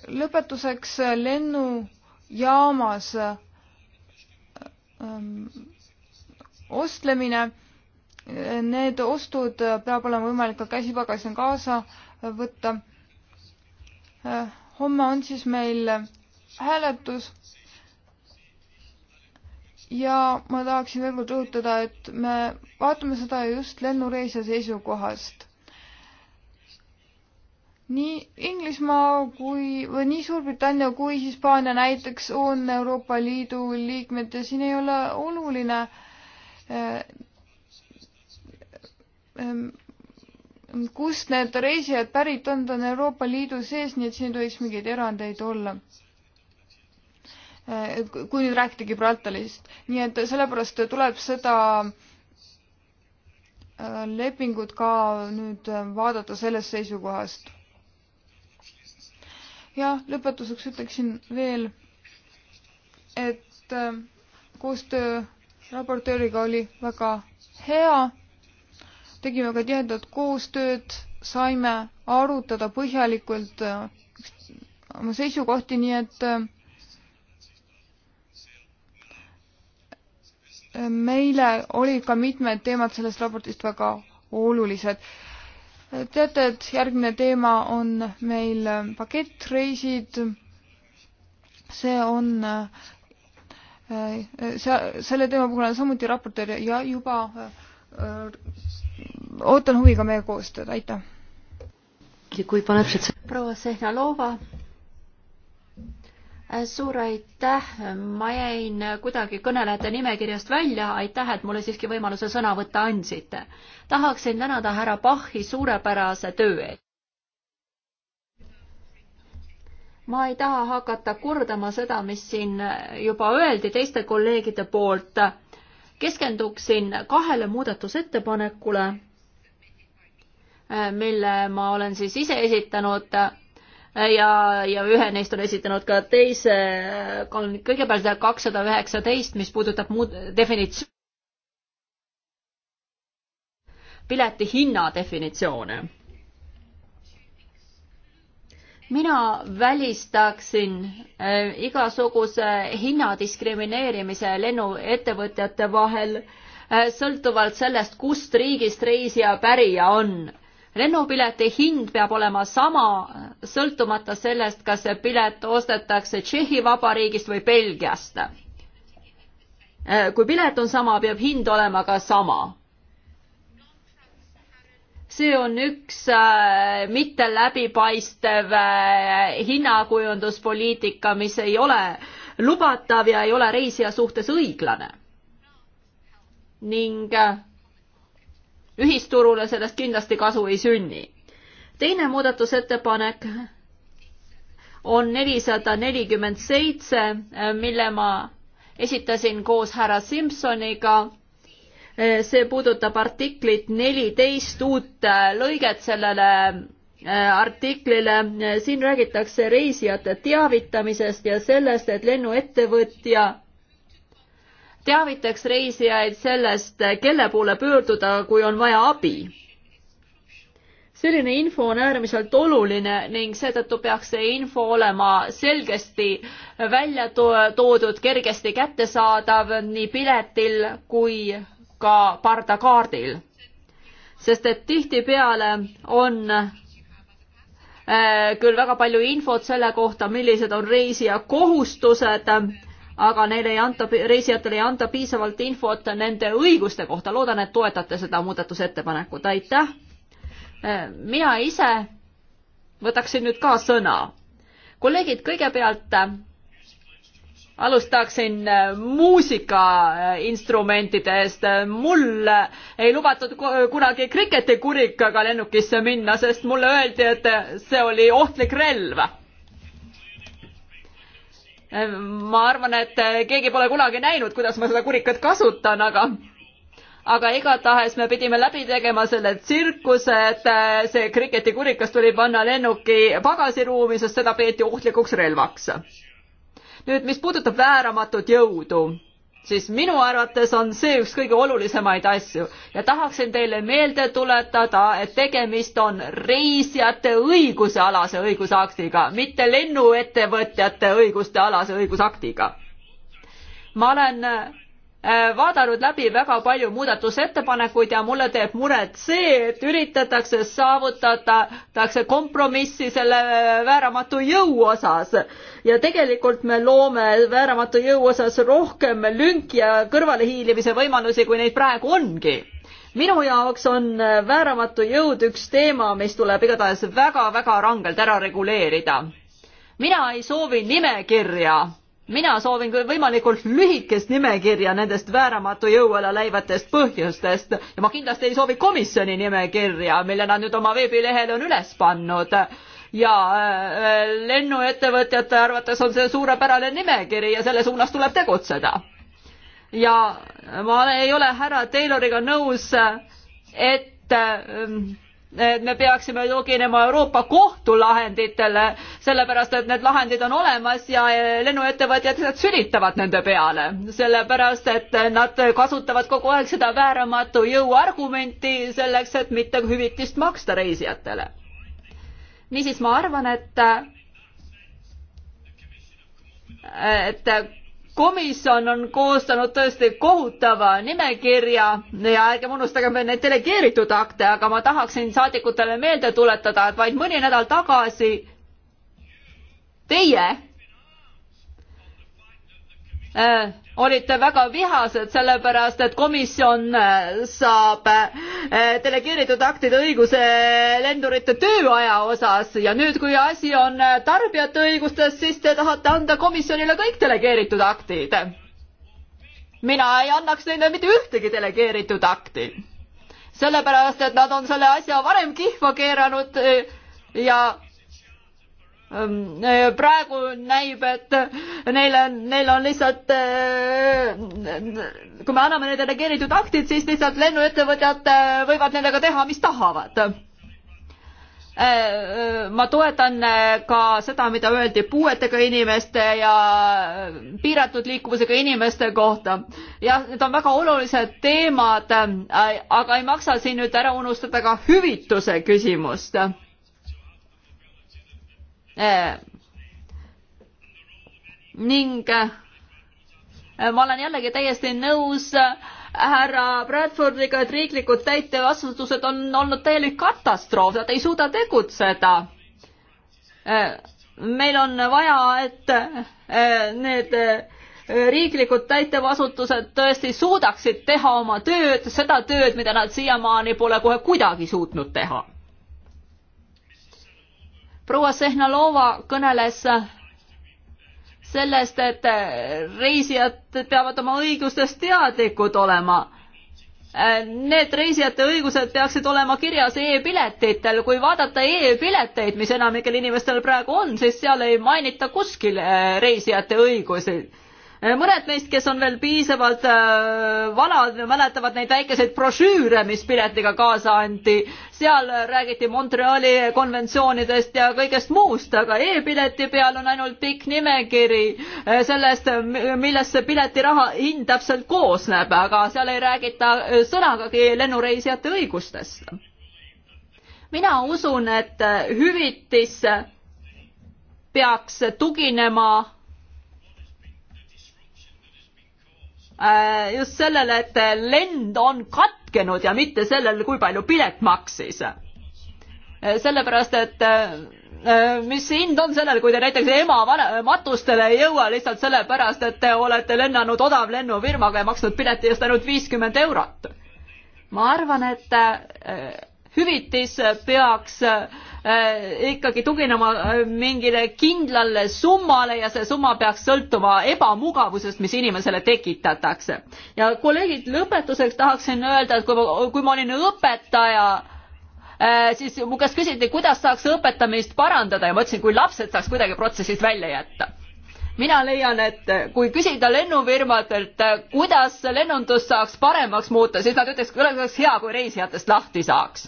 Speaker 4: lõpetuseks lennu jaamas äh, ähm, ostlemine. Need ostud äh, peab olema võimalik ka käsipagasin kaasa äh, võtta. homme on siis meil hääletus. ja ma tahaksin veel kord rõhutada, et me vaatame seda just lennureisija seisukohast nii Inglismaa kui, või nii Suurbritannia kui Hispaania näiteks on Euroopa Liidu liikmed ja siin ei ole oluline ehm, ehm, kust need reisijad pärit on, ta on Euroopa Liidu sees, nii et siin ei tohiks mingeid erandeid olla. Ehm, kui nüüd rääkida Gibraltarist, nii et sellepärast tuleb seda lepingut ka nüüd vaadata sellest seisukohast ja lõpetuseks ütleksin veel, et äh, koostöö raportööriga oli väga hea, tegime ka tihedat koostööd, saime arutada põhjalikult äh, oma seisukohti, nii et äh, meile olid ka mitmed teemad sellest raportist väga olulised teate, et järgmine teema on meil pakettreisid. see on, äh, see, selle teema puhul olen samuti raportöör ja juba äh, ootan huviga meie koostööd, aitäh.
Speaker 1: proua Sehnalova suur aitäh, ma jäin kuidagi kõnelejate nimekirjast välja, aitäh, et mulle siiski võimaluse sõna võtta andsite. tahaksin tänada härra Bachi suurepärase töö eest. ma ei taha hakata kordama seda, mis siin juba öeldi teiste kolleegide poolt. keskenduksin kahele muudatusettepanekule, mille ma olen siis ise esitanud ja, ja ühe neist on esitanud ka teise, kõigepealt kakssada üheksateist, mis puudutab muud definitsiooni, piletihinna definitsioone. mina välistaksin äh, igasuguse hinna diskrimineerimise lennuettevõtjate vahel äh, sõltuvalt sellest, kust riigist reisija pärija on lennupileti hind peab olema sama, sõltumata sellest, kas see pilet ostetakse Tšehhi Vabariigist või Belgiast. kui pilet on sama, peab hind olema ka sama. see on üks äh, mitte läbipaistev äh, hinnakujunduspoliitika, mis ei ole lubatav ja ei ole reisija suhtes õiglane. ning äh, ühisturule sellest kindlasti kasu ei sünni. teine muudatusettepanek on nelisada nelikümmend seitse, mille ma esitasin koos härra Simsoniga. see puudutab artiklit neliteist uut lõiget sellele äh, artiklile. siin räägitakse reisijate teavitamisest ja sellest, et lennuettevõtja teavitaks reisijaid sellest, kelle poole pöörduda, kui on vaja abi. selline info on äärmiselt oluline ning seetõttu peaks see info olema selgesti välja to toodud, kergesti kättesaadav nii piletil kui ka pardakaardil. sest et tihtipeale on äh, küll väga palju infot selle kohta, millised on reisija kohustused aga neile ei anta, reisijatele ei anta piisavalt infot nende õiguste kohta. loodan, et toetate seda muudatusettepanekut, aitäh. Äh, mina ise võtaksin nüüd ka sõna. kolleegid, kõigepealt äh, alustaksin äh, muusikainstrumentidest. mul ei lubatud kunagi kriketikurikaga lennukisse minna, sest mulle öeldi, et see oli ohtlik relv ma arvan, et äh, keegi pole kunagi näinud, kuidas ma seda kurikat kasutan, aga aga igatahes me pidime läbi tegema selle tsirkuse, et äh, see kriketi kurikas tuli panna lennuki pagasiruumi, sest seda peeti ohtlikuks relvaks. nüüd, mis puudutab vääramatut jõudu siis minu arvates on see üks kõige olulisemaid asju ja tahaksin teile meelde tuletada, et tegemist on reisijate õiguse alase õigusaktiga, mitte lennuettevõtjate õiguste alase õigusaktiga. ma olen äh, vaadanud läbi väga palju muudatusettepanekuid ja mulle teeb muret see, et üritatakse saavutada, tahakse kompromissi selle äh, vääramatu jõu osas ja tegelikult me loome vääramatu jõu osas rohkem lünki ja kõrvalehiilimise võimalusi, kui neid praegu ongi minu jaoks on vääramatu jõud üks teema, mis tuleb igatahes väga-väga rangelt ära reguleerida. mina ei soovi nimekirja, mina soovin võimalikult lühikest nimekirja nendest vääramatu jõu alla läivatest põhjustest ja ma kindlasti ei soovi komisjoni nimekirja, mille nad nüüd oma veebilehel on üles pannud ja äh, lennuettevõtjate arvates on see suurepärane nimekiri ja selle suunas tuleb tegutseda. ja ma ei ole härra Tayloriga nõus, et ähm, et me peaksime tuginema Euroopa Kohtu lahenditele, sellepärast et need lahendid on olemas ja äh, lennuettevõtjad lihtsalt sülitavad nende peale, sellepärast et nad kasutavad kogu aeg seda vääramatu jõuargumenti selleks, et mitte hüvitist maksta reisijatele niisiis ma arvan, et, et komisjon on koostanud tõesti kohutava nimekirja ja ärgem unustagem veel neid delegeeritud akte, aga ma tahaksin saadikutele meelde tuletada, et vaid mõni nädal tagasi teie Äh, olite väga vihased, sellepärast et komisjon äh, saab äh, delegeeritud aktide õiguse lendurite tööaja osas ja nüüd, kui asi on tarbijate õigustes, siis te tahate anda komisjonile kõik delegeeritud aktid. mina ei annaks neile mitte ühtegi delegeeritud akti, sellepärast et nad on selle asja varem kihva keeranud ja Ehm, eh, praegu näib, et neil on, neil on lihtsalt, eh, kui me anname need delegeeritud aktid, siis lihtsalt lennuettevõtjad eh, võivad nendega teha, mis tahavad. ma toetan ka seda, mida öeldi puuetega inimeste ja piiratud liikuvusega inimeste kohta. jah, need on väga olulised teemad, aga ei maksa siin nüüd ära unustada ka hüvituse küsimust Äh, ning äh, ma olen jällegi täiesti nõus äh, härra Bradfordiga, et riiklikud täitevasutused on olnud täielik katastroof, nad ei suuda tegutseda. meil on vaja, et need riiklikud täitevasutused tõesti suudaksid teha oma tööd, seda tööd, mida nad siiamaani pole kohe kuidagi suutnud teha proua Sehnalova kõneles sellest, et reisijad peavad oma õigustest teadlikud olema. Need reisijate õigused peaksid olema kirjas e-piletitel, kui vaadata e-pileteid, mis enamikel inimestel praegu on, siis seal ei mainita kuskil eh, reisijate õigusi Eh, mõned meist, kes on veel piisavalt eh, vanad, mäletavad neid väikeseid brošüüre, mis piletiga kaasa anti. seal räägiti Montreali konventsioonidest ja kõigest muust, aga e-pileti peal on ainult pikk nimekiri eh, sellest, millest see piletiraha hind täpselt koosneb, aga seal ei räägita sõnagagi lennureisijate õigustest. mina usun, et hüvitis peaks tuginema Äh, just sellele, et lend on katkenud ja mitte sellele, kui palju pilet maksis. Äh, sellepärast, et äh, mis hind on sellel, kui te näiteks ema matustele ei jõua lihtsalt sellepärast, et te olete lennanud odavlennufirmaga ja maksnud pileti eest ainult viiskümmend eurot. ma arvan, et hüvitis peaks äh, Äh, ikkagi tuginema äh, mingile kindlale summale ja see summa peaks sõltuma ebamugavusest, mis inimesele tekitatakse. ja kolleegid, lõpetuseks tahaksin öelda, et kui ma, kui ma olin õpetaja, äh, siis mu käest küsiti, kuidas saaks õpetamist parandada ja ma ütlesin, kui lapsed saaks kuidagi protsessist välja jätta mina leian, et kui küsida lennufirmadelt, kuidas lennundus saaks paremaks muuta, siis nad ütleks, et oleks hea, kui reisijatest lahti saaks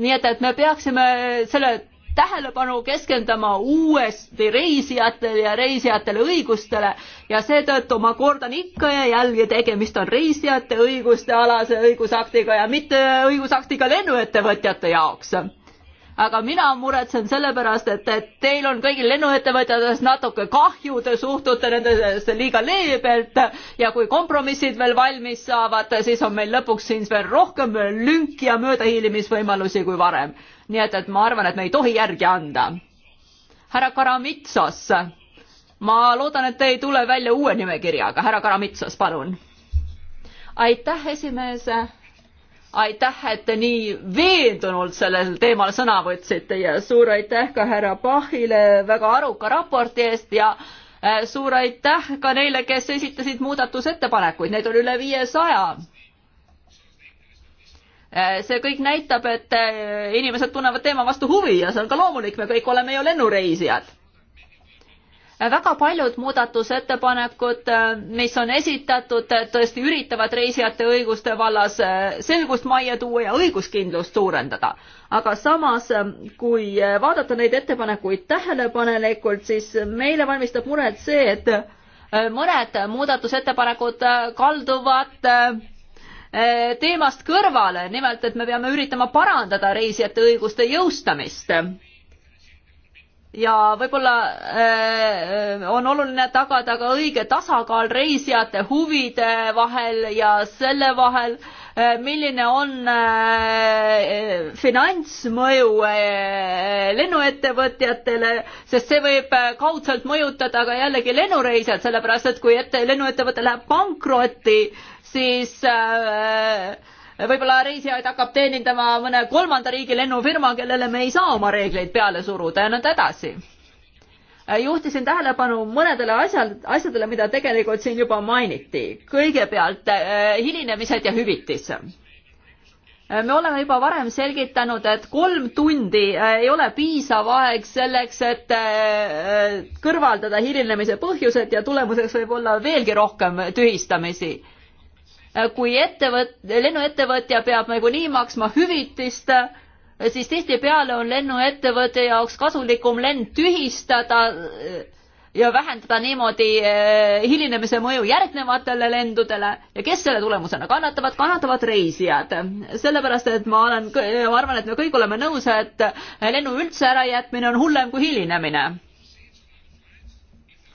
Speaker 1: nii et, et me peaksime selle tähelepanu keskendama uuesti reisijatele ja reisijatele õigustele ja seetõttu ma kordan ikka ja jälle, tegemist on reisijate õiguste alase õigusaktiga ja mitte õigusaktiga lennuettevõtjate jaoks aga mina muretsen sellepärast, et, et teil on kõigil lennuettevõtjatest natuke kahju, te suhtute nendesse liiga leebelt ja kui kompromissid veel valmis saavad, siis on meil lõpuks siin veel rohkem lünki ja möödahiilimisvõimalusi kui varem. nii et, et ma arvan, et me ei tohi järgi anda. härra Karamitsas, ma loodan, et te ei tule välja uue nimekirjaga, härra Karamitsas, palun. aitäh, esimees aitäh, et te nii veendunult sellel teemal sõna võtsite ja suur aitäh ka härra Pahile väga aruka raporti eest ja äh, suur aitäh ka neile, kes esitasid muudatusettepanekuid, neid oli üle viiesaja. Äh, see kõik näitab, et äh, inimesed tunnevad teema vastu huvi ja see on ka loomulik, me kõik oleme ju lennureisijad väga paljud muudatusettepanekud, äh, mis on esitatud, äh, tõesti üritavad reisijate õiguste vallas äh, selgust majja tuua ja õiguskindlust suurendada. aga samas, kui vaadata neid ettepanekuid tähelepanelikult, siis meile valmistab muret see, et mõned muudatusettepanekud kalduvad teemast kõrvale, nimelt et me peame üritama parandada reisijate õiguste jõustamist ja võib-olla äh, on oluline tagada ka õige tasakaal reisijate huvide vahel ja selle vahel äh,, milline on äh, finantsmõju äh, lennuettevõtjatele, sest see võib äh, kaudselt mõjutada ka jällegi lennureisijad, sellepärast et kui ette lennuettevõte läheb pankrotti, siis äh, võib-olla reisijaid hakkab teenindama mõne kolmanda riigi lennufirma, kellele me ei saa oma reegleid peale suruda ja nõnda edasi äh, juhtisin tähelepanu mõnedele asjal, asjadele, mida tegelikult siin juba mainiti. kõigepealt äh, hilinemised ja hüvitis. Äh, me oleme juba varem selgitanud, et kolm tundi ei ole piisav aeg selleks, et kõrvaldada hilinemise põhjused ja tulemuseks võib olla veelgi rohkem tühistamisi Äh, kui ettevõt-, lennuettevõtja peab nagunii maksma hüvitist, äh, siis tihtipeale on lennuettevõtte jaoks kasulikum lend tühistada äh, ja vähendada niimoodi hilinemise mõju järgnevatele lendudele ja kes selle tulemusena kannatavad, kannatavad reisijad. sellepärast, et ma olen, ma arvan, et me kõik oleme nõus, et lennu üldse ärajätmine on hullem kui hilinemine.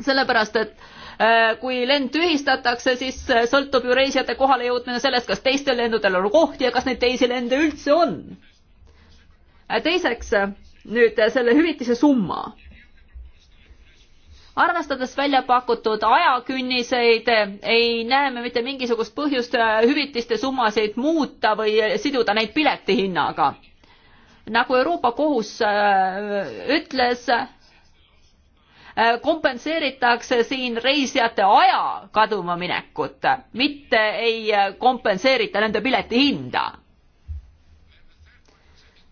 Speaker 1: sellepärast, et Äh, kui lend tühistatakse, siis äh, sõltub ju reisijate kohalejõudmine sellest, kas teistel lendudel on kohti ja kas neid teisi lende üldse on. Äh, teiseks nüüd selle hüvitise summa. arvestades välja pakutud ajakünniseid, ei näe me mitte mingisugust põhjust hüvitiste summasid muuta või siduda neid piletihinnaga nagu Euroopa Kohus ütles, Äh, kompenseeritakse siin reisijate aja kaduma minekut, mitte ei äh, kompenseerita nende pileti hinda.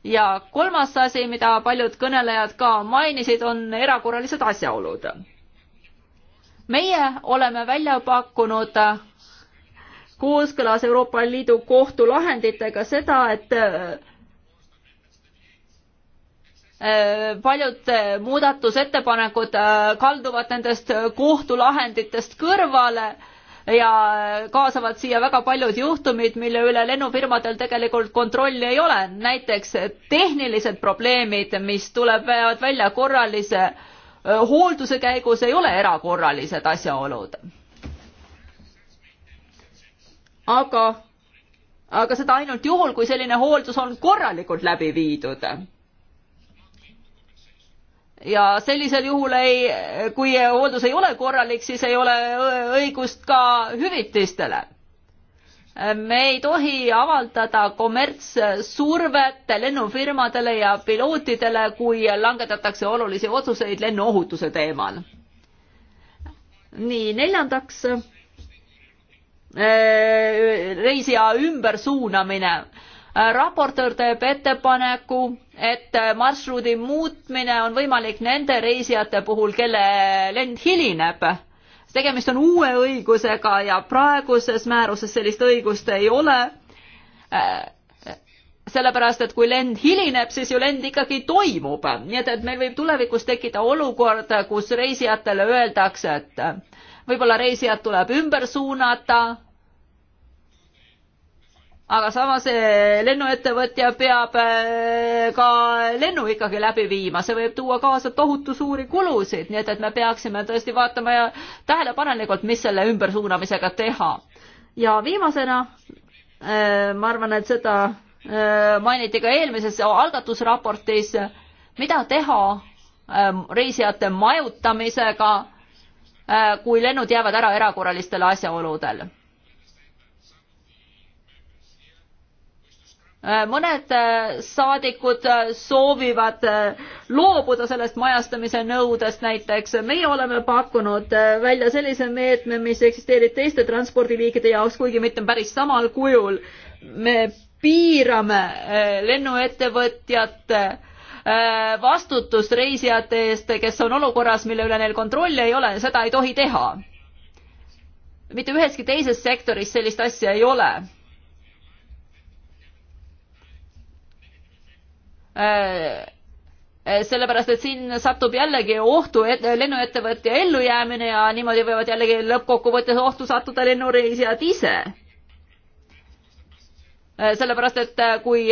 Speaker 1: ja kolmas asi, mida paljud kõnelejad ka mainisid, on erakorralised asjaolud. meie oleme välja pakkunud kooskõlas Euroopa Liidu kohtulahenditega seda, et äh, Äh, paljud äh, muudatusettepanekud äh, kalduvad nendest kohtulahenditest kõrvale ja kaasavad siia väga paljud juhtumid, mille üle lennufirmadel tegelikult kontrolli ei ole, näiteks tehnilised probleemid, mis tuleb, peavad välja korralise hoolduse käigus, ei ole erakorralised asjaolud. aga, aga seda ainult juhul, kui selline hooldus on korralikult läbi viidud ja sellisel juhul ei, kui hooldus ei ole korralik, siis ei ole õigust ka hüvitistele. me ei tohi avaldada kommertssurvet lennufirmadele ja pilootidele, kui langetatakse olulisi otsuseid lennuohutuse teemal. nii, neljandaks eh, reisija ümbersuunamine Äh, raportöör teeb ettepaneku, et äh, marsruudi muutmine on võimalik nende reisijate puhul, kelle lend hilineb. tegemist on uue õigusega ja praeguses määruses sellist õigust ei ole. Äh, sellepärast, et kui lend hilineb, siis ju lend ikkagi toimub, nii et, et meil võib tulevikus tekkida olukord, kus reisijatele öeldakse, et võib-olla reisijad tuleb ümber suunata aga samas eh, lennuettevõtja peab eh, ka lennu ikkagi läbi viima, see võib tuua kaasa tohutu suuri kulusid, nii et, et me peaksime tõesti vaatama ja tähelepanelikult, mis selle ümbersuunamisega teha. ja viimasena eh, ma arvan, et seda mainiti ka eelmises algatusraportis, mida teha reisijate majutamisega, kui lennud jäävad ära erakorralistel asjaoludel Äh, mõned äh, saadikud äh, soovivad loobuda sellest majastamise nõudest näiteks. meie oleme pakkunud välja sellise meetme, mis eksisteerib teiste transpordiliikide jaoks, kuigi mitte päris samal kujul. me piirame lennuettevõtjate vastutust reisijate eest, kes on olukorras, mille üle neil kontrolli ei ole, seda ei tohi teha. mitte üheski teises sektoris sellist asja ei ole Äh, äh, sellepärast, et siin satub jällegi ohtu lennuettevõtja ellujäämine ja niimoodi võivad jällegi lõppkokkuvõttes ohtu sattuda lennureisijad ise. Äh, sellepärast, et kui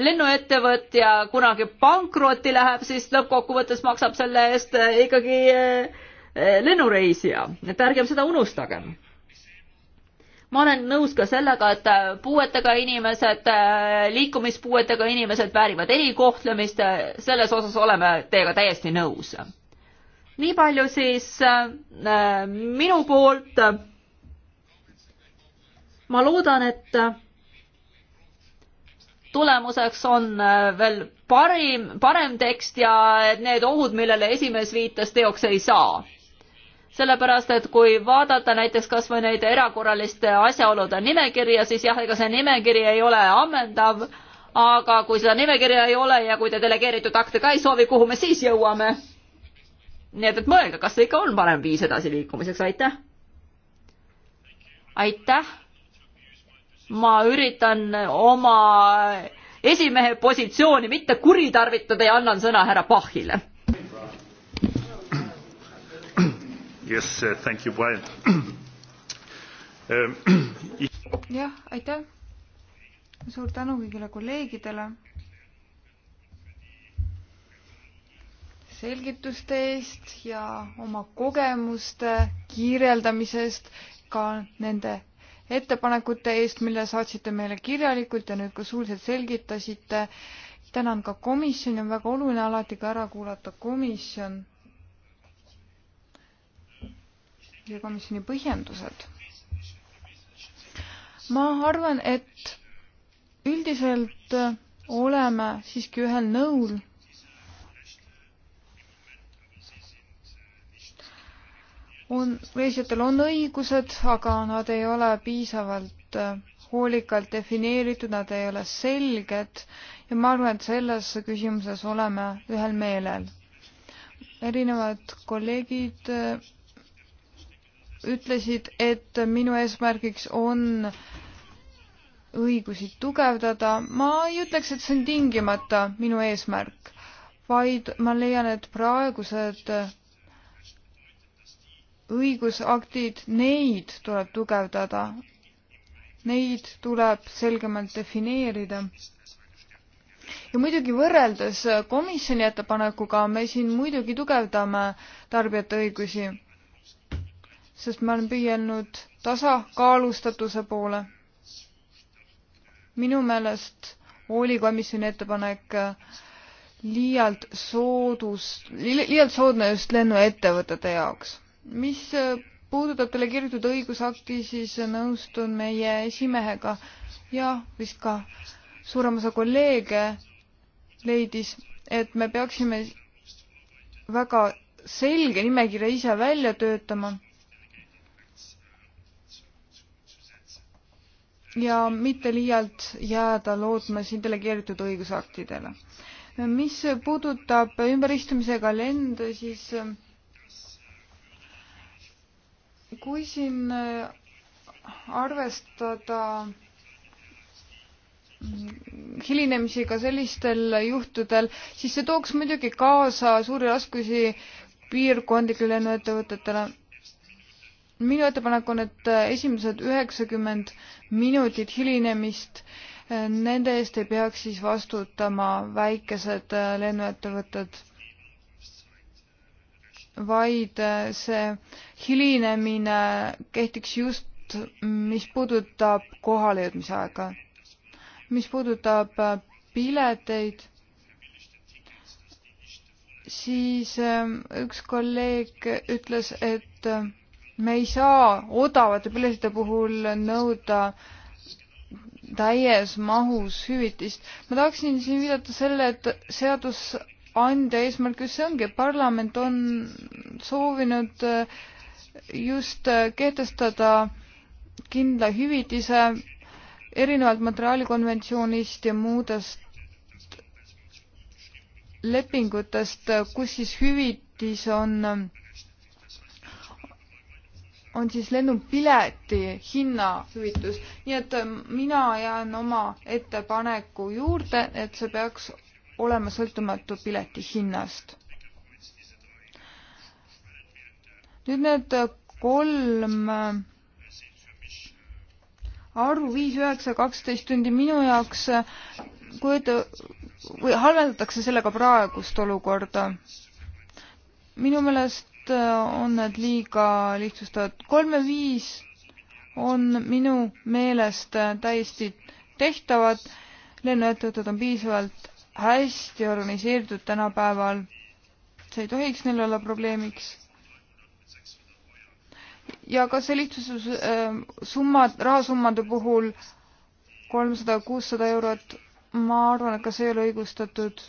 Speaker 1: lennuettevõtja kunagi pankrotti läheb, siis lõppkokkuvõttes maksab selle eest ikkagi lennureisija, et ärgem seda unustagem ma olen nõus ka sellega, et äh, puuetega inimesed, äh, liikumispuuetega inimesed väärivad erikohtlemist, äh, selles osas oleme teiega täiesti nõus. nii palju siis minu poolt. ma loodan, et tulemuseks on veel parim, parem tekst ja need ohud, millele esimees viitas, teoks ei saa sellepärast et kui vaadata näiteks kas või neid erakorraliste asjaolude nimekirja, siis jah, ega see nimekiri ei ole ammendav, aga kui seda nimekirja ei ole ja kui te delegeeritud akte ka ei soovi, kuhu me siis jõuame? nii et, et mõelge, kas see ikka on parem viis edasiliikumiseks, aitäh! aitäh! ma üritan oma esimehe positsiooni mitte kuritarvitada ja annan sõna härra Pahile
Speaker 3: Yes,
Speaker 2: uh, thank you, Brian. [clears throat] Um, [clears throat]
Speaker 4: jah, aitäh. suur tänu kõigile kolleegidele selgituste eest ja oma kogemuste kirjeldamisest, ka nende ettepanekute eest, mille saatsite meile kirjalikult ja nüüd ka suuliselt selgitasite. tänan ka komisjoni, on väga oluline alati ka ära kuulata komisjon ja komisjoni põhjendused. ma arvan, et üldiselt oleme siiski ühel nõul. on, reisijatel on õigused, aga nad ei ole piisavalt hoolikalt defineeritud, nad ei ole selged ja ma arvan, et selles küsimuses oleme ühel meelel. erinevad kolleegid ütlesid, et minu eesmärgiks on õigusi tugevdada. ma ei ütleks, et see on tingimata minu eesmärk, vaid ma leian, et praegused õigusaktid, neid tuleb tugevdada. Neid tuleb selgemalt defineerida. ja muidugi võrreldes komisjoni ettepanekuga me siin muidugi tugevdame tarbijate õigusi sest ma olen püüelnud tasakaalustatuse poole. minu meelest oli komisjoni ettepanek äh, liialt soodus, liialt soodne just lennuettevõtete jaoks. mis äh, puudutab talle kirjutatud õigusakti, siis nõustun meie esimehega ja vist ka suurem osa kolleege leidis, et me peaksime väga selge nimekirja ise välja töötama ja mitte liialt jääda lootma siin delegeeritud õigusaktidele. mis puudutab ümberistumisega lende, siis kui siin arvestada hilinemisi ka sellistel juhtudel, siis see tooks muidugi kaasa suuri raskusi piirkondlikele lennuettevõtetele minu ettepanek on, et äh, esimesed üheksakümmend minutit hilinemist, äh, nende eest ei peaks siis vastutama väikesed äh, lennuettevõtted, vaid see hilinemine kehtiks just, mis puudutab kohalejõudmise aega. mis puudutab pileteid, siis üks kolleeg ütles, et me ei saa odavate piletite puhul nõuda täies mahus hüvitist. ma tahaksin siin viidata selle, et seadusandja eesmärk just see ongi, parlament on soovinud just kehtestada kindla hüvitise erinevalt materiaalikonventsioonist ja muudest lepingutest, kus siis hüvitis on on siis lennupileti hinnahüvitus. nii et ähm, mina jään oma ettepaneku juurde, et see peaks olema sõltumatu pileti hinnast. nüüd need kolm äh, arvu viis, üheksa, kaksteist tundi minu jaoks äh, kujuta- või halvendatakse sellega praegust olukorda. minu meelest Äh, on need liiga lihtsustavad. kolm ja viis on minu meelest äh, täiesti tehtavad. lennuettevõtted on piisavalt hästi organiseeritud tänapäeval. see ei tohiks neil olla probleemiks. ja ka see lihtsustus äh,, summad, rahasummade puhul kolmsada, kuussada eurot, ma arvan, et ka see ei ole õigustatud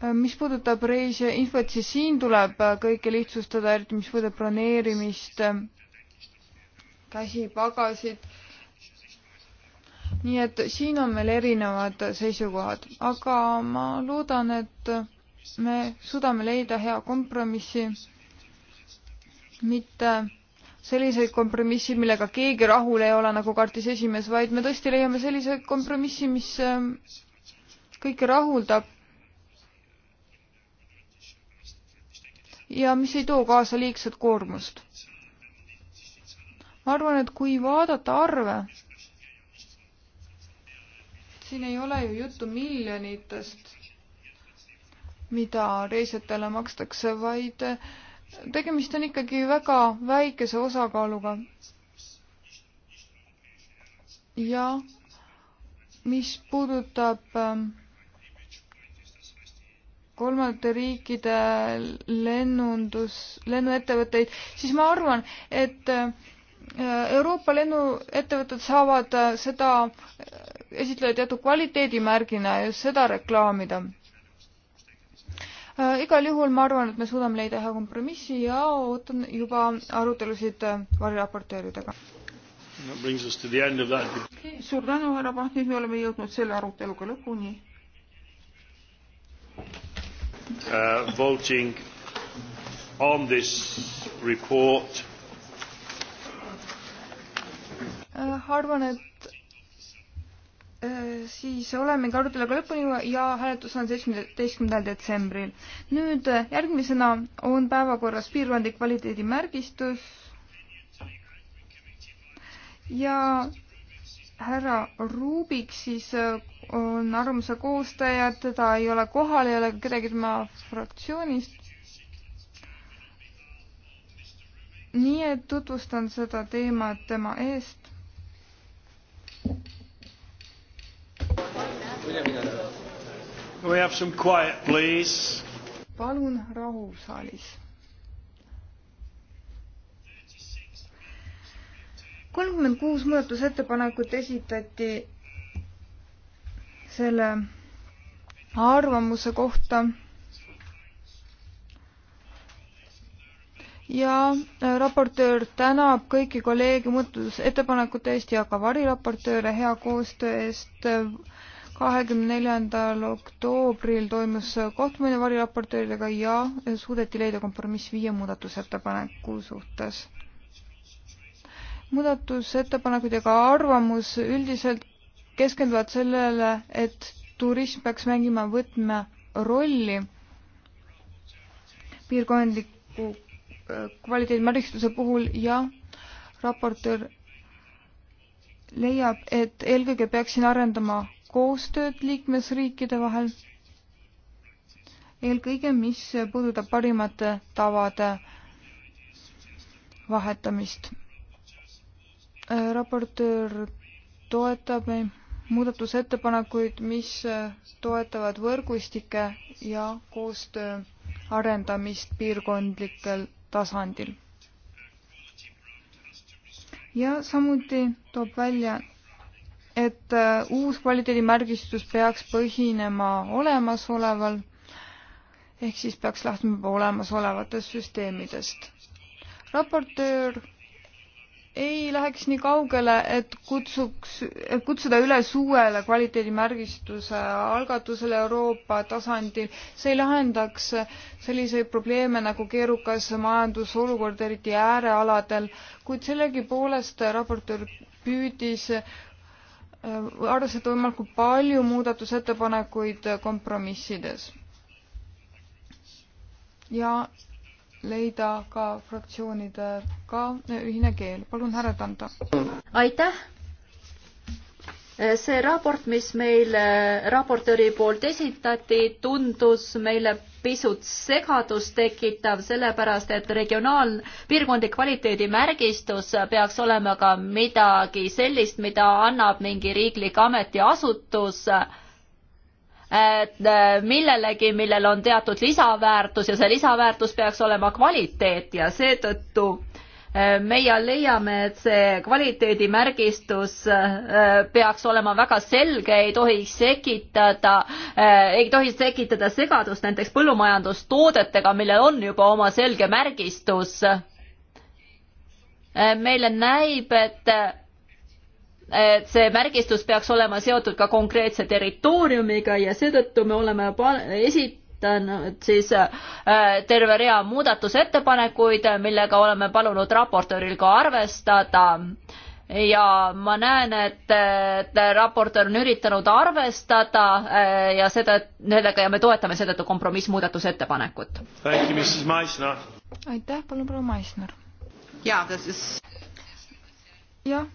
Speaker 4: Äh, mis puudutab reisiinfot, siis siin tuleb äh, kõike lihtsustada, eriti mis puudutab broneerimist, äh, käsipagasid. nii et siin on meil erinevad seisukohad, aga ma loodan, et me suudame leida hea kompromissi, mitte selliseid kompromissi, millega keegi rahul ei ole, nagu kartis esimees, vaid me tõesti leiame sellise kompromissi, mis kõiki rahuldab ja mis ei too kaasa liigset koormust. ma arvan, et kui vaadata arve, siin ei ole ju juttu miljonitest, mida reisijatele makstakse, vaid tegemist on ikkagi väga väikese osakaaluga. ja mis puudutab äh, kolmandate riikide lennundus, lennuettevõtteid, siis ma arvan, et äh, Euroopa lennuettevõtted saavad äh, seda äh, esitleda teatud kvaliteedimärgina ja seda reklaamida. igal juhul ma arvan, et me suudame leida hea kompromissi ja ootan juba arutelusid variraportööridega
Speaker 2: no,.
Speaker 4: suur tänu, härra Pahv, nüüd me oleme jõudnud selle aruteluga lõpuni
Speaker 2: uh, voting on this report.
Speaker 4: Äh, arvan, et äh, siis olemegi aruteluga lõpuni ja hääletus on seitsmeteistkümnendal detsembril. nüüd äh, järgmisena on päevakorras piirkondlik kvaliteedimärgistus ja härra Rubik siis äh, on arvamuse koostaja, teda ei ole kohal, ei ole kedagi tema fraktsioonist. nii et tutvustan seda teemat tema eest. palun rahu saalis kolmkümmend kuus muudatusettepanekut esitati selle arvamuse kohta. ja äh, raportöör tänab kõiki kolleege muudatusettepanekute eest ja ka variraportööre hea koostöö eest. kahekümne neljandal oktoobril toimus kohtumine variraportööridega ja suudeti leida kompromiss viie muudatusettepaneku suhtes muudatusettepanekud ja ka arvamus üldiselt keskenduvad sellele, et turism peaks mängima võtme rolli piirkondliku äh, kvaliteedimärgistuse puhul ja raportöör leiab, et eelkõige peaksin arendama koostööd liikmesriikide vahel, eelkõige mis puudutab parimate tavade vahetamist raportöör toetab muudatusettepanekuid, mis toetavad võrgustike ja koostöö arendamist piirkondlikel tasandil. ja samuti toob välja, et äh, uus kvaliteedimärgistus peaks põhinema olemasoleval ehk siis peaks lähtuma juba olemasolevatest süsteemidest. raportöör ei läheks nii kaugele, et kutsuks, kutsuda üles uuele kvaliteedimärgistuse algatusele Euroopa tasandil. see ei lahendaks selliseid probleeme nagu keerukas majandusolukord, eriti äärealadel, kuid sellegipoolest raportöör püüdis äh, arvestada võimalikult palju muudatusettepanekuid kompromissides. ja leida ka fraktsioonidega ühine keel. palun härra Tanto.
Speaker 1: aitäh. see raport, mis meile äh, raportööri poolt esitati, tundus meile pisut segadust tekitav, sellepärast et regionaal, piirkondlik kvaliteedimärgistus peaks olema ka midagi sellist, mida annab mingi riiklik ametiasutus äh, Äh, millelegi, millel on teatud lisaväärtus ja see lisaväärtus peaks olema kvaliteet ja seetõttu äh, meie leiame, et see kvaliteedimärgistus äh, peaks olema väga selge, ei tohiks sekitada, ei tohiks tekitada segadust näiteks põllumajandustoodetega, millel on juba oma selge märgistus. meile näib, et et see märgistus peaks olema seotud ka konkreetse territooriumiga ja seetõttu me oleme esitanud siis äh, terve rea muudatusettepanekuid, millega oleme palunud raportööril ka arvestada ja ma näen, et, et raportöör on üritanud arvestada äh, ja seda, sellega ja me toetame seetõttu kompromissmuudatusettepanekut.
Speaker 4: aitäh, palun proua Maisner. jaa, jah,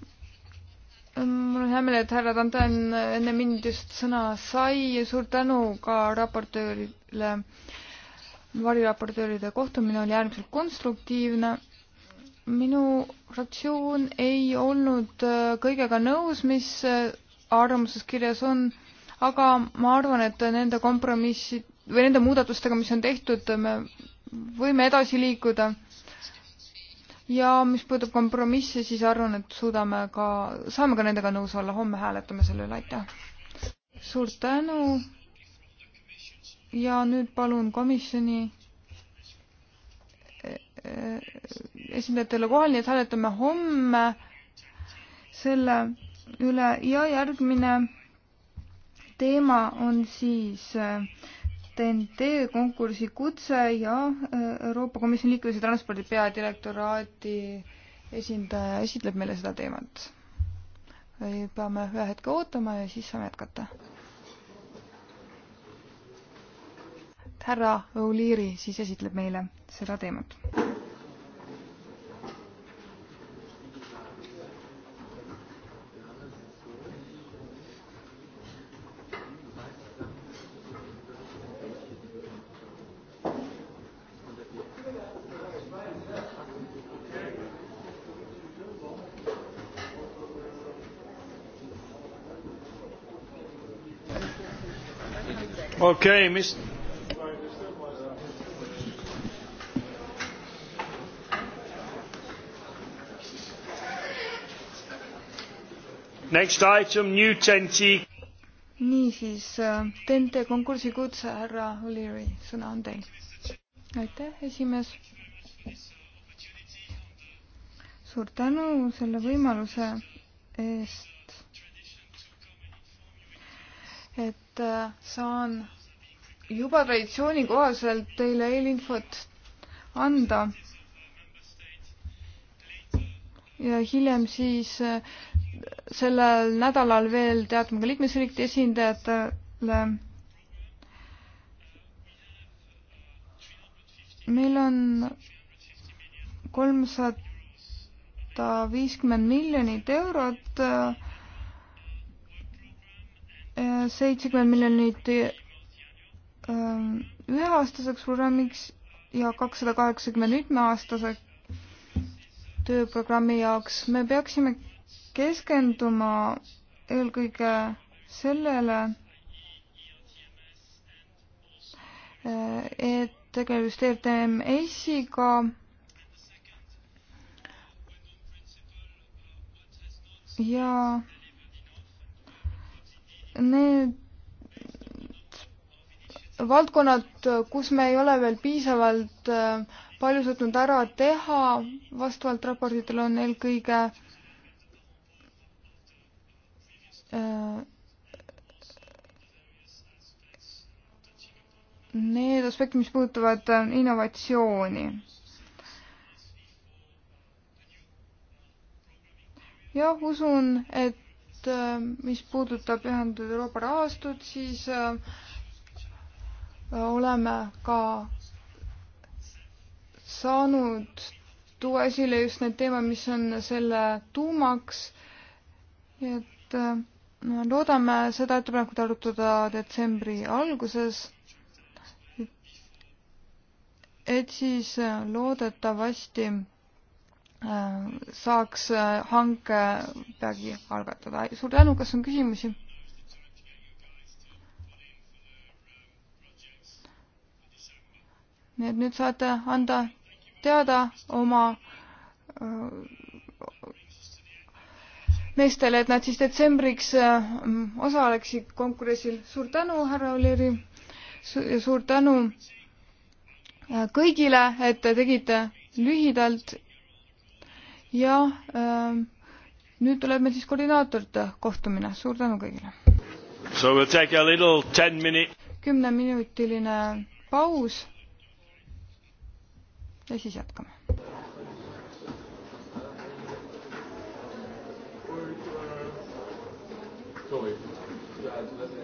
Speaker 4: mul on hea meel, et härra Tantan enne mind just sõna sai ja suur tänu ka raportöörile. variraportööride kohtumine oli äärmiselt konstruktiivne. minu fraktsioon ei olnud äh, kõigega nõus, mis äh, arvamuses kirjas on, aga ma arvan, et nende kompromissid või nende muudatustega, mis on tehtud, me võime edasi liikuda ja mis puudutab kompromisse, siis arvan, et suudame ka, saame ka nendega nõus olla, homme hääletame selle üle, aitäh. suur tänu. ja nüüd palun komisjoni eh, eh, esindajatele kohal, nii et hääletame homme selle üle ja järgmine teema on siis äh, TNT konkursi kutse ja äh, Euroopa Komisjoni liikluse transpordi peadirektoraadi esindaja esitleb meile seda teemat. peame ühe hetke ootama ja siis saame jätkata. härra Ouliiri siis esitleb meile seda teemat.
Speaker 2: Okay, mis... Next item, new TNT.
Speaker 4: niisiis, TNT äh, konkursi kutse, härra O'Leary, sõna on teil. aitäh, esimees. suur tänu selle võimaluse eest, et äh, saan juba traditsiooni kohaselt teile eelinfot anda. ja hiljem siis äh, sellel nädalal veel teatame ka liikmesriikide esindajatele. meil on kolmsada viiskümmend miljonit eurot, äh, seitsekümmend miljonit Ähm, üheaastaseks programmiks ja kakssada kaheksakümne mitmeaastase tööprogrammi jaoks. me peaksime keskenduma eelkõige sellele, äh, et tegemist RTMS-iga ja need valdkonnad, kus me ei ole veel piisavalt äh, palju suutnud ära teha, vastavalt raportitele on eelkõige äh, need aspektid, mis puudutavad äh, innovatsiooni. jah, usun, et mis puudutab ühendatud Euroopa rahastut, siis äh, oleme ka saanud tuua esile just need teemad, mis on selle tuumaks. nii et äh, no, loodame seda ettepanekut arutada detsembri alguses. et siis loodetavasti äh, saaks hanke peagi algatada. suur tänu, kas on küsimusi? nii et nüüd saate anda teada oma äh, meestele, et nad siis detsembriks äh, osaleksid konkursil. suur tänu, härra Oleri ja suur tänu äh, kõigile, et te tegite lühidalt. ja ähm, nüüd tuleb meil siis koordinaatorite kohtumine. suur tänu kõigile.
Speaker 2: So we'll take a little ten
Speaker 3: minute.
Speaker 4: kümneminutiline paus ja siis jätkame.
Speaker 3: Sorry.